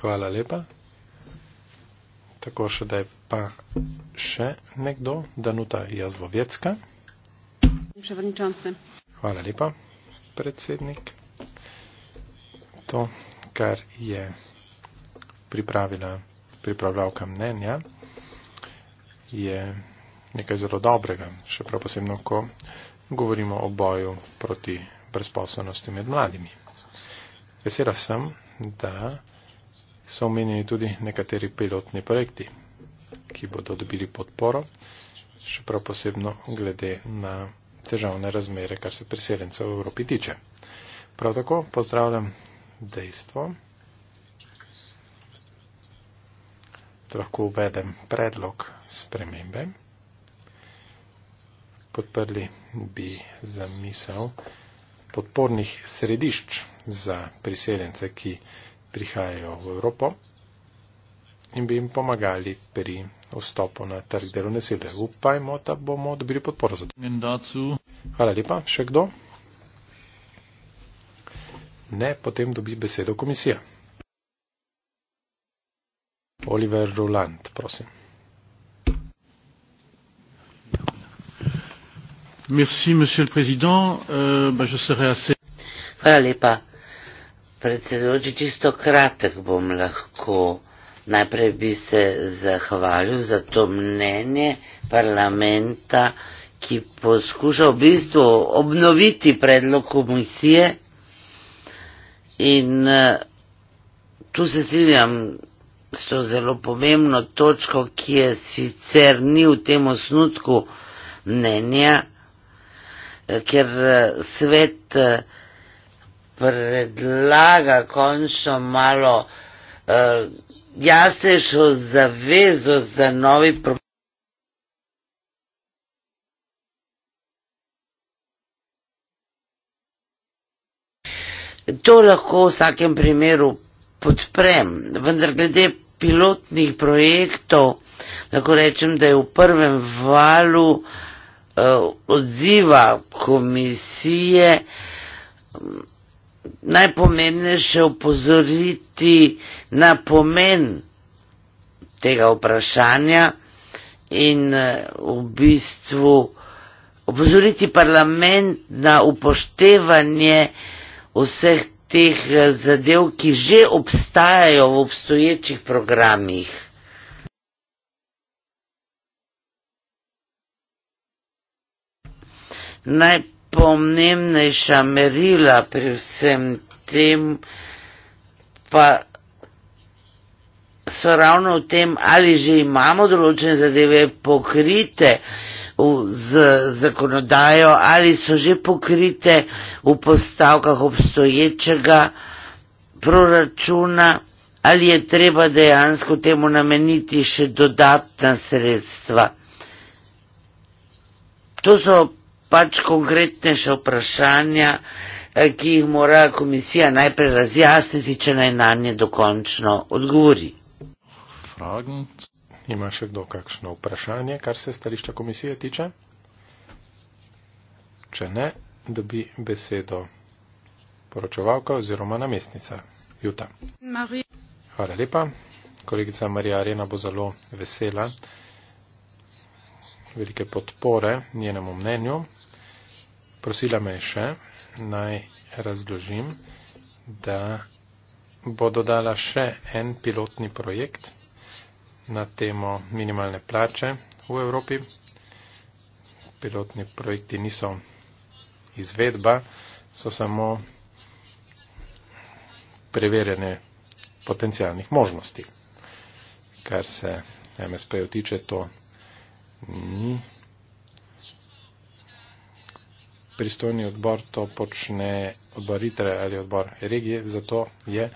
Hvala lepa. Tako še da je pa še nekdo, Danuta Jazvovjecka. Hvala lepa, predsednik. To, kar je pripravila pripravljavka mnenja, je nekaj zelo dobrega, še prav posebno, ko govorimo o boju proti brezposobnosti med mladimi. Vesela sem, da so omenjeni tudi nekateri pilotni projekti, ki bodo dobili podporo, še prav posebno glede na težavne razmere, kar se priseljencev v Evropi tiče. Prav tako pozdravljam dejstvo, da lahko uvedem predlog spremembe podprli bi zamisel podpornih središč za priseljence, ki prihajajo v Evropo in bi jim pomagali pri vstopu na trg delovne sile. Upajmo, da bomo dobili podporo za to. Hvala lepa. Še kdo? Ne, potem dobi besedo komisija. Oliver Roland, prosim. monsieur le président euh, je serai assez Predsedujoči, čisto kratek bom lahko. Najprej bi se zahvalil za to mnenje parlamenta, ki poskuša v bistvu obnoviti predlog komisije. In eh, tu se strinjam s to zelo pomembno točko, ki je sicer ni v tem osnutku mnenja ker eh, svet eh, predlaga končno malo uh, jasnejšo zavezo za novi problem. To lahko v vsakem primeru podprem, vendar glede pilotnih projektov lahko rečem, da je v prvem valu uh, Eh, odziva komisije mm, najpomembnejše opozoriti na pomen tega vprašanja in eh, v bistvu opozoriti parlament na upoštevanje vseh teh eh, zadev, ki že obstajajo v obstoječih programih. najpomembnejša merila pri vsem tem pa so ravno v tem, ali že imamo določene zadeve pokrite z zakonodajo, ali so že pokrite v postavkah obstoječega proračuna, ali je treba dejansko temu nameniti še dodatna sredstva. To so pač konkretnejša vprašanja, eh, ki jih mora komisija najprej razjasniti, če naj na nje dokončno odgovori. Fragen. Ima še kdo kakšno vprašanje, kar se stališča komisije tiče? Če ne, dobi besedo poročevalka oziroma namestnica Juta. Marie. Hvala lepa. Kolegica Marija Arena bo zelo vesela velike podpore njenemu mnenju. Prosila me je še, naj razložim, da bo dodala še en pilotni projekt na temo minimalne plače v Evropi. Pilotni projekti niso izvedba, so samo preverjene potencijalnih možnosti. Kar se MSP-jo tiče, to ni pristojni odbor to počne, odbor ITRE ali odbor regije, zato je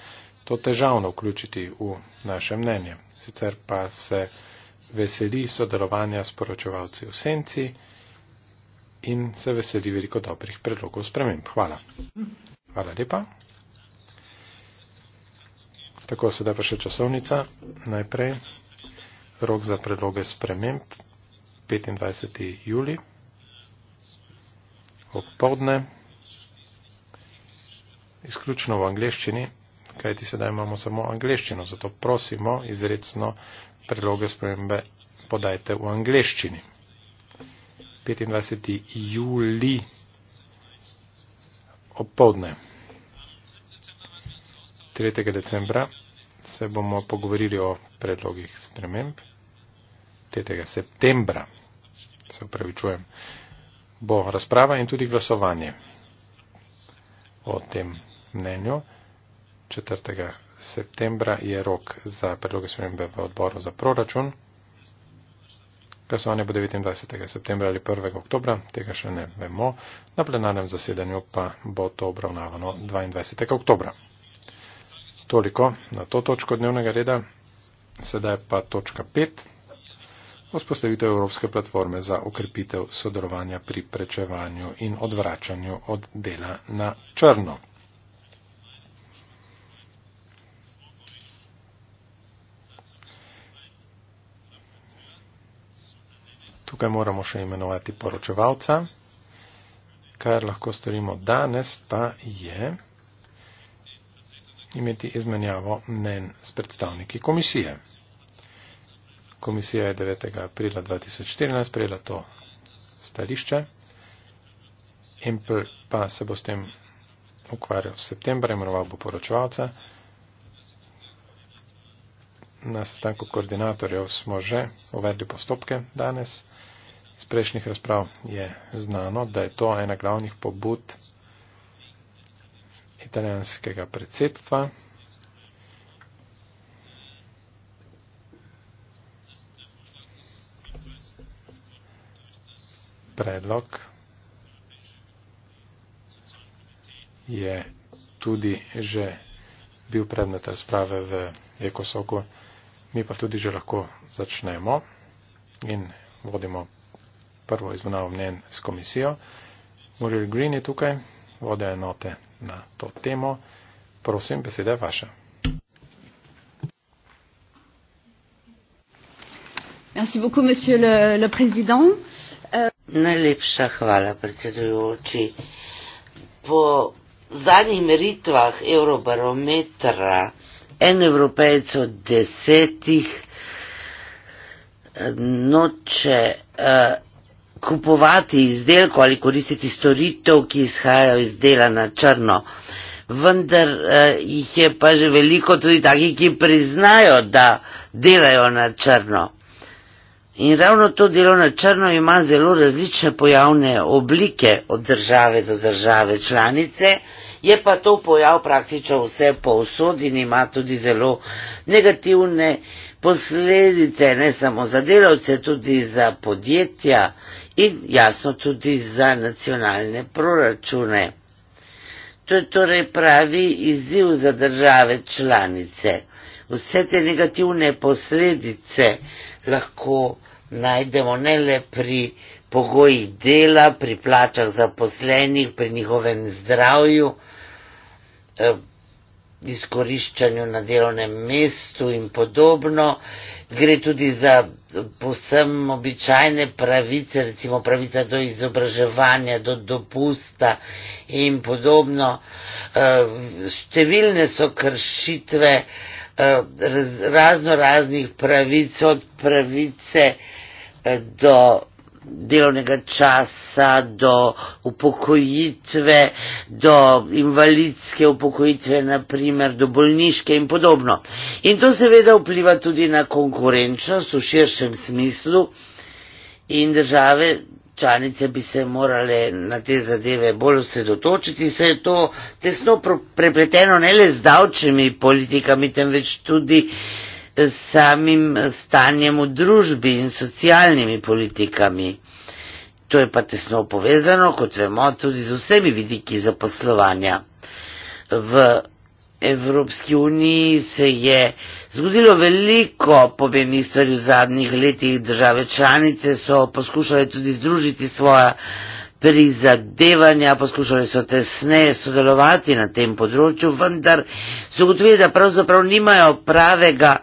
to težavno vključiti v naše mnenje. Sicer pa se veseli sodelovanja s poročevalci v Senci in se veseli veliko dobrih predlogov sprememb. Hvala. Hvala lepa. Tako sedaj pa še časovnica. Najprej rok za predloge sprememb 25. julija od povdne, izključno v angleščini, kajti sedaj imamo samo angleščino, zato prosimo izredno predloge spremembe podajte v angleščini. 25. juli ob povdne. 3. decembra se bomo pogovorili o predlogih sprememb. 5. septembra se upravičujem bo razprava in tudi glasovanje o tem mnenju. 4. septembra je rok za predloge spremembe v odboru za proračun. Glasovanje bo 29. septembra ali 1. oktobra, tega še ne vemo. Na plenarnem zasedanju pa bo to obravnavano 22. oktobra. Toliko na to točko dnevnega reda. Sedaj pa točka 5 vzpostavitev Evropske platforme za ukrepitev sodelovanja pri prečevanju in odvračanju od dela na črno. Tukaj moramo še imenovati poročevalca, kar lahko storimo danes pa je imeti izmenjavo mnen s predstavniki komisije. Komisija je 9. aprila 2014 prejela to stališče in pa se bo s tem ukvarjal v septembra, imenoval bo poročevalca. Na sestanku koordinatorjev smo že uvedli postopke danes. Z prejšnjih razprav je znano, da je to ena glavnih pobud italijanskega predsedstva. predlog je tudi že bil predmet razprave v Ekosoku. Mi pa tudi že lahko začnemo in vodimo prvo izmenjavo mnen s komisijo. Muriel Green je tukaj, vode enote na to temo. Prosim, beseda je vaša. Merci beaucoup, monsieur le, le président. Euh... Najlepša hvala, predsedujoči. Po zadnjih meritvah Eurobarometra en evropejec od desetih eh, noče eh, kupovati izdelko ali koristiti storitev, ki izhajajo iz dela na črno. Vendar eh, jih je pa že veliko tudi takih, ki priznajo, da delajo na črno. In ravno to delo na črno ima zelo različne pojavne oblike od države do države članice, je pa to pojav praktično vse povsod in ima tudi zelo negativne posledice, ne samo za delavce, tudi za podjetja in jasno tudi za nacionalne proračune. To je torej pravi izziv za države članice. Vse te negativne posledice lahko najdemo ne le pri pogojih dela, pri plačah zaposlenih, pri njihovem zdravju, eh, izkoriščanju na delovnem mestu in podobno. Gre tudi za posem običajne pravice, recimo pravica do izobraževanja, do dopusta in podobno. Eh, številne so kršitve, Eh, raz, razno raznih pravic, od pravice eh, do delovnega časa, do upokojitve, do invalidske upokojitve, naprimer, do bolniške in podobno. In to seveda vpliva tudi na konkurenčnost v širšem smislu in države članice bi se morale na te zadeve bolj osredotočiti, saj je to tesno prepleteno ne le z davčnimi politikami, temveč tudi s samim stanjem v družbi in socialnimi politikami. To je pa tesno povezano, kot vemo, tudi z vsemi vidiki zaposlovanja. V Evropski uniji se je zgodilo veliko pomembnih stvari v zadnjih letih. Države članice so poskušale tudi združiti svoja prizadevanja, poskušale so tesneje sodelovati na tem področju, vendar so ugotovili, da pravzaprav nimajo pravega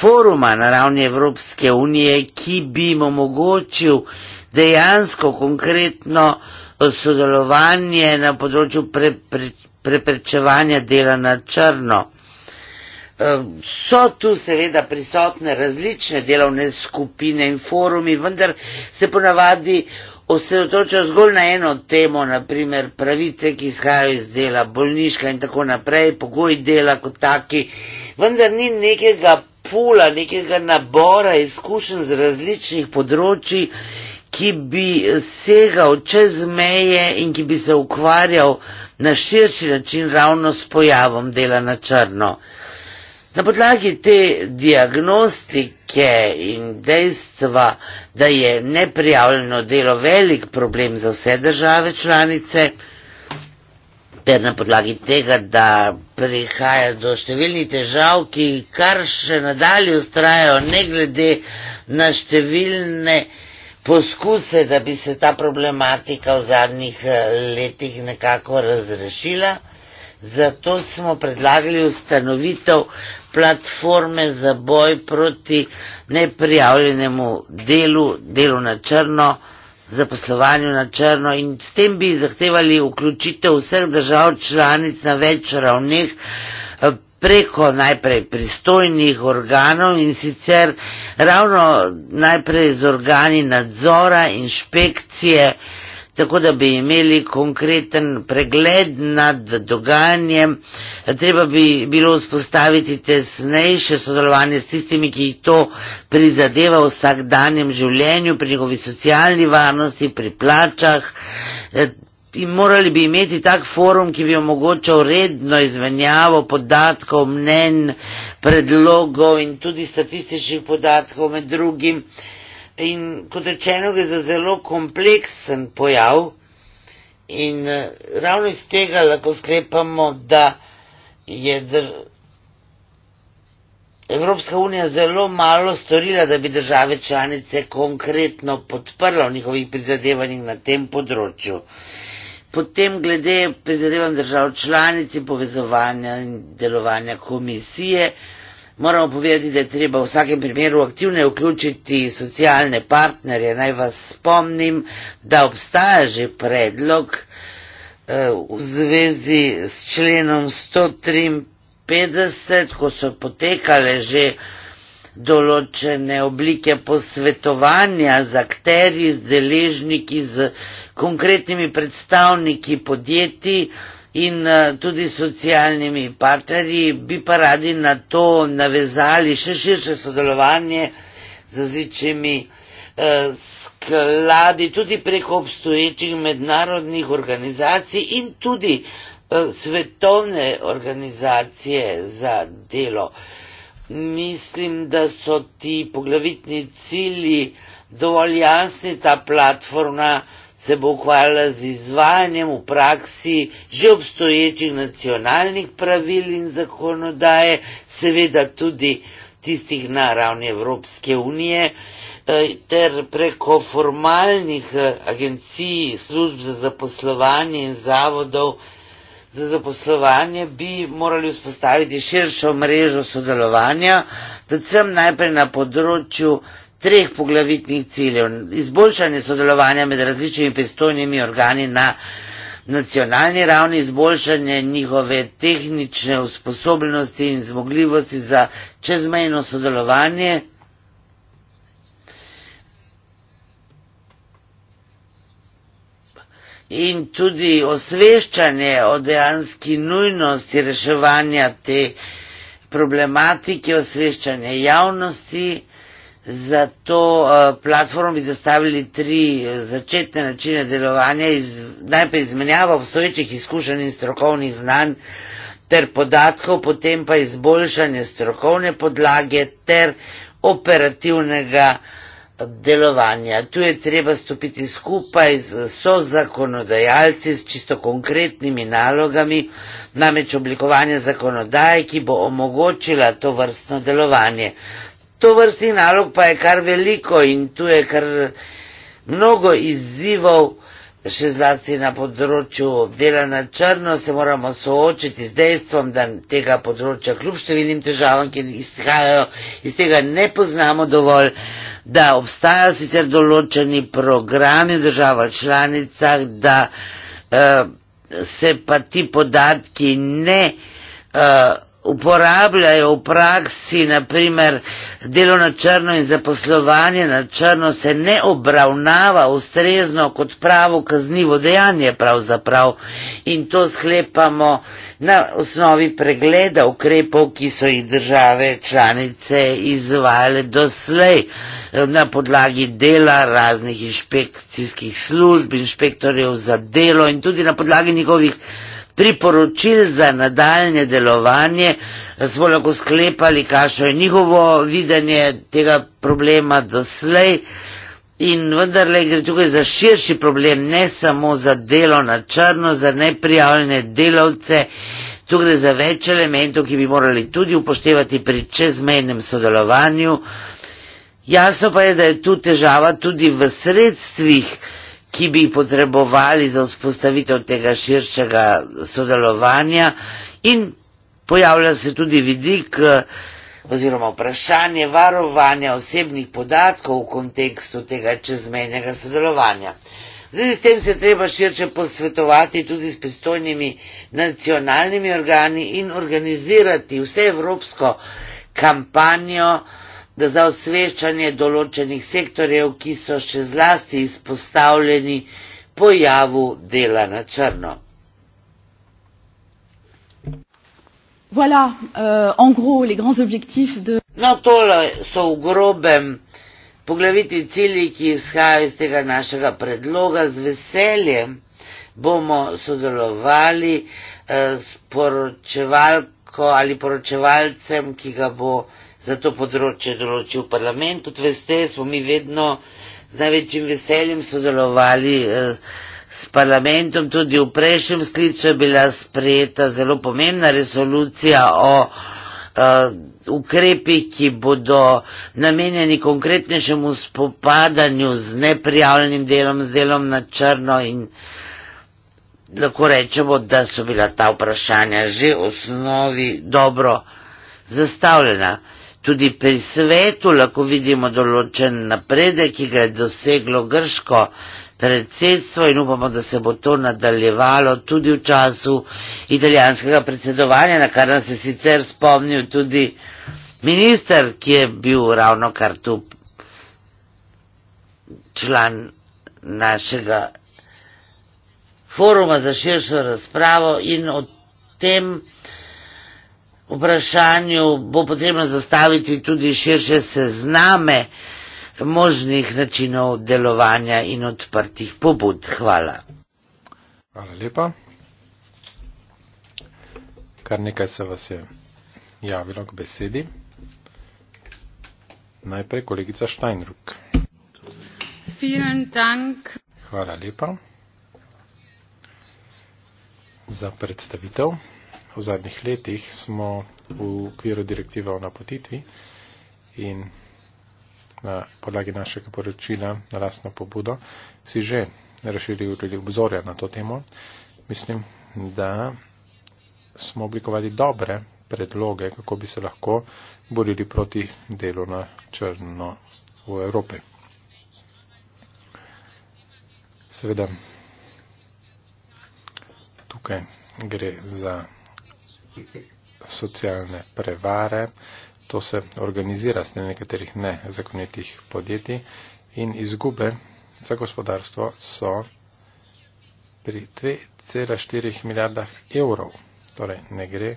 foruma na ravni Evropske unije, ki bi jim omogočil dejansko konkretno sodelovanje na področju preprečevanja preprečevanja dela na črno. So tu seveda prisotne različne delovne skupine in forumi, vendar se ponavadi osredotočajo zgolj na eno temo, naprimer pravice, ki izhajajo iz dela, bolniška in tako naprej, pogoj dela kot taki, vendar ni nekega pula, nekega nabora izkušenj z različnih področji, ki bi segal čez meje in ki bi se ukvarjal na širši način ravno s pojavom dela na črno. Na podlagi te diagnostike in dejstva, da je neprijavljeno delo velik problem za vse države članice, ter na podlagi tega, da prihaja do številnih težav, ki kar še nadalje ustrajajo, ne glede na številne poskuse, da bi se ta problematika v zadnjih eh, letih nekako razrešila. Zato smo predlagali ustanovitev platforme za boj proti neprijavljenemu delu, delu na črno, zaposlovanju na črno in s tem bi zahtevali vključitev vseh držav članic na več ravneh preko najprej pristojnih organov in sicer ravno najprej z organi nadzora, inšpekcije, tako da bi imeli konkreten pregled nad dogajanjem. Treba bi bilo vzpostaviti tesnejše sodelovanje s tistimi, ki jih to prizadeva v vsakdanjem življenju, pri njihovi socialni varnosti, pri plačah in morali bi imeti tak forum, ki bi omogočal redno izmenjavo podatkov, mnen, predlogov in tudi statističnih podatkov med drugim. In kot rečeno, gre za zelo kompleksen pojav in eh, ravno iz tega lahko sklepamo, da je dr... Evropska unija zelo malo storila, da bi države članice konkretno podprla v njihovih prizadevanjih na tem področju. Potem glede prizadevanj držav članic in povezovanja in delovanja komisije, moramo povedati, da je treba v vsakem primeru aktivno vključiti socialne partnerje. Naj vas spomnim, da obstaja že predlog eh, v zvezi s členom 153, ko so potekale že določene oblike posvetovanja z akteri, z deležniki, z konkretnimi predstavniki podjetij in eh, tudi socialnimi partnerji, bi pa radi na to navezali še širše sodelovanje z različnimi eh, skladi, tudi preko obstoječih mednarodnih organizacij in tudi eh, svetovne organizacije za delo mislim, da so ti poglavitni cilji dovolj jasni, ta platforma se bo ukvarjala z izvajanjem v praksi že obstoječih nacionalnih pravil in zakonodaje, seveda tudi tistih na ravni Evropske unije e, ter preko formalnih e, agencij, služb za zaposlovanje in zavodov za zaposlovanje bi morali vzpostaviti širšo mrežo sodelovanja, predvsem najprej na področju treh poglavitnih ciljev. Izboljšanje sodelovanja med različnimi pristojnimi organi na nacionalni ravni, izboljšanje njihove tehnične usposobljenosti in zmogljivosti za čezmejno sodelovanje in tudi osveščanje o dejanski nujnosti reševanja te problematike, osveščanje javnosti. Zato eh, platformo bi zastavili tri eh, začetne načine delovanja, iz, najprej izmenjava obstoječih izkušenj in strokovnih znanj ter podatkov, potem pa izboljšanje strokovne podlage ter operativnega delovanja. Tu je treba stopiti skupaj z sozakonodajalci s čisto konkretnimi nalogami, namreč oblikovanje zakonodaje, ki bo omogočila to vrstno delovanje. To vrstni nalog pa je kar veliko in tu je kar mnogo izzivov, Še zlasti na področju dela na črno se moramo soočiti z dejstvom, da tega področja kljub številnim težavam, ki izhajajo iz tega, ne poznamo dovolj, da obstajajo sicer določeni programi v državah članicah, da uh, se pa ti podatki ne uh, uporabljajo v praksi, naprimer delo na črno in zaposlovanje na črno se ne obravnava ustrezno kot pravo kaznivo dejanje pravzaprav in to sklepamo na osnovi pregleda ukrepov, ki so jih države članice izvajale doslej eh, na podlagi dela raznih inšpekcijskih služb, inšpektorjev za delo in tudi na podlagi njihovih priporočil za nadaljne delovanje, smo lahko sklepali, kakšno je njihovo videnje tega problema doslej. In vendarle gre tukaj za širši problem, ne samo za delo na črno, za neprijavljene delavce, tu gre za več elementov, ki bi morali tudi upoštevati pri čezmejnem sodelovanju. Jasno pa je, da je tu težava tudi v sredstvih, ki bi jih potrebovali za vzpostavitev tega širšega sodelovanja in pojavlja se tudi vidik eh, oziroma vprašanje varovanja osebnih podatkov v kontekstu tega čezmejnega sodelovanja. Zdaj, s tem se treba širše posvetovati tudi s pristojnimi nacionalnimi organi in organizirati vse evropsko kampanjo, da za osveščanje določenih sektorjev, ki so še zlasti izpostavljeni pojavu dela na črno. Voilà, uh, en gros, les grands objectifs de... No, tole so v grobem poglaviti cilji, ki izhajajo iz tega našega predloga. Z veseljem bomo sodelovali uh, s poročevalko ali poročevalcem, ki ga bo uh, za to področje določil parlament. Kot veste, smo mi vedno z največjim veseljem sodelovali eh, s parlamentom, tudi v prejšnjem sklicu je bila sprejeta zelo pomembna resolucija o eh, ukrepi, ki bodo namenjeni konkretnejšemu spopadanju z neprijavljenim delom, z delom na črno in lahko rečemo, da so bila ta vprašanja že v osnovi dobro zastavljena. Tudi pri svetu lahko vidimo določen napredek, ki ga je doseglo grško predsedstvo in upamo, da se bo to nadaljevalo tudi v času italijanskega predsedovanja, na kar nas je sicer spomnil tudi minister, ki je bil ravno kar tu član našega foruma za širšo razpravo in o tem, vprašanju bo potrebno zastaviti tudi širše sezname možnih načinov delovanja in odprtih pobud. Hvala. Hvala lepa. Kar nekaj se vas je javilo k besedi. Najprej kolegica Steinruck. Hvala lepa za predstavitev v zadnjih letih smo v okviru direktiva o napotitvi in na podlagi našega poročila na lastno pobudo si že razširili obzorja na to temo. Mislim, da smo oblikovali dobre predloge, kako bi se lahko borili proti delu na črno v Evropi. Seveda, tukaj gre za socialne prevare, to se organizira s nekaterih nezakonitih podjetij in izgube za gospodarstvo so pri 2,4 milijardah evrov. Torej ne gre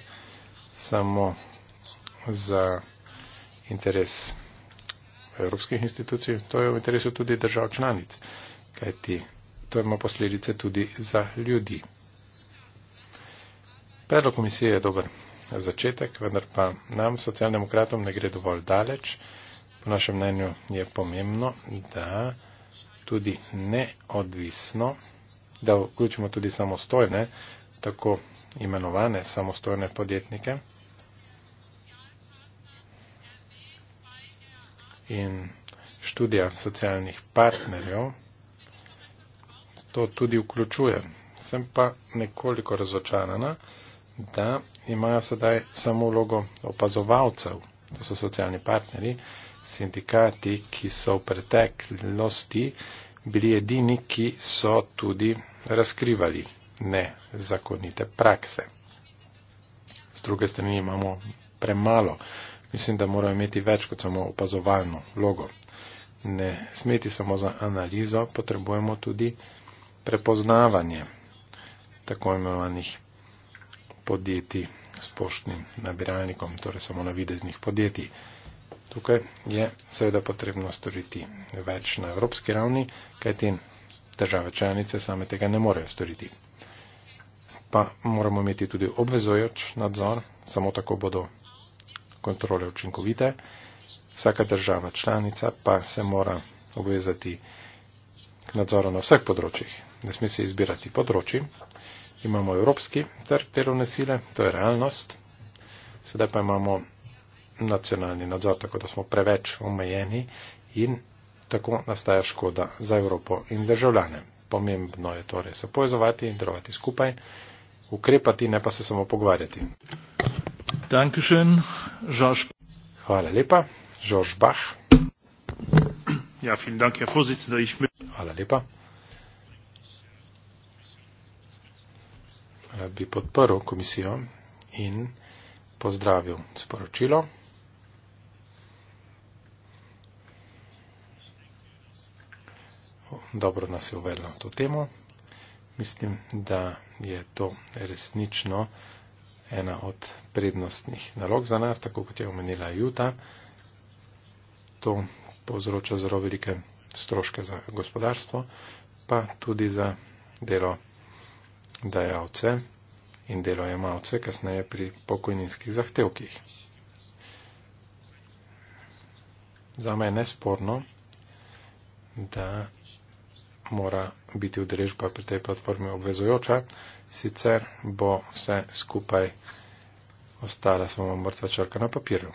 samo za interes evropskih institucij, to je v interesu tudi držav članic, kajti to ima posledice tudi za ljudi. Predlog komisije je dober začetek, vendar pa nam, socialdemokratom, ne gre dovolj daleč. Po našem mnenju je pomembno, da tudi neodvisno, da vključimo tudi samostojne, tako imenovane samostojne podjetnike. In študija socialnih partnerjev to tudi vključuje. Sem pa nekoliko razočarana da imajo sedaj samo vlogo opazovalcev, to so socialni partneri, sindikati, ki so v preteklosti bili edini, ki so tudi razkrivali nezakonite prakse. Z druge strani imamo premalo. Mislim, da morajo imeti več kot samo opazovalno vlogo. Ne smeti samo za analizo, potrebujemo tudi prepoznavanje tako imenovanih podjetij s poštnim nabiralnikom, torej samo na videznih podjetij. Tukaj je seveda potrebno storiti več na evropski ravni, kajti države članice same tega ne morejo storiti. Pa moramo imeti tudi obvezojoč nadzor, samo tako bodo kontrole učinkovite. Vsaka država članica pa se mora obvezati k nadzoru na vseh področjih. Ne sme se izbirati področji, imamo evropski trg delovne sile, to je realnost, sedaj pa imamo nacionalni nadzor, tako da smo preveč omejeni in tako nastaja škoda za Evropo in državljane. Pomembno je torej se povezovati in delovati skupaj, ukrepati, ne pa se samo pogovarjati. Dankeschön, Hvala lepa, Žorž Bach. Ja, vielen Dank, Herr Vorsitzender. Ich bin... Hvala lepa. Eh, bi podprl komisijo in pozdravil sporočilo. Dobro nas je uvedlo to temo. Mislim, da je to resnično ena od prednostnih nalog za nas, tako kot je omenila Juta. To povzroča zelo velike stroške za gospodarstvo, pa tudi za delo dajalce in delojemalce kasneje pri pokojninskih zahtevkih. Zame je nesporno, da mora biti udeležba pri tej platformi obvezojoča, sicer bo vse skupaj ostala samo mrtva črka na papirju.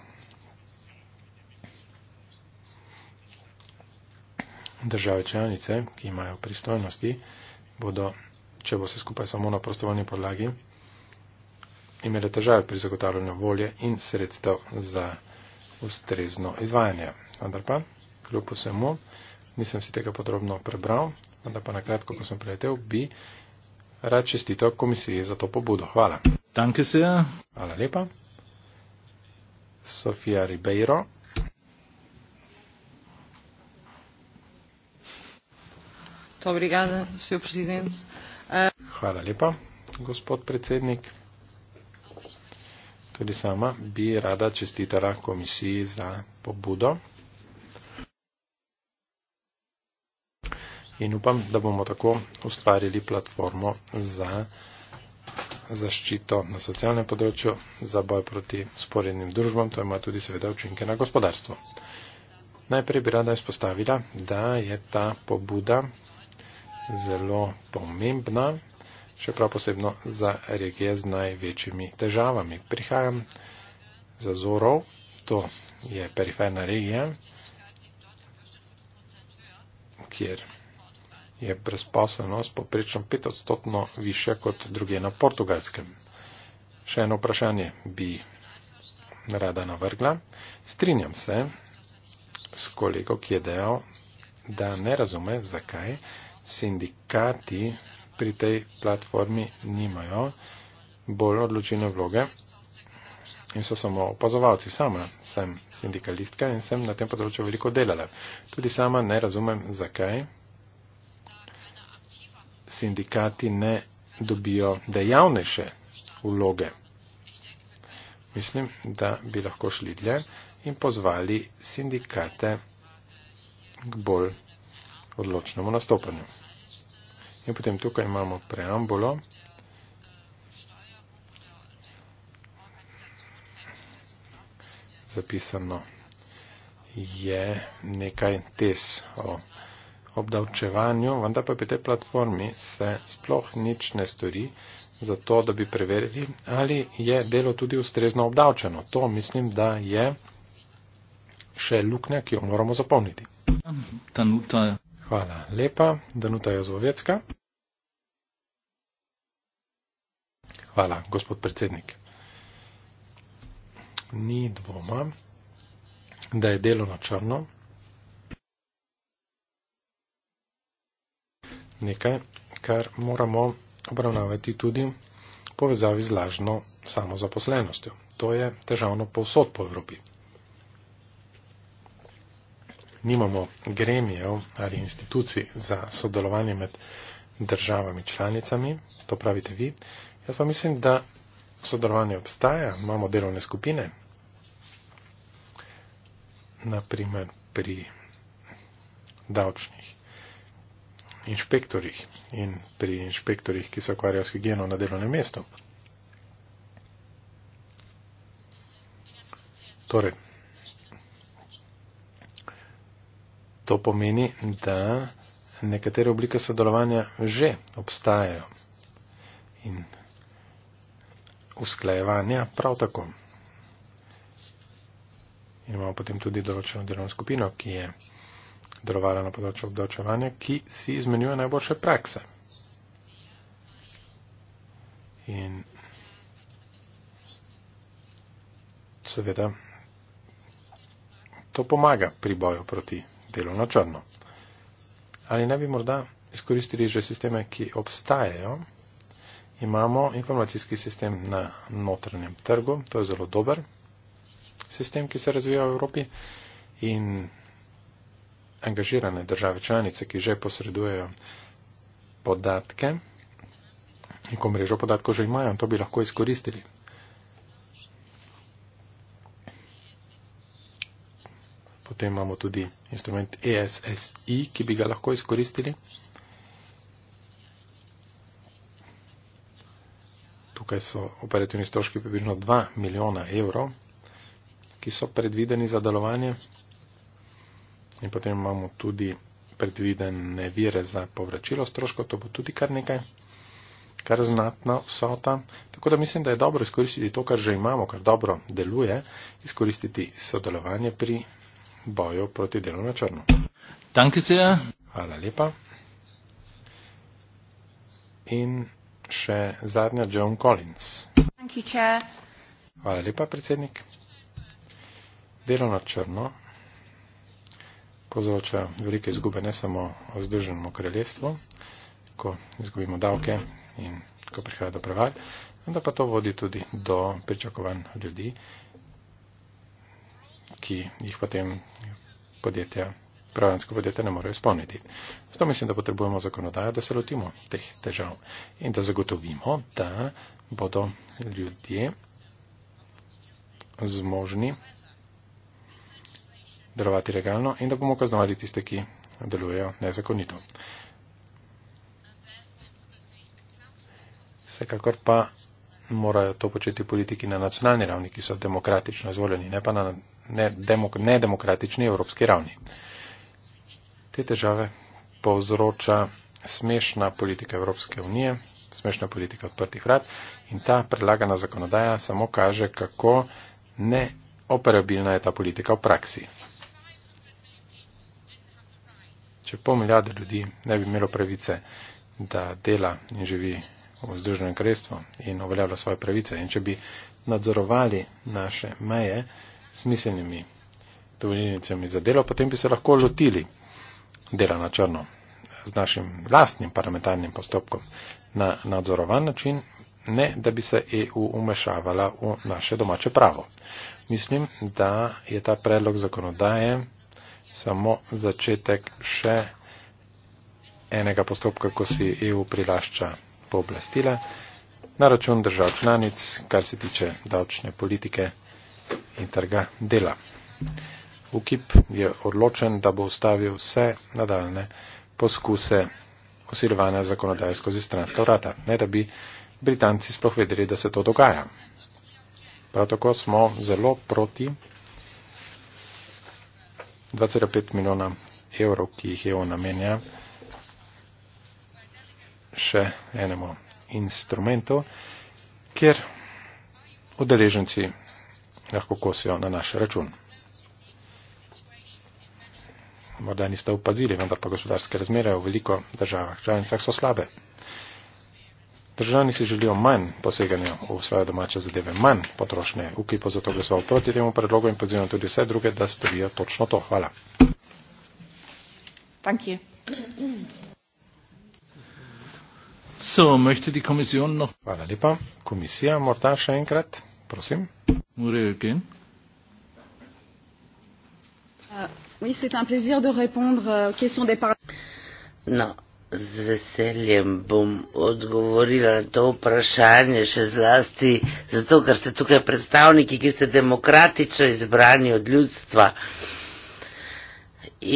Države članice, ki imajo pristojnosti, bodo če bo vse skupaj samo na prostovoljni podlagi, imele težave pri zagotavljanju volje in sredstev za ustrezno izvajanje. Vendar pa, kljub vsemu, nisem si tega podrobno prebral, vendar pa nakratko, ko sem preletel, bi rad čestitev komisiji za to pobudo. Hvala. Danke se. Hvala lepa. Sofia Ribeiro. Obrigada, Sr. Presidente. Hvala lepa, gospod predsednik. Tudi sama bi rada čestitala komisiji za pobudo. In upam, da bomo tako ustvarili platformo za zaščito na socialnem področju, za boj proti sporednim družbam, to ima tudi seveda učinke na gospodarstvo. Najprej bi rada izpostavila, da je ta pobuda zelo pomembna, še prav posebno za regije z največjimi težavami. Prihajam za Zorov, to je periferna regija, kjer je brezposobnost poprečno 5 odstotno više kot druge na portugalskem. Še eno vprašanje bi rada navrgla. Strinjam se s kolego, ki je dejal, da ne razume, zakaj sindikati pri tej platformi nimajo bolj odločene vloge in so samo opazovalci. Sama sem sindikalistka in sem na tem področju veliko delala. Tudi sama ne razumem, zakaj sindikati ne dobijo dejavnejše vloge. Mislim, da bi lahko šli dlje in pozvali sindikate k bolj odločnemu nastopanju. In potem tukaj imamo preambulo. Zapisano je nekaj tes o obdavčevanju, vendar pa pri tej platformi se sploh nič ne stori za to, da bi preverili, ali je delo tudi ustrezno obdavčeno. To mislim, da je še luknja, ki jo moramo zapolniti. Danuta. Hvala lepa, Danuta Jozovecka. Hvala, gospod predsednik. Ni dvoma, da je delo na črno. Nekaj, kar moramo obravnavati tudi povezavi z lažno samozaposlenostjo. To je težavno povsod po Evropi. Nimamo gremijev ali institucij za sodelovanje med državami članicami, to pravite vi, Jaz pa mislim, da sodelovanje obstaja, imamo delovne skupine. Naprimer pri davčnih inšpektorjih in pri inšpektorjih, ki se ukvarjajo s higieno na delovnem mestu. Torej, to pomeni, da nekatere oblike sodelovanja že obstajajo in usklajevanja prav tako. In imamo potem tudi določeno delovno skupino, ki je delovala na področju obdavčevanja, ki si izmenjuje najboljše prakse. In seveda to pomaga pri boju proti delu na črno. Ali ne bi morda izkoristili že sisteme, ki obstajajo? imamo informacijski sistem na notranjem trgu, to je zelo dober sistem, ki se razvija v Evropi in angažirane države članice, ki že posredujejo podatke, neko mrežo podatkov že imajo in to bi lahko izkoristili. Potem imamo tudi instrument ESSI, ki bi ga lahko izkoristili. tukaj so operativni stroški približno 2 milijona evrov, ki so predvideni za delovanje. In potem imamo tudi predvidene vire za povračilo stroškov, to bo tudi kar nekaj, kar znatna vsota. Tako da mislim, da je dobro izkoristiti to, kar že imamo, kar dobro deluje, izkoristiti sodelovanje pri boju proti delu na črno. Danke sehr. Hvala lepa. In še zadnja Joan Collins. Hvala lepa, predsednik. Delo na črno povzroča velike izgube ne samo o združenem kraljestvu, ko izgubimo davke in ko prihaja do prevar, vendar pa to vodi tudi do pričakovanj ljudi, ki jih potem podjetja upravljansko podjetje ne morejo izpolniti. Zato mislim, da potrebujemo zakonodajo, da se lotimo teh težav in da zagotovimo, da bodo ljudje zmožni delovati legalno in da bomo kaznovali tiste, ki delujejo nezakonito. Vsekakor pa morajo to početi politiki na nacionalni ravni, ki so demokratično izvoljeni, ne pa na nedemokratični evropski ravni te težave povzroča smešna politika Evropske unije, smešna politika odprtih vrat in ta predlagana zakonodaja samo kaže, kako neoperabilna je ta politika v praksi. Če pol milijarde ljudi ne bi imelo pravice, da dela in živi v Združenem kraljestvu in uveljavlja svoje pravice in če bi nadzorovali naše meje s miselnimi dovoljenicami za delo, potem bi se lahko lotili dela na črno z našim vlastnim parlamentarnim postopkom na nadzorovan način, ne da bi se EU umešavala v naše domače pravo. Mislim, da je ta predlog zakonodaje samo začetek še enega postopka, ko si EU prilašča pooblastila na račun držav članic, kar se tiče davčne politike in trga dela. Ukip je odločen, da bo ustavil vse nadaljne poskuse usilovanja zakonodaje skozi stranska vrata, ne da bi Britanci sploh vedeli, da se to dogaja. Prav tako smo zelo proti 2,5 milijona evrov, ki jih je on namenja še enemu instrumentu, kjer udeleženci lahko kosijo na naš račun morda niste upazili, vendar pa gospodarske razmere v veliko državah članicah so slabe. Državni si želijo manj poseganja v svoje domače zadeve, manj potrošnje. Ukip pa zato glasoval proti temu predlogu in pozivam tudi vse druge, da storijo točno to. Hvala. Thank you. So, möchte die Kommission noch? Hvala lepa. Komisija, morda še enkrat, prosim. Morajo gen. Oui, c'est un plaisir de répondre euh, aux questions des parlementaires. Non. Z veseljem bom odgovorila na to vprašanje, še zlasti zato, ker ste tukaj predstavniki, ki ste demokratično izbrani od ljudstva.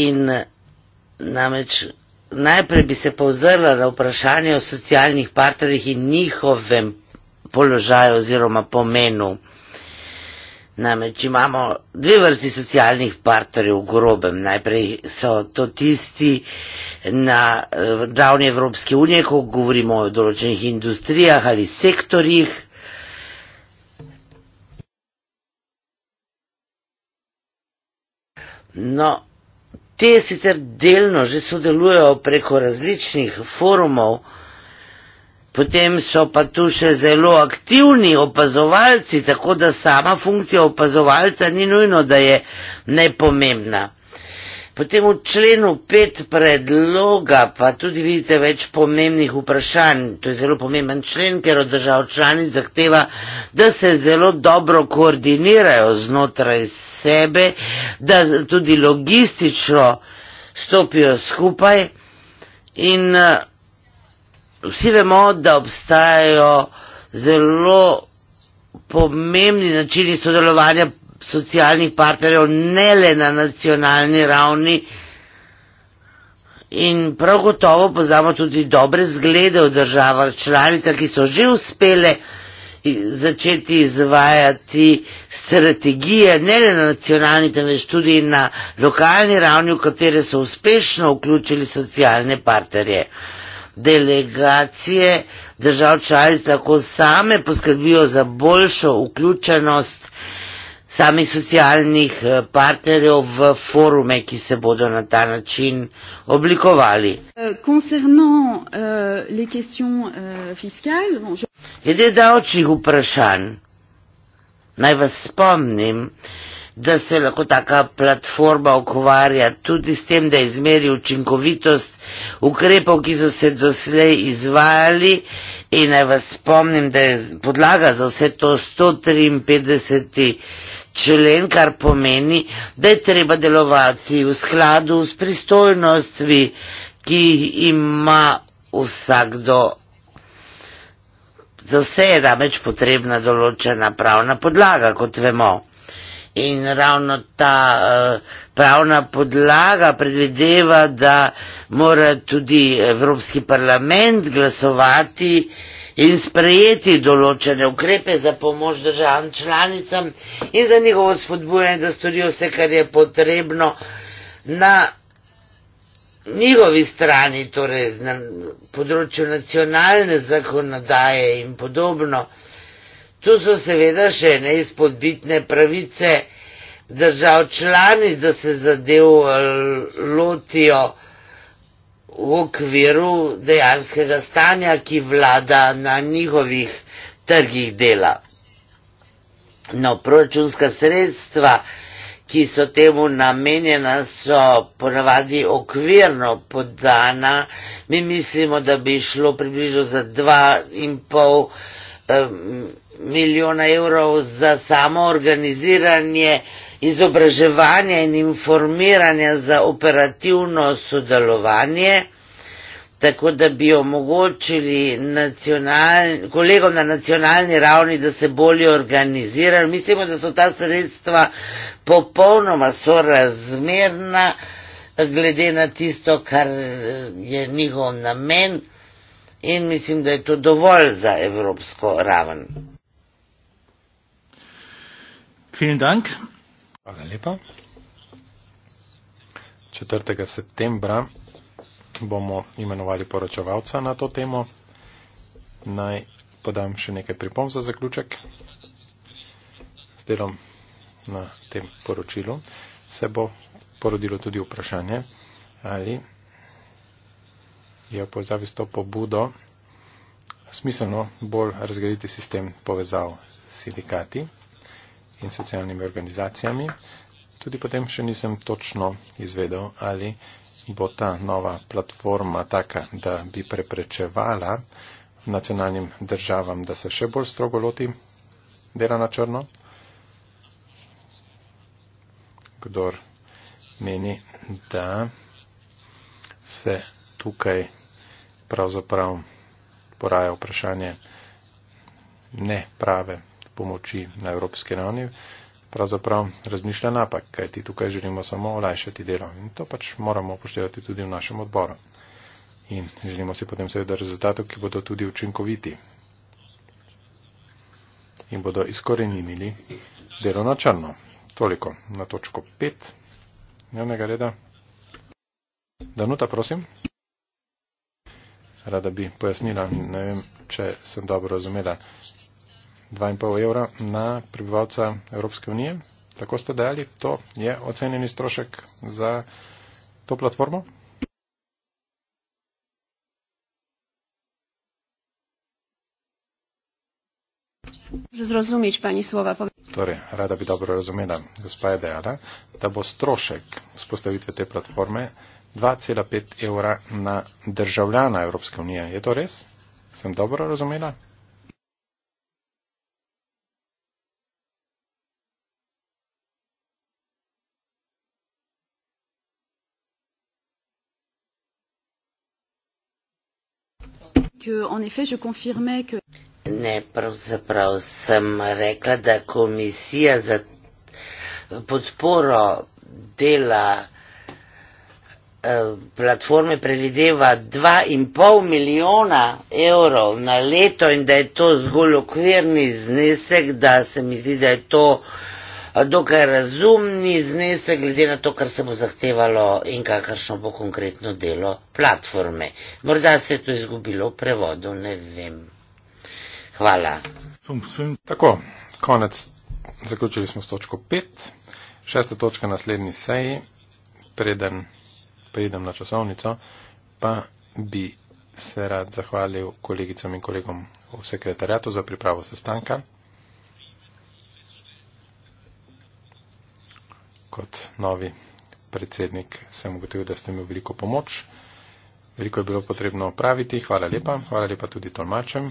In namreč najprej bi se povzrla na vprašanje o socialnih partnerjih in njihovem položaju oziroma pomenu. Namreč imamo dve vrsti socialnih partnerjev v grobem. Najprej so to tisti na eh, ravni Evropske unije, ko govorimo o določenih industrijah ali sektorjih. No, te sicer delno že sodelujejo preko različnih forumov, Potem so pa tu še zelo aktivni opazovalci, tako da sama funkcija opazovalca ni nujno, da je najpomembna. Potem v členu pet predloga pa tudi vidite več pomembnih vprašanj. To je zelo pomemben člen, ker od držav članic zahteva, da se zelo dobro koordinirajo znotraj sebe, da tudi logistično stopijo skupaj in uh, vsi vemo, da obstajajo zelo pomembni načini sodelovanja socialnih partnerjev, ne le na nacionalni ravni. In prav gotovo poznamo tudi dobre zglede v državah članicah, ki so že uspele začeti izvajati strategije, ne le na nacionalni, temveč tudi na lokalni ravni, v katere so uspešno vključili socialne partnerje delegacije držav članic lahko same poskrbijo za boljšo vključenost samih socialnih eh, partnerjev v forume, ki se bodo na ta način oblikovali. Euh, euh, euh, Glede davčnih vprašanj, naj vas spomnim, da se lahko taka platforma ukvarja tudi s tem, da izmeri učinkovitost ukrepov, ki so se doslej izvajali in naj vas spomnim, da je podlaga za vse to 153 člen, kar pomeni, da je treba delovati v skladu s pristojnostmi, ki ima vsakdo. Za vse je namreč potrebna določena pravna podlaga, kot vemo in ravno ta eh, pravna podlaga predvideva, da mora tudi Evropski parlament glasovati in sprejeti določene ukrepe za pomoč državam članicam in za njihovo spodbujanje, da storijo vse, kar je potrebno na njihovi strani, torej na področju nacionalne zakonodaje in podobno. Tu so seveda še neizpodbitne pravice držav člani, da se zadev eh, lotijo v okviru dejanskega stanja, ki vlada na njihovih trgih dela. No, proračunska sredstva, ki so temu namenjena, so ponavadi okvirno podana. Mi mislimo, da bi šlo približno za 2,5 milijona milijona evrov za samo organiziranje izobraževanja in informiranja za operativno sodelovanje, tako da bi omogočili kolegom na nacionalni ravni, da se bolje organizirajo. Mislimo, da so ta sredstva popolnoma sorazmerna, glede na tisto, kar je njihov namen in mislim, da je to dovolj za evropsko ravno. Hvala lepa. 4. septembra bomo imenovali poročevalca na to temo. Naj podam še nekaj pripomb za zaključek. S delom na tem poročilu se bo porodilo tudi vprašanje, ali je povezavi s to pobudo smiselno bolj razgraditi sistem povezav s sindikati in socialnimi organizacijami. Tudi potem še nisem točno izvedel, ali bo ta nova platforma taka, da bi preprečevala nacionalnim državam, da se še bolj strogo loti dela na črno. Kdor meni, da se tukaj pravzaprav poraja vprašanje ne prave pomoči na Evropske ravni, pravzaprav razmišlja napak, kajti tukaj želimo samo olajšati delo. In to pač moramo upoštevati tudi v našem odboru. In želimo si potem seveda rezultatov, ki bodo tudi učinkoviti in bodo izkorenili delo na črno. Toliko na točko 5 dnevnega reda. Danuta, prosim. Rada bi pojasnila, ne vem, če sem dobro razumela, 2,5 evra na prebivalca Evropske unije. Tako ste dali, to je ocenjeni strošek za to platformo. Zrozumič, pani slova. Torej, rada bi dobro razumela, gospa je dejala, da bo strošek vzpostavitve te platforme 2,5 evra na državljana Evropske unije. Je to res? Sem dobro razumela? que, en effet, je confirmais que. Ne, pravzaprav sem rekla, da komisija za podporo dela eh, platforme predvideva 2,5 milijona evrov na leto in da je to zgolj okvirni znesek, da se mi zdi, da je to uh, dokaj razumni znesek, glede na to, kar se bo zahtevalo in kakršno bo konkretno delo platforme. Morda se je to izgubilo v prevodu, ne vem. Hvala. Tako, konec. Zaključili smo s točko 5. Šesta točka naslednji seji, preden pridem na časovnico, pa bi se rad zahvalil kolegicam in kolegom v sekretariatu za pripravo sestanka. kot novi predsednik sem ugotovil, da ste mi veliko pomoč. Veliko je bilo potrebno opraviti. Hvala lepa. Hvala lepa tudi tolmačem.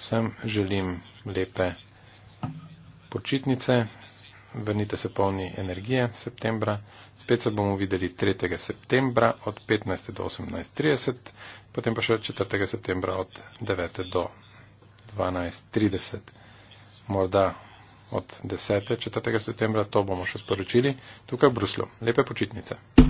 Vsem želim lepe počitnice. Vrnite se polni energije septembra. Spet se bomo videli 3. septembra od 15. do 18.30, potem pa še 4. septembra od 9. do 12.30. Morda od 10. 4. septembra, to bomo še sporočili tukaj v Bruslu. Lepe počitnice.